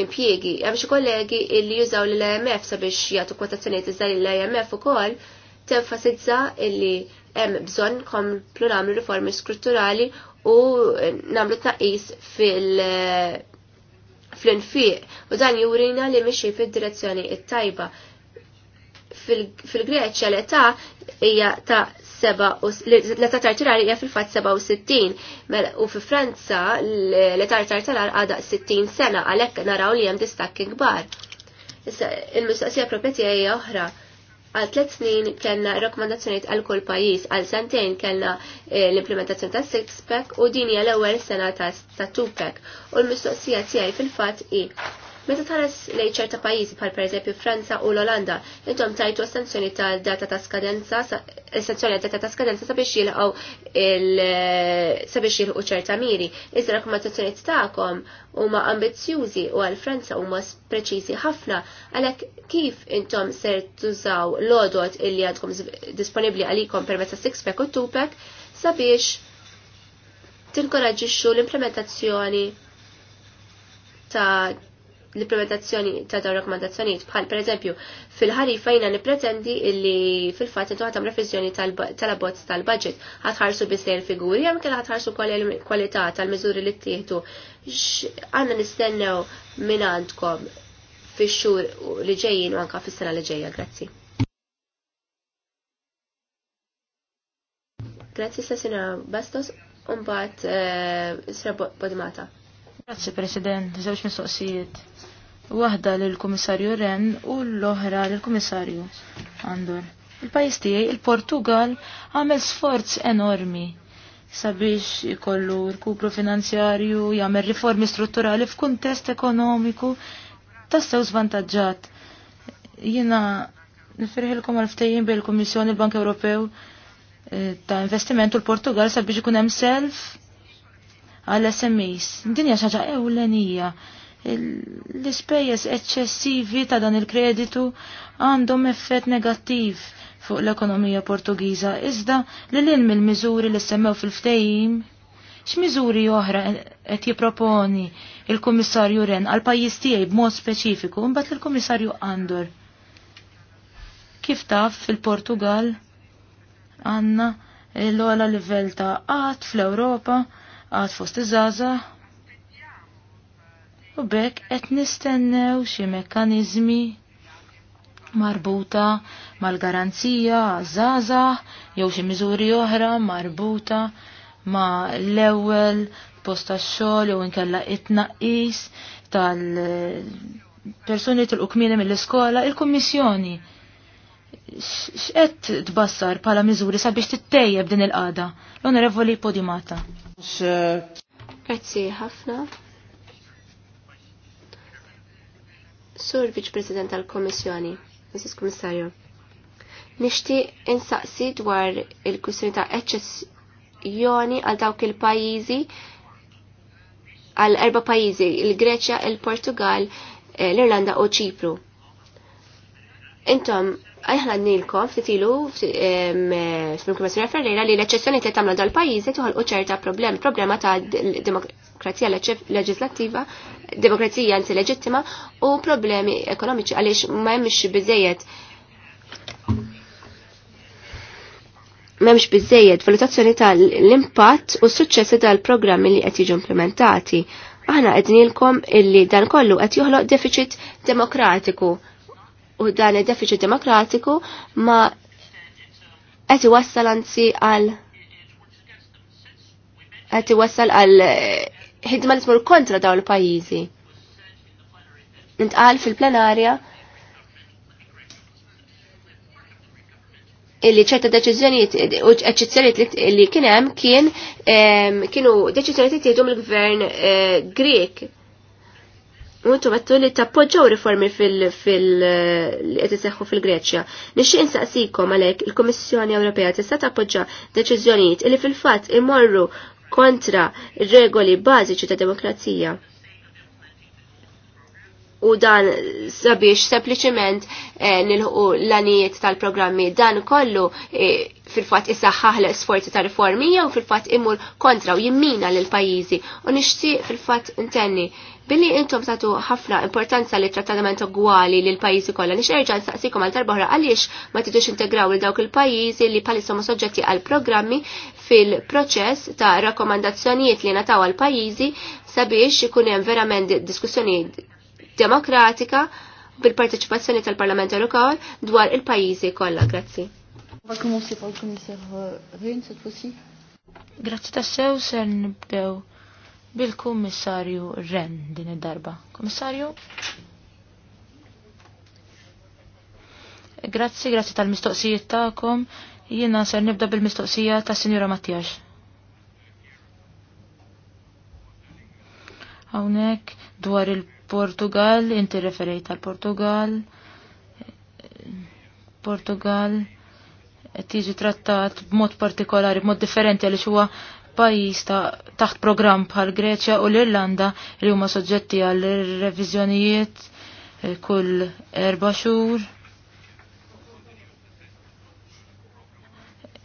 impjiegi. Hemm xi kollegi li jużaw l-IMF sabiex jagħtu kwotazzjonijiet iżda l-IMF ukoll tenfasizza illi hemm bżonn komplu nagħmlu riformi strutturali u nagħmlu taqis fil- fl-infiq u dan jurina li mixi fid-direzzjoni it-tajba fil-Greċja l-età hija ta' l-età tartarar hija fil-fatt 67 mela, u fi Franza l-età tartarar għada 60 sena għalhekk naraw li hemm distakki kbar. il-mistoqsija proprjetija hija oħra. Għal 3 snin kellna rakkomandazzjonijiet għal kull pajjiż, għal sentejn kellna eh, l-implementazzjoni ta' six pack u din hija l-ewwel sena ta' two pack. U l-mistoqsija tiegħi fil-fatt hi Meta tħares lejn ċerta pajjiżi bħal pereżempju Franza u l-Olanda, intom tajtu estensjoni tal-data ta' skadenza, estensjoni data ta' skadenza sabiex jilqgħu sabiex jilqgħu ċerta miri. Iżda rakkomandazzjonijiet tagħkom huma ambizzjużi u għal Franza huma preċiżi ħafna, għalhekk kif intom ser tużaw l-odot illi għandkom disponibbli għalikom permezz ta' six-pack u two-pack sabiex tinkoraġġixxu l-implementazzjoni ta' l-implementazzjoni ta' dawn rakkomandazzjonijiet bħal pereżempju fil-ħarifa fejna nippretendi li fil-fatt intu ħatam reviżjoni tal-abbozz tal-budget ħatħarsu biss il-figuri hemm kellha ħatħarsu kwalità tal-miżuri li ttieħdu għandna nistennew minn għandkom fix-xhur li ġejjin u anke fis-sena li ġejja. Grazzi. Grazzi Sassina Bastos, un bat uh, eh, Sra Bodimata. Grazzi President, żewġ mistoqsijiet. Waħda lill-Kummissarju Ren u l-oħra lill-Kummissarju Andor. Il-pajjiż tiegħi, il-Portugal, għamel sforz enormi sabiex ikollu rkupru finanzjarju, jagħmel riformi strutturali f'kuntest ekonomiku tassew żvantaġġat. Jiena nifirħilkom għal-ftejjin bil-Kummissjoni l-Bank Ewropew eh, ta' investiment u l-Portugal sabiex ikun hemm self għal smes Dinja xaġa ewlenija. L-ispejjeż eċċessivi ta' dan il-kreditu għandhom effett negattiv fuq l-ekonomija Portugiża iżda li l mill miżuri li semmew fil-ftejim x'miżuri oħra qed jipproponi il-Kummissarju Ren għal pajjiż tiegħi b'mod speċifiku mbagħad il-Kummissarju Andor. Kif taf fil-Portugal għandna l-ogħla livell ta' qatt fl-Ewropa għad fost iżaza u bekk qed nistennew xi mekkaniżmi marbuta mal-garanzija żaza jew xi miżuri oħra marbuta ma' l-ewwel post tax-xogħol jew inkella it-tnaqqis tal-persuni tilqu kmieni mill-iskola, il-kummissjoni x'qed tbassar bħala miżuri sabiex tittejjeb din il-qada. L-Onorevoli Podimata. Grazzi ħafna. Sur vice President tal-Komissjoni, Mrs. Komissarju. Nishti insaqsi dwar il-kwistjoni ta' eċċessjoni għal dawk il-pajjiżi għal erba pajjiżi, il-Greċja, il-Portugal, eh, l-Irlanda u Ċipru. Intom, aħna nilkom ftitilu fil-Kummerċ refer li l eċċessjoni li tagħmlu dal-pajjiż qed joħolqu ċerta problem, problema ta' demokrazija leġislattiva, demokrazija anzi leġittima u problemi ekonomiċi għaliex ma hemmx biżejjed memx bizzejed valutazzjoni tal-impatt u s-suċċessi tal-programmi li qed jiġu implementati. Aħna qed illi dan kollu qed joħloq deficit demokratiku u dan id-deficit demokratiku ma qed iwassal anzi għal qed iwassal għal eh, ħidma li tmur kontra dawn il-pajjiżi. Intqal fil-plenarja illi ċerta deċiżjonijiet u eċċezzjonijiet li kien hemm kien kienu deċiżjonijiet jittieħdu mill-gvern eh, Grek Untu għattu li tappoġġaw riformi fil-għetiseħu fil-Greċja. Nixi insaqsikom għalek il-Komissjoni Ewropea tista' tappoġġa deċiżjonijiet li fil-fatt imorru kontra regoli bażiċi ta' demokrazija u dan sabiex sempliciment eh, nilħu l-anijiet tal-programmi dan kollu eh, fil-fat isaħħaħ l-sforzi ta' riformija u fil-fat imur kontra u jimmina l-pajizi u nixti fil-fat intenni billi intom tatu ħafna importanza li trattament ugwali lil pajjiżi kollha nix erġa' nsaqsikom għal darba għaliex ma tidux integraw il dawk il-pajjiżi li palissa soġġetti għal programmi fil-proċess ta' rakkomandazzjonijiet li nataw għal pajjiżi sabiex ikun hemm verament diskussjonijiet demokratika bil-parteċipazzjoni tal-Parlament Ewropew dwar il-pajjiżi kollha. Grazzi. Euh, grazzi tassew ser nibdew bil-Kummissarju Ren din id-darba. Kummissarju? Grazzi, grazzi tal-mistoqsijiet tagħkom. Jiena ser nibda bil-mistoqsija ta' Sinjura Mattias. hawnhekk dwar il-Portugal, inti referejt għal Portugal. Portugal qed jiġi trattat b'mod partikolari, b'mod differenti għaliex huwa pajjiż ta' taħt programm bħal Greċja u l-Irlanda li huma soġġetti għal reviżjonijiet eh, kull erba' xhur.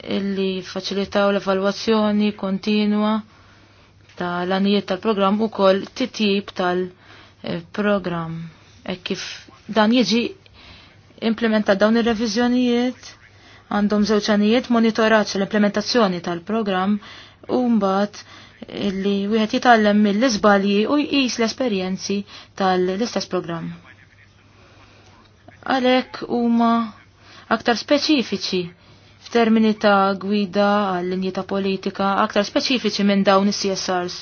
illi faċilitaw l-evalwazzjoni kontinwa tal-anijiet tal-programm u kol titjib tal-programm. E kif dan jiġi implementa dawn ir-reviżjonijiet għandhom żewġ anijiet monitoraġġ l-implementazzjoni tal-programm u mbagħad li wieħed jitgħallem mill-iżbalji u jqis l-esperjenzi tal-istess programm. Għalhekk huma aktar speċifiċi f'termini ta' gwida għal linji ta' politika aktar speċifiċi minn dawn is-CSRs.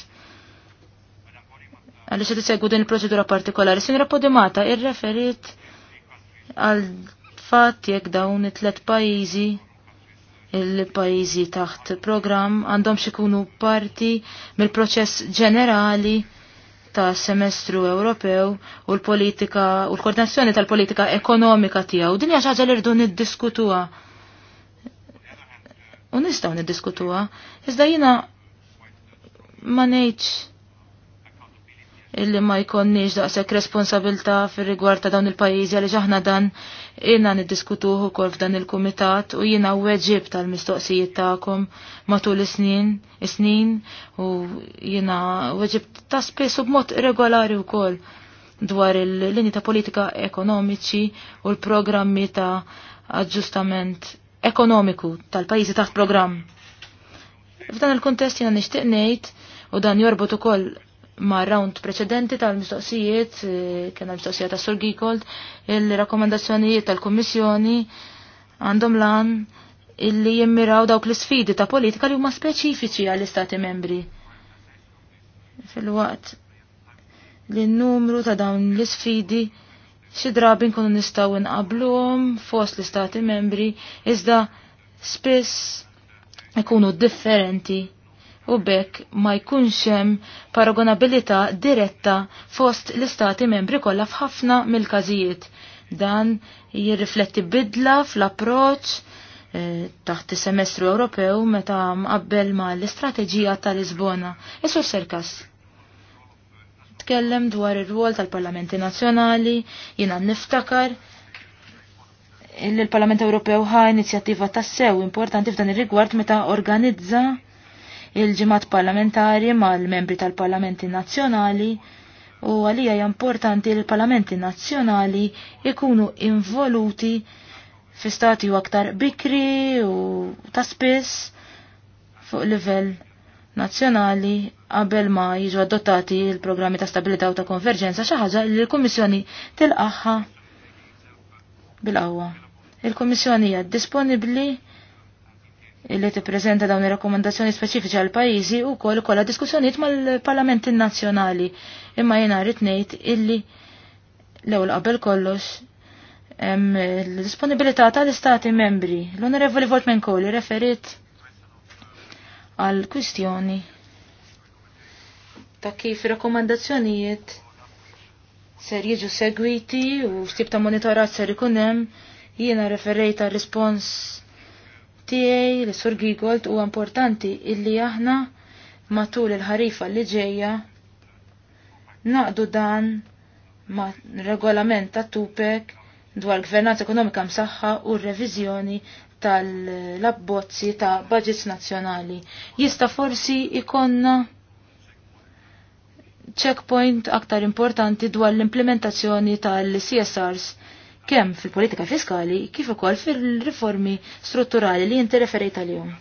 Għaliex qed isegwu din il-proċedura partikolari, sinra Podimata irreferit għal fatt jekk dawn it-tlet pajjiżi il-pajjiżi taħt program għandhom jkunu parti mill-proċess ġenerali ta' semestru Ewropew u l-politika u l-koordinazzjoni tal-politika ekonomika tiegħu. Din hija xi ħaġa li rridu niddiskutuha u nistgħu niddiskutuha, iżda jiena ma ngħidx illi ma jkonniex daqshekk responsabilità fir-rigward ta' dawn il-pajjiżi għaliex aħna dan jina niddiskutuh ukoll f'dan il-kumitat u jiena weġib tal-mistoqsijiet tagħkom matul is-snin, is-snin u jiena weġib ta' spiss u b'mod regolari wkoll dwar il-linji ta' politika ekonomiċi u l-programmi ta' aġġustament ekonomiku tal-pajjiżi taħt programm. F'dan il-kontest jiena nixtieq ngħid u dan jorbot ukoll ma' round preċedenti tal-mistoqsijiet, eh, kien mistoqsija ta' Sur il-rakkomandazzjonijiet tal-Kummissjoni għandhom lan illi jimmiraw dawk l-sfidi ta' politika li huma speċifiċi għall-Istati membri. Fil-waqt li n-numru ta' dawn l-sfidi Xi drabi nkunu nistgħu nqabluhom fost l-istati membri iżda spiss ikunu differenti u bekk ma jkunx hemm paragonabilità diretta fost l-istati membri kollha f'ħafna mill-każijiet. Dan jirrifletti bidla fl-approċċ eh, taħt is-semestru Ewropew meta mqabbel ma l-istrateġija tal-Lisbona. Isur Serkas, nitkellem dwar ir-rwol tal-Parlamenti Nazzjonali, jiena niftakar li l-Parlament Ewropew ħa inizjattiva tassew importanti f'dan ir-rigward meta organizza il-ġimat parlamentari mal-membri tal-Parlamenti Nazzjonali u għalija importanti li l-Parlamenti Nazzjonali ikunu involuti fi stati u aktar bikri u ta' spiss fuq livell nazzjonali qabel ma jiġu adottati il-programmi ta' stabilità u ta' konverġenza xi ħaġa li l-Kummissjoni tilqaħħa bil-qawwa. Il-Kummissjoni hija disponibbli li tippreżenta dawn ir-rakkomandazzjoni speċifiċi għal pajjiżi wkoll kol kollha diskussjonijiet mal-Parlamenti Nazzjonali. Imma jiena rrid ngħid illi l-ewwel qabel kollox l-disponibilità tal-Istati membri. L-Onorevoli Voltman Kohli referit għal kwistjoni ta' kif rakkomandazzjonijiet ser jiġu segwiti u stib ta' monitorat ser ikun hemm jiena referejta rispons tiegħi li sur Gigold u importanti illi aħna matul il-ħarifa li ġejja naqdu dan ma' regolament ta' tupek dwar gvernanza ekonomika msaħħa u r-reviżjoni tal-abbozzi ta' budgets nazzjonali. Jista forsi ikonna checkpoint aktar importanti dwar l-implementazzjoni tal-CSRs kemm fil-politika fiskali kif ukoll fil-riformi strutturali li jinti referejt għalihom.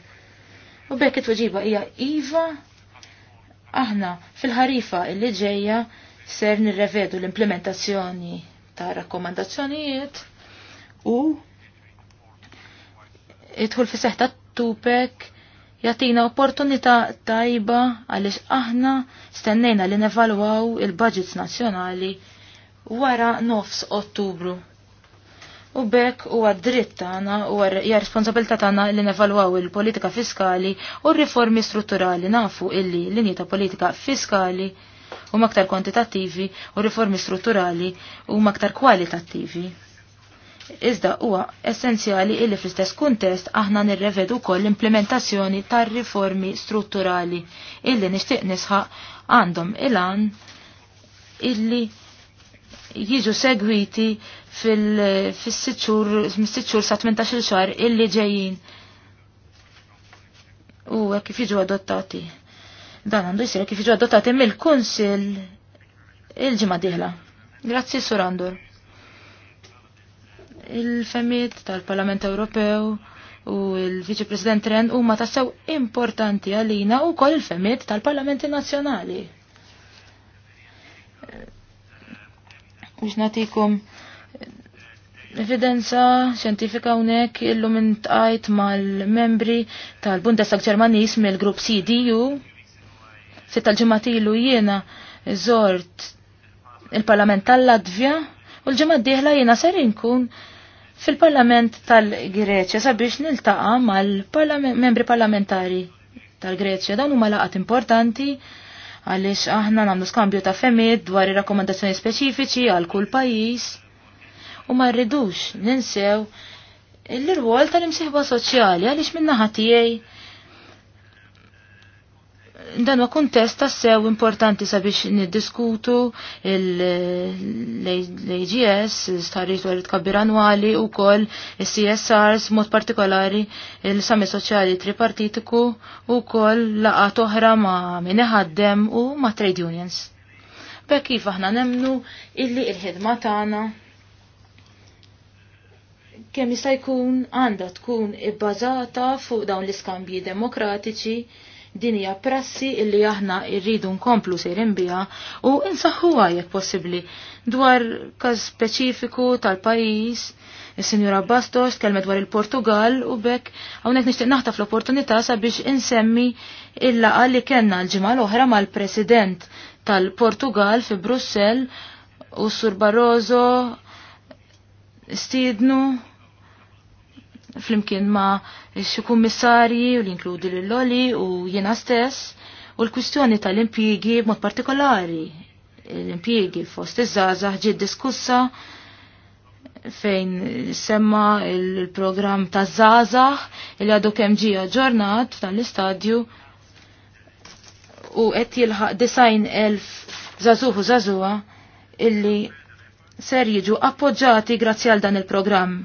U bekk it-tweġiba hija iva aħna fil-ħarifa li ġejja ser nirrevedu l-implementazzjoni ta' rakkomandazzjonijiet u idħul fi seħta tupek jatina opportunità tajba għaliex aħna stennejna li nevalwaw il-budgets nazzjonali wara nofs ottubru. U bekk huwa dritt tagħna u hija responsabilità tagħna li nevalwaw il-politika fiskali u r-riformi strutturali nafu illi linji ta' politika fiskali u maktar kwantitattivi u riformi strutturali u maktar kwalitattivi. Iżda huwa essenzjali illi fl-istess kuntest aħna nirrevedu koll l-implementazzjoni tar-riformi strutturali illi nixtieq nisħaq għandhom il illi jiġu segwiti fil-sitxur sa' 18 xar illi ġejjin u kif jiġu adottati. Dan għandu jisir kif jiġu adottati mill-Kunsil il-ġimma diħla. Grazzi, Surandur il femmit tal-Parlament Ewropew u il-Viċi President Ren huma tassew importanti għalina u koll il femmit tal-Parlamenti Nazzjonali. Biex natikum evidenza xjentifika unek illum intqajt mal-membri tal-Bundestag Ġermanis mill-grupp CDU. Sitta l-ġimatilu jiena zort il-Parlament tal-Latvja u l-ġimad diħla jiena ser inkun fil-Parlament tal-Greċja sabiex niltaqa mal-membri parlamentari tal-Greċja. Dan huma laqat importanti għaliex aħna nagħmlu skambju ta' femiet dwar ir-rakkomandazzjoni speċifiċi għal kull pajjiż u ma rridux ninsew l-irwol tal-imsieħba soċjali għaliex minnaħa tiegħi dan huwa kuntest tassew importanti sabiex niddiskutu l-AGS, l-istħarriġ dwar it kabir annwali u koll il-CSRs, mod partikolari il-sami soċjali tripartitiku u koll laqat oħra ma' min ħaddem u ma' trade unions. Bekk kif aħna nemnu illi il-ħidma tagħna kemm jista' jkun għandha tkun ibbażata fuq dawn l-iskambji demokratiċi Din hija prassi illi aħna rridu nkomplu sejrin biha u insaħħuha jekk possibbli dwar każ speċifiku tal-pajjiż. Is-Sinjura Bastos kelmet dwar il-Portugal u bekk hawnhekk nixtieq naħtaf l-opportunità sabiex insemmi il-laqa li kellna l-ġimgħa l-oħra mal-President tal-Portugal fi Brussell u Sur Barroso stidnu flimkien ma xi kummissarji u li inkludi l-loli u jiena stess u l-kwistjoni tal impiegi mod partikolari l-impjiegi fost iż-żgħażagħ ġiet diskussa fejn semma il-programm ta' żgħażagħ li għadu kemm ġie ġornat f'dan l-istadju u qed jilħaq design elf zazuhu u illi ser jiġu appoġġati grazzi għal dan il-programm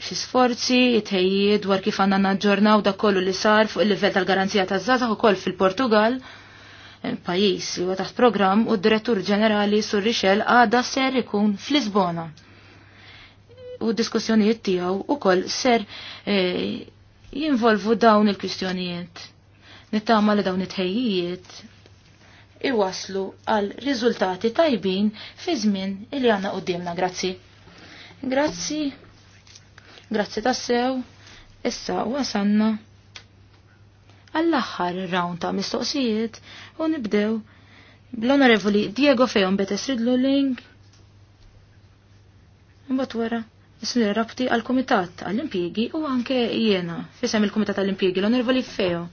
xi sforzi jitħejji dwar kif għandna naġġornaw dak kollu li sar fuq il-livell tal-garanzija taż-żagħżagħ ukoll fil-Portugal eh, pajjiż li huwa taħt programm u d-Direttur Ġenerali Sur Rixel għada ser ikun fl-Lisbona. U d-diskussjonijiet tiegħu ukoll ser eh, jinvolvu dawn il-kwistjonijiet. Nittama li dawn it-ħejjijiet iwaslu għal riżultati tajbin fi żmien li għandna qudiemna. Grazzi. Grazzi. Grazzi tassew. Issa wasanna għall-aħħar round ta' mistoqsijiet u nibdew bl-onorevoli Diego Fejon Betes Ridluling. Mbagħad wara Isli rabti għal-Kumitat għall-Impjegi u anke jiena fisem il-Kumitat għall-Impjegi l-Onorevoli Fejo.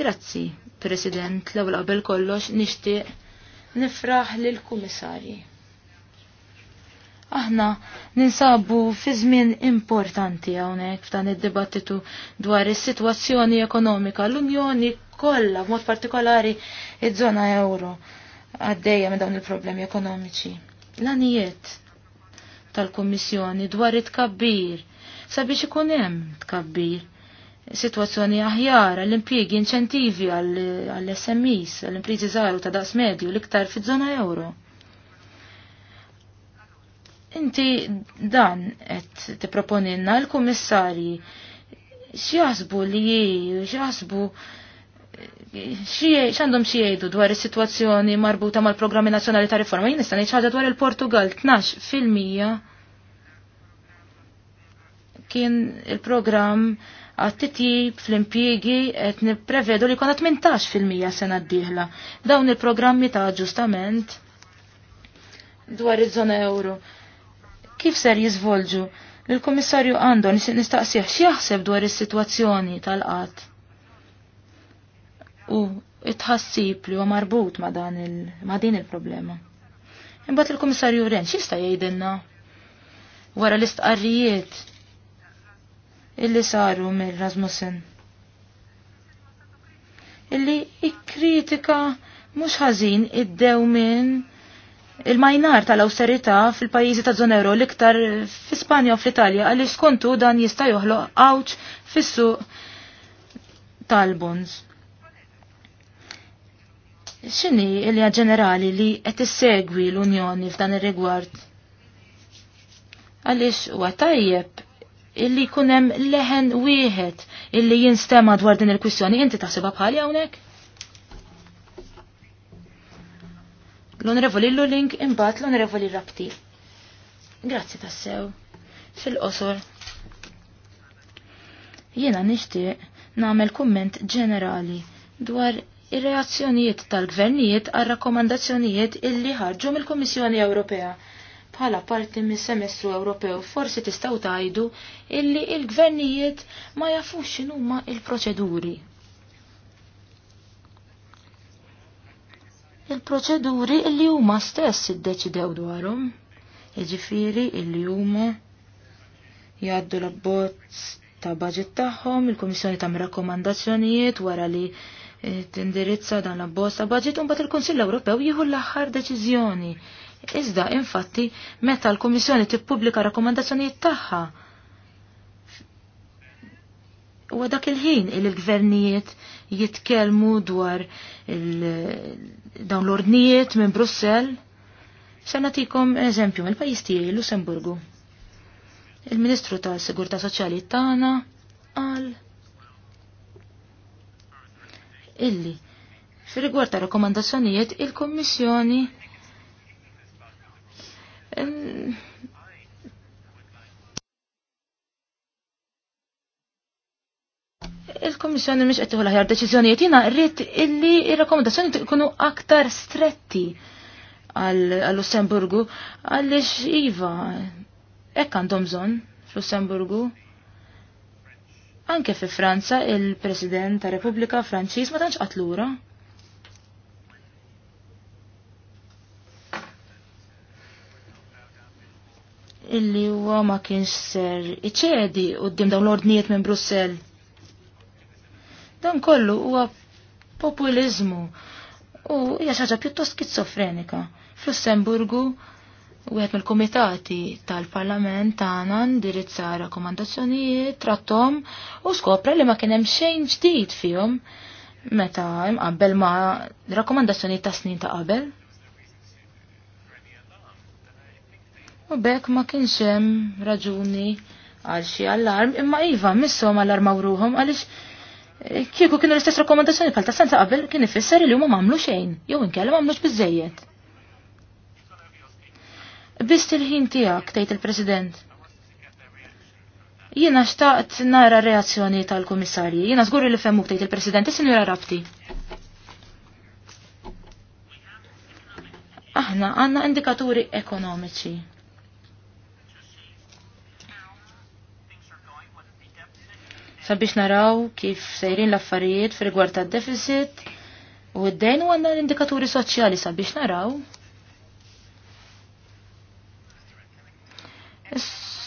Grazzi, President, l-ewwel qabel kollox nixtieq nifraħ lill-Kummissarji aħna ninsabu fi żmien importanti hawnhekk f'dan id-dibattitu dwar is-sitwazzjoni ekonomika l-Unjoni kollha b'mod partikolari iż-żona euro għaddejja minn dawn il-problemi ekonomiċi. L-anijiet tal-Kummissjoni dwar it-tkabbir sabiex ikun hemm tkabbir situazzjoni aħjar għall-impjiegi inċentivi għall-SMEs, għall-imprizi żgħar ta' daqs medju l-iktar fiż-żona euro. Inti dan qed tipproponilna l-kummissarji x'jaħsbu li x'jaħsbu x'għandhom xi jgħidu dwar is-sitwazzjoni marbuta mal-Programmi Nazzjonali ta' Riforma. Jien nista' ngħid dwar il-Portugal 12 fil-mija kien il-programm għat fl-impiegi qed nipprevedu li kona 18% sena d-dieħla. Dawn il-programmi ta' ġustament dwar il żona euro kif ser jizvolġu l-Komissarju għandon nisib nistaqsih x'jaħseb dwar is-sitwazzjoni tal-qatt. U itħassib li huwa marbut ma' dan il ma' din il-problema. Imbagħad il-Komissarju Ren x'ista jgħidilna wara l-istqarrijiet illi saru mill Rasmussen. Illi ikkritika mhux ħażin id-dew minn il-majnar tal awserita fil-pajjiżi ta' zonero liktar l-iktar u fl-Italja għaliex kontu dan jista' joħloq għawċ fis-suq tal-bonds. X'inhi il ja ġenerali li qed issegwi l-Unjoni f'dan ir-rigward? Għaliex huwa tajjeb illi jkun hemm leħen wieħed illi jinstema dwar din il-kwissjoni inti taħsibha bħali hawnhekk? l-onorevoli Lulling imbat l-onorevoli Rapti. Grazzi tassew. Fil-qosor. Jena nishtiq namel kumment ġenerali dwar ir-reazzjonijiet tal-gvernijiet għal rakkomandazzjonijiet illi ħarġu mill-Kummissjoni Ewropea. Bħala parti mis semestru Ewropew forsi tistaw tajdu illi il-gvernijiet ma jafux x'inhuma il-proċeduri il-proċeduri li huma stess iddeċidew dwarhom. Jiġifieri illi huma jgħaddu l-abbozz ta' budget tagħhom, il-Kummissjoni tam rakkomandazzjonijiet wara li eh, tindirizza dan l-abbozz ta' budget u mbagħad il-Kunsill Ewropew jieħu l-aħħar deċiżjoni. Iżda infatti meta l-Kummissjoni tippubblika rakkomandazzjonijiet tagħha u dak il-ħin il-gvernijiet il ħin il gvernijiet jitkellmu dwar dawn l-ordnijiet minn Brussell. Se nagħtikom eżempju mill-pajjiż tiegħi Lussemburgu. Il-Ministru tas-Sigurtà Soċjali tagħna qal illi F'rigward rigward ta' rakkomandazzjonijiet il-Kommissjoni il-Komissjoni mhix qed tieħu l-aħjar deċiżjonijiet jiena rrid illi ir-rakkomandazzjoni tkunu aktar stretti għal-Lussemburgu għaliex iva hekk għandhom bżonn f'Lussemburgu. Anke fi Franza il-President ta' Repubblika Franċiż ma tantx qatlura. Illi huwa ma kienx ser iċedi quddiem dawn l-ordnijiet minn Brussell Dan kollu huwa populizmu u hija xi ħaġa pjuttost skizofrenika. F'Lussemburgu wieħed mill-kumitati tal-Parlament tagħna ndirizza rakkomandazzjonijiet trattom u skopra li ma kien hemm xejn ġdid fihom meta imqabbel ma rakkomandazzjonijiet ta' snin ta' qabel. U bekk ma kienx hemm raġuni għal xi allarm imma iva misshom allarmaw ruhom għaliex kieku kienu l-istess rakkomandazzjoni bħal ta' sanza qabel kien ifisser li huma m'għamlu xejn, jew inkella m'għamlux biżejjed. Biss il-ħin tiegħek tgħid il-President. Jiena xtaqt nara reazzjoni tal-Kummissarji, jiena żgur li femmuk tgħid il-President, is-Sinjura e Rabti. Aħna għandna indikaturi ekonomiċi sabiex naraw kif sejrin l-affarijiet fil rigward tad deficit u id-dejn u għanna l-indikaturi soċjali sabiex naraw.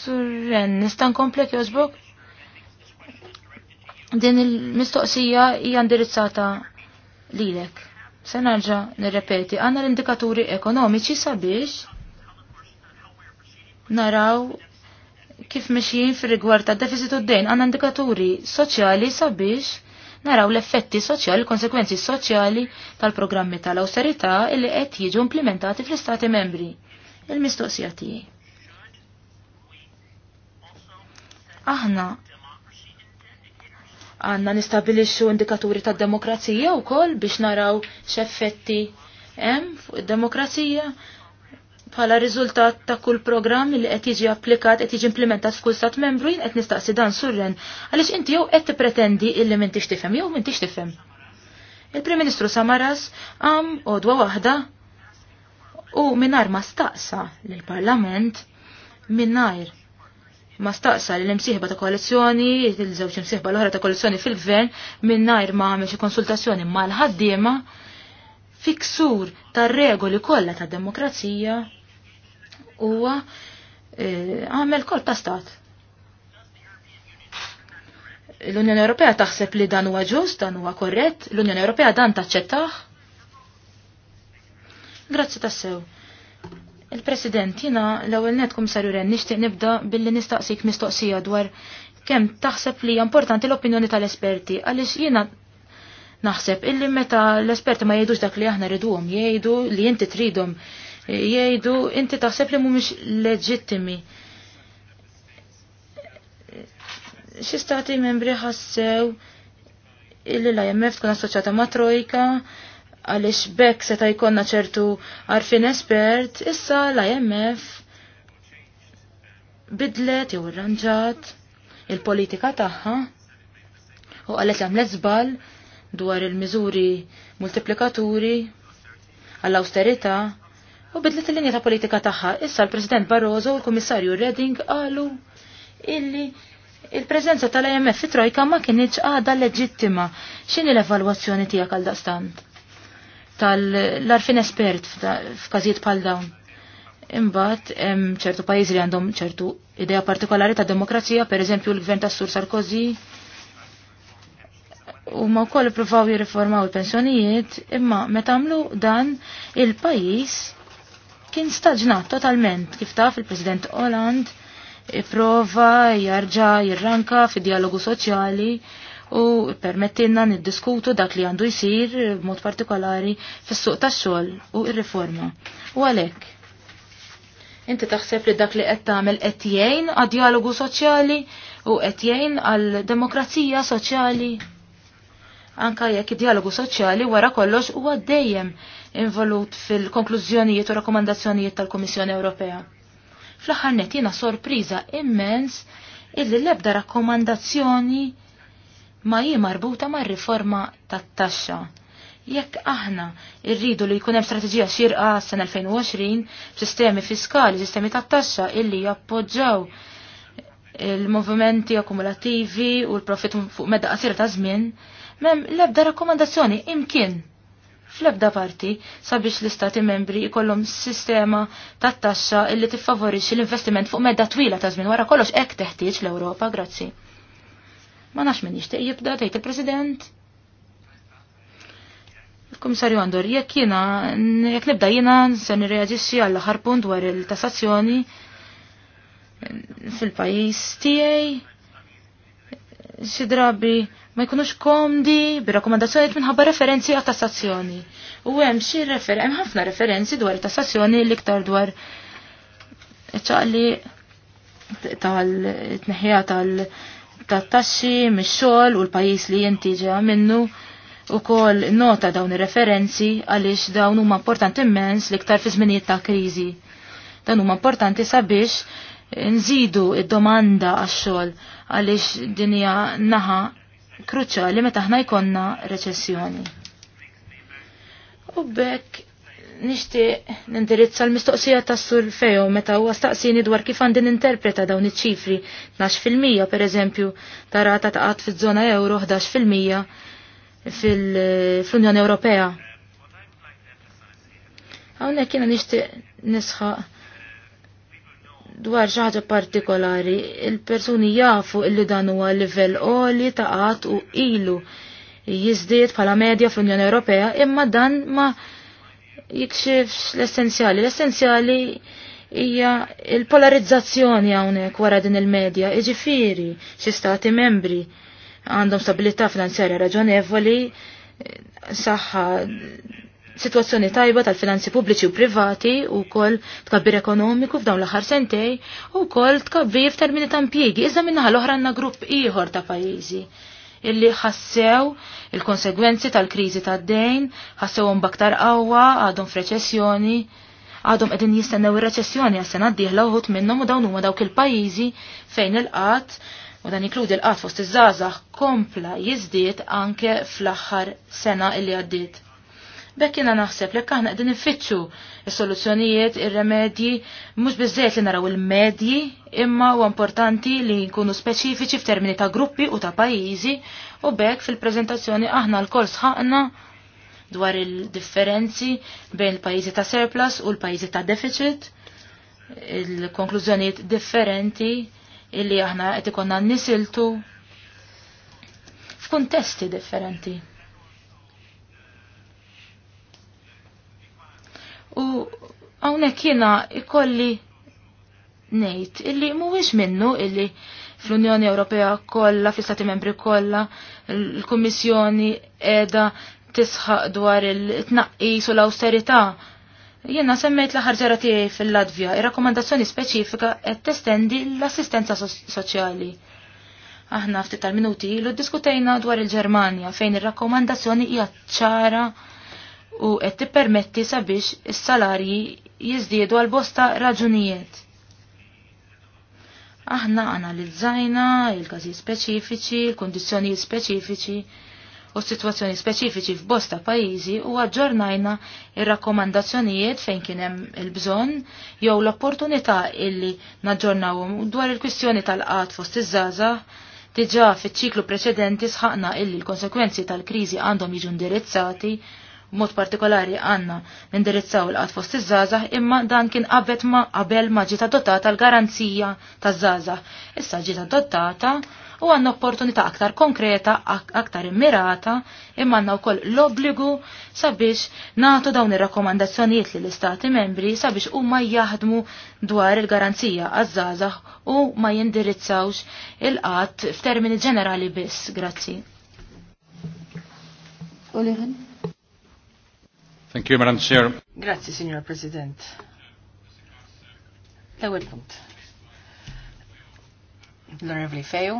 Surren, nistan komplek jozbok? Din il-mistoqsija hija indirizzata lilek. Se nerġa' nirrepeti, għandna l-indikaturi ekonomiċi sabiex naraw kif mexjin fir-rigward ta' deficit u d-dejn għanna indikaturi soċjali sabiex naraw l-effetti soċjali, l-konsekwenzi soċjali tal-programmi tal-austerità illi qed jiġu implementati fl-Istati membri. Il-mistoqsija tiegħi. Aħna għanna nistabilixxu indikaturi tad demokrazija wkoll biex naraw x'effetti hemm fuq id-demokrazija bħala riżultat ta' kull programm li qed jiġi applikat qed jiġi implementat f'kull stat membru jien qed nistaqsi dan surren għaliex inti jew qed tippretendi illi m'intix tifhem jew m'intix tifhem. Il-Prim Ministru Samaras għam odwa waħda u mingħajr ma staqsa lill-Parlament mingħajr ma staqsa li l-imsieħba ta' koalizjoni, il-żewġ imsieħba l-oħra ta' koalizjoni fil-gvern, minnajr ma' għamil xi konsultazzjoni mal-ħaddiema, fiksur tar regoli kollha tad demokrazija huwa eh, għamel kol ta' stat. L-Unjoni Ewropea taħseb li dan huwa ġust, dan huwa korrett, l-Unjoni Ewropea dan taċċettaħ. Grazzi tassew. Il-President, jina l ewwel net komissarju Ren, nixtieq nibda billi nistaqsik mistoqsija dwar kemm taħseb li importanti l-opinjoni tal-esperti, għaliex jiena naħseb illi meta l-esperti ma jgħidux dak li aħna ridhom, jgħidu li inti tridhom jgħidu inti taħseb li mhumiex leġittimi. Xi stati membri ħassew illi l-IMF tkun assoċjata ma' Trojka għaliex bekk seta' jkollna ċertu għarfien espert, issa l-IMF bidlet jew irranġat il-politika tagħha u għalet għamlet żball dwar il miżuri multiplikaturi għall-austerita u bidlet il-linja ta' politika tagħha. Issa l-President Barroso u l-Kummissarju Redding qalu illi il-preżenza tal-IMF fi Trojka ma kienx għada leġittima. X'inhi l-evalwazzjoni tiegħek għal daqstant? Tal-arfin espert f'każijiet bħal dawn. Imbagħad hemm ċertu pajjiżi li għandhom ċertu idea partikolari ta' demokrazija, pereżempju l-gvern tas Sur Sarkozy, u ma wkoll ippruvaw jirriformaw il-pensjonijiet, imma meta għamlu dan il-pajjiż kien staġnat totalment kif taf il-President Holland iprova jarġa jirranka fi dialogu soċjali u permettinna niddiskutu dak li għandu jisir mod partikolari fis-suq tax-xogħol u r-riforma. U għalhekk. Inti taħseb li dak li qed tagħmel qed jgħin għad-dialogu soċjali u qed jgħin għal-demokrazija soċjali. Anka jekk id-dialogu soċjali wara kollox huwa dejjem involut fil-konklużjonijiet u rakkomandazzjonijiet tal-Komissjoni Ewropea. Fl-aħħar net jiena sorpriża immens illi l-ebda rakkomandazzjoni ma hi marbuta mar-riforma tat-taxxa. Jekk aħna irridu li jkun hemm strateġija xirqa s-sena 2020 f'sistemi fiskali, sistemi tat-taxxa illi jappoġġaw il-movimenti akkumulativi u l-profit fuq medda qasir ta' żmien, mem l-ebda rakkomandazzjoni imkien fl-ebda parti sabiex l-istati membri jkollhom sistema ta' taxxa illi tiffavorixxi l-investiment fuq medda twila ta' żmien wara kollox hekk teħtieġ l-Ewropa, grazzi. Ma nafx min jixtieq jibda tgħid il-President. Komissarju Andor, jekk jiena jekk nibda jiena se nirreaġixxi għall aħħar punt dwar il-tassazzjoni fil-pajjiż tiegħi xi drabi ma jkunux komdi bi rakkomandazzjoniet minħabba referenzi għat tassazzjoni. U hemm xi refer hemm ħafna referenzi dwar tassazzjoni l-iktar dwar ċaqli tal-tneħħija tal-taxxi mix-xogħol u l-pajjiż li inti ġeha minnu ukoll nota dawn ir-referenzi għaliex dawn huma importanti immens l-iktar fi żminijiet ta' kriżi. Dan huma importanti sabiex nżidu id-domanda għax-xogħol għaliex dinja naħa kruċali meta ħna jkonna reċessjoni. U bekk nixtieq nindirizza l-mistoqsija tas sur fejo meta huwa staqsini dwar kif għandi ninterpreta dawn iċ-ċifri 12% pereżempju ta' rata ta' qatt fiż-żona euro 11% fil-Unjoni Ewropea. Hawnhekk jiena nixtieq nisħaq dwar xi ħaġa partikolari, il-persuni jafu illi dan huwa livell qoli ta' qatt u ilu jiżdied bħala medja fl-Unjoni Ewropea, imma dan ma jikxifx l-essenzjali. L-essenzjali hija il-polarizzazzjoni hawnhekk wara din il-medja, iġifiri xi stati membri għandhom stabilità finanzjarja raġonevoli, saħħa situazzjoni tajba tal-finanzi pubbliċi u privati u kol tkabbir ekonomiku f'dawn l-aħħar sentej u kol tkabbir f'termini ta' impjiegi. Iżda minnaħa l-oħra grupp ieħor ta' pajjiżi illi ħassew il-konsegwenzi tal-kriżi tad-dejn, ħassewhom baktar qawwa għadhom f'reċessjoni, għadhom qegħdin jistennew ir-reċessjoni għas-sena d-dieħla minnhom u dawn huma dawk il-pajjiżi fejn il-qatt u dan inkludi l-qatt fost iż-żgħażagħ kompla jiżdied anke fl-aħħar sena illi għaddiet Bekk jiena naħseb li aħna għedin nfittxu il soluzzjonijiet ir-remedji, mhux bizzet li naraw il-medji, imma huwa importanti li nkunu speċifiċi f'termini ta' gruppi u ta' pajjiżi u bekk fil-preżentazzjoni aħna l-kol sħaqna dwar il-differenzi bejn il-pajizi ta' surplus u l-pajizi ta' deficit, il-konklużjonijiet differenti illi aħna qed ikonna nisiltu f'kuntesti differenti. U hawnhekk jiena ikolli ngħid illi mhuwiex minnu illi fl-Unjoni Ewropea kollha, fl stati Membri kollha, l-Kummissjoni qiegħda tisħaq dwar il-tnaqqis u l-awsterità. Jiena semmejt l-aħħar ġara tiegħi fil-Latvja, ir-rakkomandazzjoni speċifika qed testendi l-assistenza soċjali. Aħna ftit tal-minuti ilu ddiskutejna dwar il-Ġermanja fejn ir-rakkomandazzjoni hija ċara u qed tippermetti sabiex is-salarji jiżdiedu għal bosta raġunijiet. Aħna analizzajna il-każi speċifiċi, il kundizzjonijiet speċifiċi u s-sitwazzjoni speċifiċi f'bosta pajjiżi u aġġornajna ir-rakkomandazzjonijiet fejn kien hemm il-bżonn jew l-opportunità illi naġġornawhom dwar il-kwistjoni tal qat fost iż żaża diġà fiċ-ċiklu preċedenti sħaqna illi l-konsekwenzi tal-kriżi għandhom jiġu indirizzati mod partikolari għanna indirizzaw il-qat fost iż-żazah imma dan kien qabet ma qabel ma ġita dotata l-garanzija taż-żazah. Issa ġita dotata u għanna opportunità aktar konkreta, aktar immirata, imma għanna wkoll l-obbligu sabiex natu dawn ir-rakkomandazzjonijiet li l-istati membri sabiex u ma jaħdmu dwar il-garanzija għaż u ma jindirizzawx il-qat f'termini ġenerali biss. Grazzi. Olegan. Thank you, Madam Chair. Grazie, Signor President. L-ewel punt. L-Onorevoli Feju.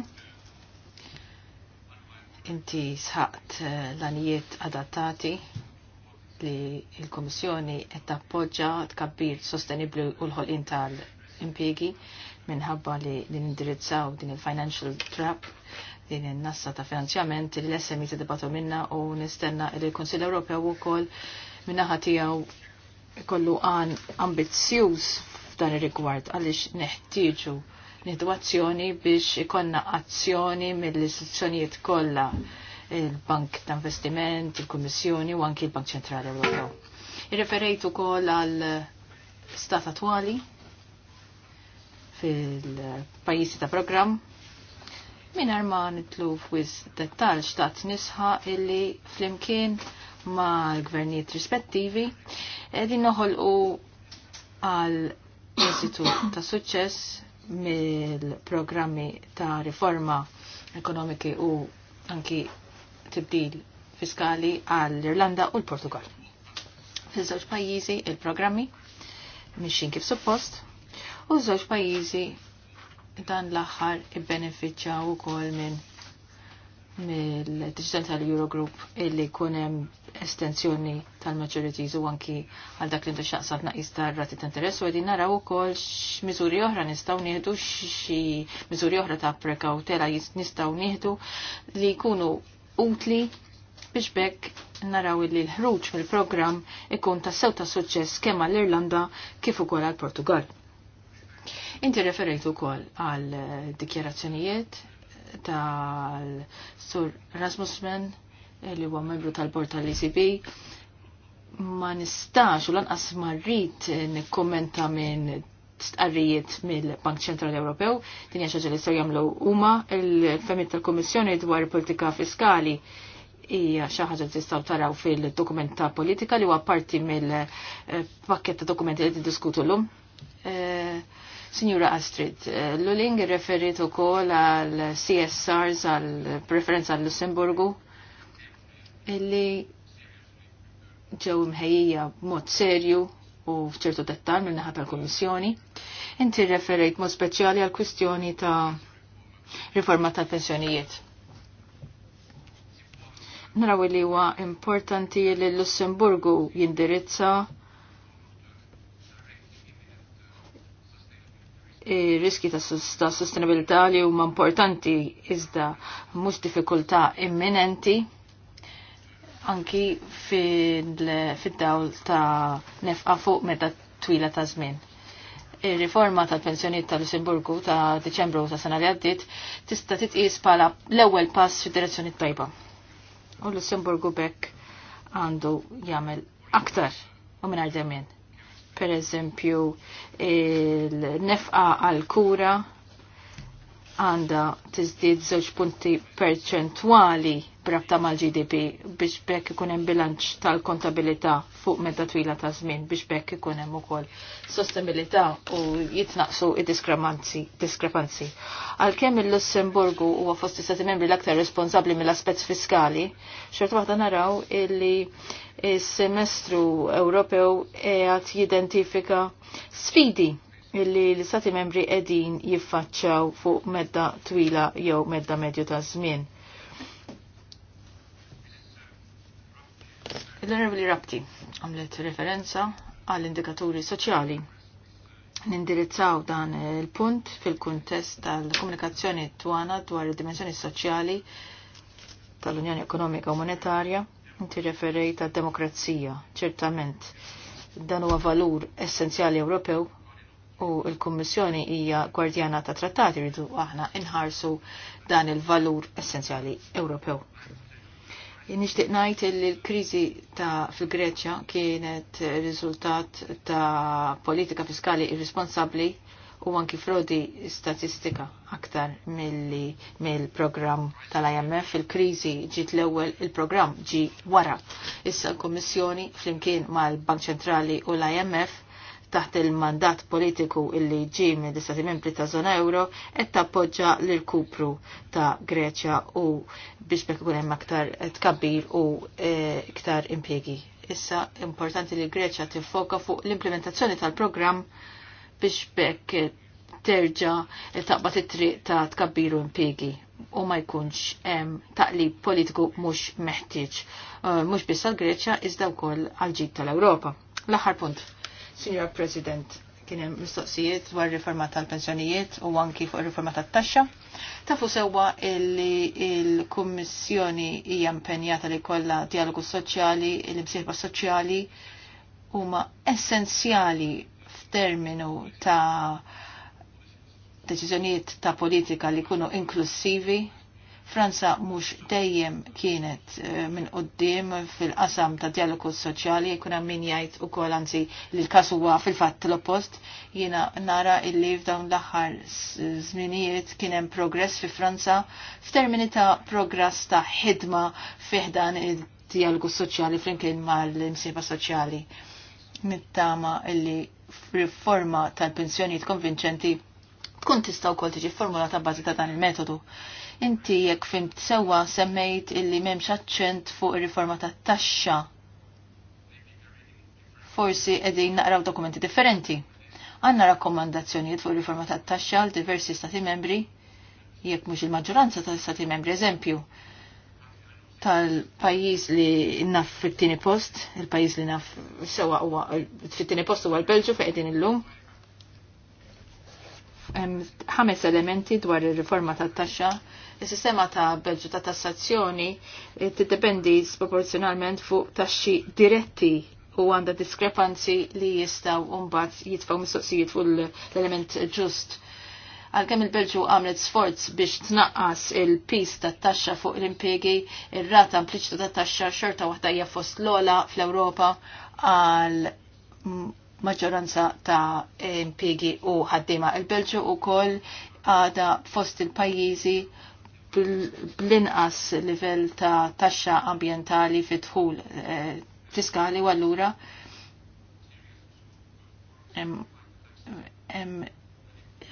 Inti sħat eh, l-anijiet adattati li il-Komissjoni qed tappoġġa tkabbir sostenibli u l-ħolqien tal impiegi minħabba li indirizzaw din il-financial trap din in-nassa ta' finanzjament li l-SMI tidibatu minna u nistenna li l-Kunsill Ewropew ukoll minnaħa tiegħu kollu għan ambizzjuż f'dan ir-rigward għaliex neħtieġu nidwazzjoni biex ikonna azzjoni mill-istituzzjonijiet kollha il-Bank ta' Investiment, il-Kummissjoni u anki il-Bank Ċentrali Ewropew. Irreferejt ukoll għal stat attwali fil-pajjiżi ta' programm Minar ma nitlu f'wiz dettal xtaqt nisħa illi flimkien ma' l-gvernijiet rispettivi din noħolqu għal eżitu ta' suċċess mill-programmi ta' riforma ekonomiki u anki tibdil fiskali għall-Irlanda u l-Portugal. Fil-żewġ pajjiżi il-programmi mixin kif suppost u żewġ pajjiżi dan l-aħħar ibbenefiċċjaw ukoll minn mill digital tal-Eurogroup illi kunem hemm estensjoni tal-maturities u anki għal dak li xaqsat naqis tar-rati ta' interess u għedin naraw ukoll x'miżuri oħra nistgħu nieħdu xi miżuri oħra ta' prekautela nistgħu nieħdu li jkunu utli biex bekk naraw li l-ħruġ mill-programm ikun ta' sew ta' suċċess kemm għall-Irlanda kif ukoll għall-Portugal. Inti referejtu kol għal dikjerazzjonijiet tal-Sur Rasmusman li huwa membru tal-bord tal-ECB ma nistax u lanqas marrit nikkommenta minn stqarrijiet mill-Bank Ċentrali Ewropew, din hija xaġa li jistgħu jagħmlu huma il-femmit tal-Kummissjoni dwar politika fiskali hija xi ħaġa tistgħu taraw fil-dokument ta' politika li huwa parti mill-pakket ta' dokumenti li tiddiskutu llum. Eh, Signora Astrid, eh, Luling referit ukoll għal CSRs għal preferenza għal Lussemburgu illi ġew imħejjija b'mod serju u f'ċertu dettal minn naħa tal-Kummissjoni. Inti referejt mod speċjali għal kwistjoni ta' riforma tal-pensjonijiet. Naraw li huwa importanti li l-Lussemburgu jindirizza riski ta' sostenibilità li huma importanti iżda mhux diffikultà imminenti anki fid-dawl ta' nefqa fuq meta twila ta' żmien. Ir-riforma tal-pensjoniet tal-Lussemburgu ta' Deċembru ta' sena li għaddiet tista' titqis bħala l-ewwel pass fi direzzjoni tajba. U Lussemburgu bekk għandu jagħmel aktar u minn għal Per eżempju, il-nefqa għal-kura għanda tizdid żewġ punti perċentwali brabta mal-GDP biex bekk ikun hemm bilanċ tal-kontabilità fuq medda twila ta' żmien biex bekk ikun hemm ukoll sostenibilità u jitnaqsu id-diskrepanzi. Għalkemm il-Lussemburgu huwa fost istati membri l-aktar responsabbli mill-aspett fiskali, xort waħda naraw illi s-semestru Ewropew qiegħed jidentifika sfidi illi l-istati membri edin jiffaċċaw fuq medda twila jew medda medju ta' żmien. il onorabli Rabti għamlet referenza għall-indikaturi soċjali. Nindirizzaw dan il-punt fil-kuntest tal-komunikazzjoni twana dwar id-dimensjoni soċjali tal-Unjoni Ekonomika u Monetarja, inti referejt tal demokrazija ċertament dan huwa valur essenzjali Ewropew u l-Kummissjoni hija gwardjana ta' trattati rridu aħna inħarsu dan il-valur essenzjali Ewropew. Nixtieq ngħid li l-kriżi ta' fil-Greċja kienet riżultat ta' politika fiskali irresponsabbli u anki frodi statistika aktar mill mill-programm tal-IMF il-krizi ġiet l-ewwel il-programm ġi wara. Issa l-Kummissjoni flimkien mal-Bank Ċentrali u l-IMF taħt il-mandat politiku illi ġi mill-Istati Membri ta' Zona Euro qed tappoġġa l kupru ta' Greċja u biex bekk ikun hemm aktar tkabbir u e, iktar impjegi. Issa importanti li Greċja tiffoka fuq l-implementazzjoni tal-programm biex bekk terġa taqbad it-triq ta' tkabbir u impjegi u ma jkunx taqlib politiku mhux meħtieġ e, mhux biss għal Greċja iżda wkoll għal ġid tal-Ewropa. L-aħħar punt Signor President, kien hemm mistoqsijiet dwar riforma tal-pensjonijiet u anki fuq riforma tat-taxxa. Tafu sewwa li l-Kummissjoni hija impenjata li kollha dialogu soċjali, l-imsieħba soċjali huma essenzjali f'terminu ta' deċiżjonijiet ta' politika li jkunu inklusivi Franza mhux dejjem kienet eh, minn qoddim fil-qasam ta' dialogu soċjali jkun hemm min jgħid ukoll anzi li l-każ huwa fil-fatt l-oppost jiena nara illi f'dawn l-aħħar żminijiet kien hemm progress fi Franza f'termini ta' progress ta' ħidma fiħdan id-dialogu soċjali flimkien mal-imsieba soċjali. Nittama illi riforma tal-pensjonijiet konvinċenti tkun tista' wkoll tiġi formulata bbażi ta' dan il-metodu. Inti jekk fimt sewa semmejt illi memx aċċent fuq ir-riforma tat-taxxa. Forsi qegħdin naqraw dokumenti differenti. Għanna rakkomandazzjonijiet fuq ir-riforma tat-taxxa għal diversi stati membri, jekk mhux il-maġġoranza ta' stati membri eżempju tal-pajjiż li naf fit-tieni post, il-pajjiż li naf sewa huwa fit-tieni post huwa l-Belġu fejn qegħdin illum, ħames elementi dwar ir-riforma tat-taxxa Is-sistema ta' belġu ta' tassazzjoni eh, tiddependi sproporzjonalment fuq taxxi diretti u għanda diskrepanzi li jistaw umbat jitfaw mistoqsijiet fuq l-element ġust. Għalkemm il-Belġu għamlet sforz biex tnaqqas il-pis tat taxxa fuq l-impiegi, ir-rata impliċita tat taxxa xorta waħda hija fost l-ola fl-Ewropa għal maġġoranza ta' impiegi u ħaddiema. Il-Belġu wkoll għada fost il-pajjiżi bl-inqas livell ta' taxxa ambientali dħul eh, fiskali u allura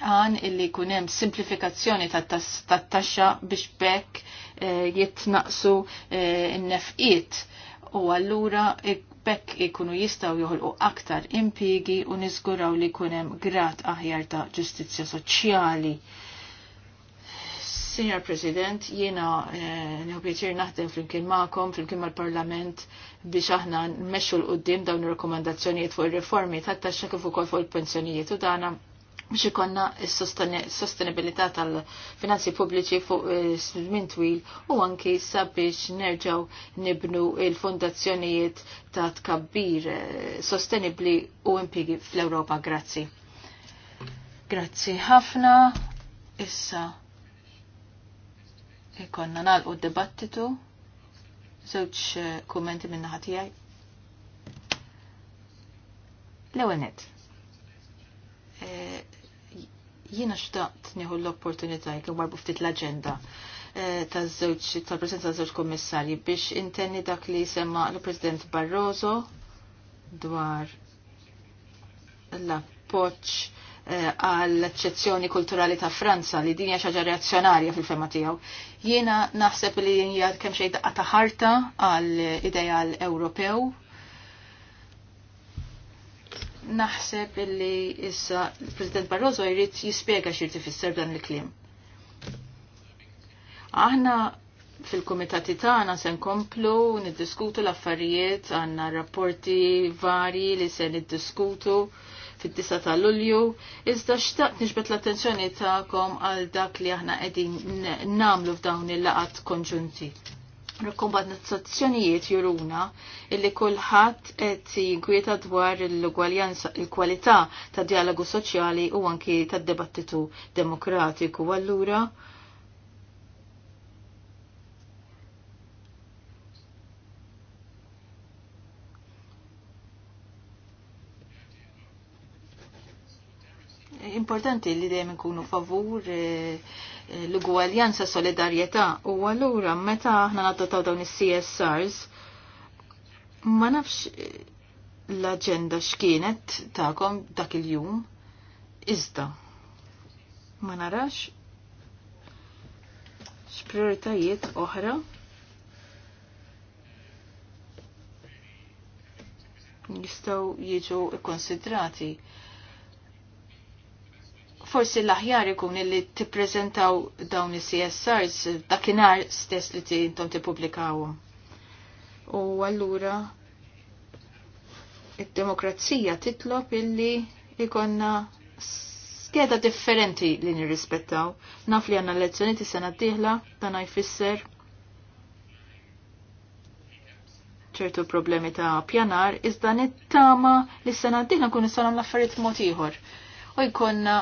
għan illi kunem simplifikazzjoni ta' taxxa biex bekk eh, jitnaqsu eh, n-nefqiet u allura bekk ikunu jistaw joħolqu aktar impigi u nizguraw li kunem grat aħjar ta' ġustizja soċjali. Signor President, jiena eh, nieħu pjaċir naħdem flimkien fl flimkien mal-Parlament biex aħna nmexxu l qoddim dawn ir-rekomandazzjonijiet fuq ir-riformi ta' taxxa kif ukoll fuq il-pensjonijiet u dana biex ikonna s-sostenibilità tal-finanzi pubbliċi fuq eh, min twil u anki sabiex nerġgħu nibnu il-fondazzjonijiet ta' tkabbir eh, sostenibbli u impiegi fl-Ewropa. Grazzi. Grazzi ħafna. Issa Ikonna nalqu d debattitu zewċ eh, kommenti minna ħatijaj. L-ewenet, eh, jina xtaqt nieħu l-opportunità jek marbu ftit l-agenda eh, taż-żewġ tal-presenza taż-żewġ kommissarji biex intenni dak li semma l-President Barroso dwar l-appoġġ Eh, għall eccezzjoni kulturali ta' Franza li dinja xaġa reazzjonarja fil-fema tiegħu. Jiena naħseb li hija kemm xejn daqqa ta' ħarta għal ideal Ewropew. Naħseb li issa il-President Barroso jrid jispjega xi tifisser dan il-kliem. Aħna fil-komitati tagħna se nkomplu niddiskutu l-affarijiet għandna rapporti varji li se niddiskutu fid-9 ta' Lulju, iżda xtaqt nixbet l-attenzjoni ta'kom għal dak li aħna qegħdin namlu f'dawn il-laqat konġunti. Rekombanazzjonijiet juruna illi kulħadd qed jinkwieta dwar l-ugwaljanza il-kwalità ta' dialogu soċjali u anki tad-dibattitu demokratiku allura importanti li dejjem inkunu favur eh, eh, l-ugwaljanza solidarjetà u allura meta aħna nadottaw dawn is-CSRs ma nafx eh, l aġenda x'kienet tagħkom dak il-jum iżda ma narax x'prijoritajiet oħra jistgħu jiġu ikkonsidrati forsi l-aħjar ikun illi tippreżentaw dawn is-CSRs dakinhar stess li intom tippubblikawhom. U allura id-demokrazija titlob illi ikonna skeda differenti li nirrispettaw. Naf li għanna lezzjoni t sena t-tihla, dan jfisser ċertu problemi ta' pjanar, iżda nittama li sena diħla nkun nistalam laffariet motiħor. U jkonna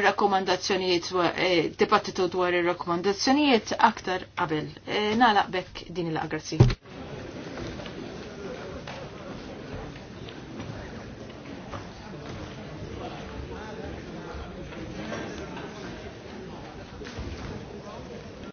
rakkomandazzjonijiet eh, dibattitu dwar ir rakkomandazzjonijiet aktar qabel. Eh, nalaq din il-agrazzi.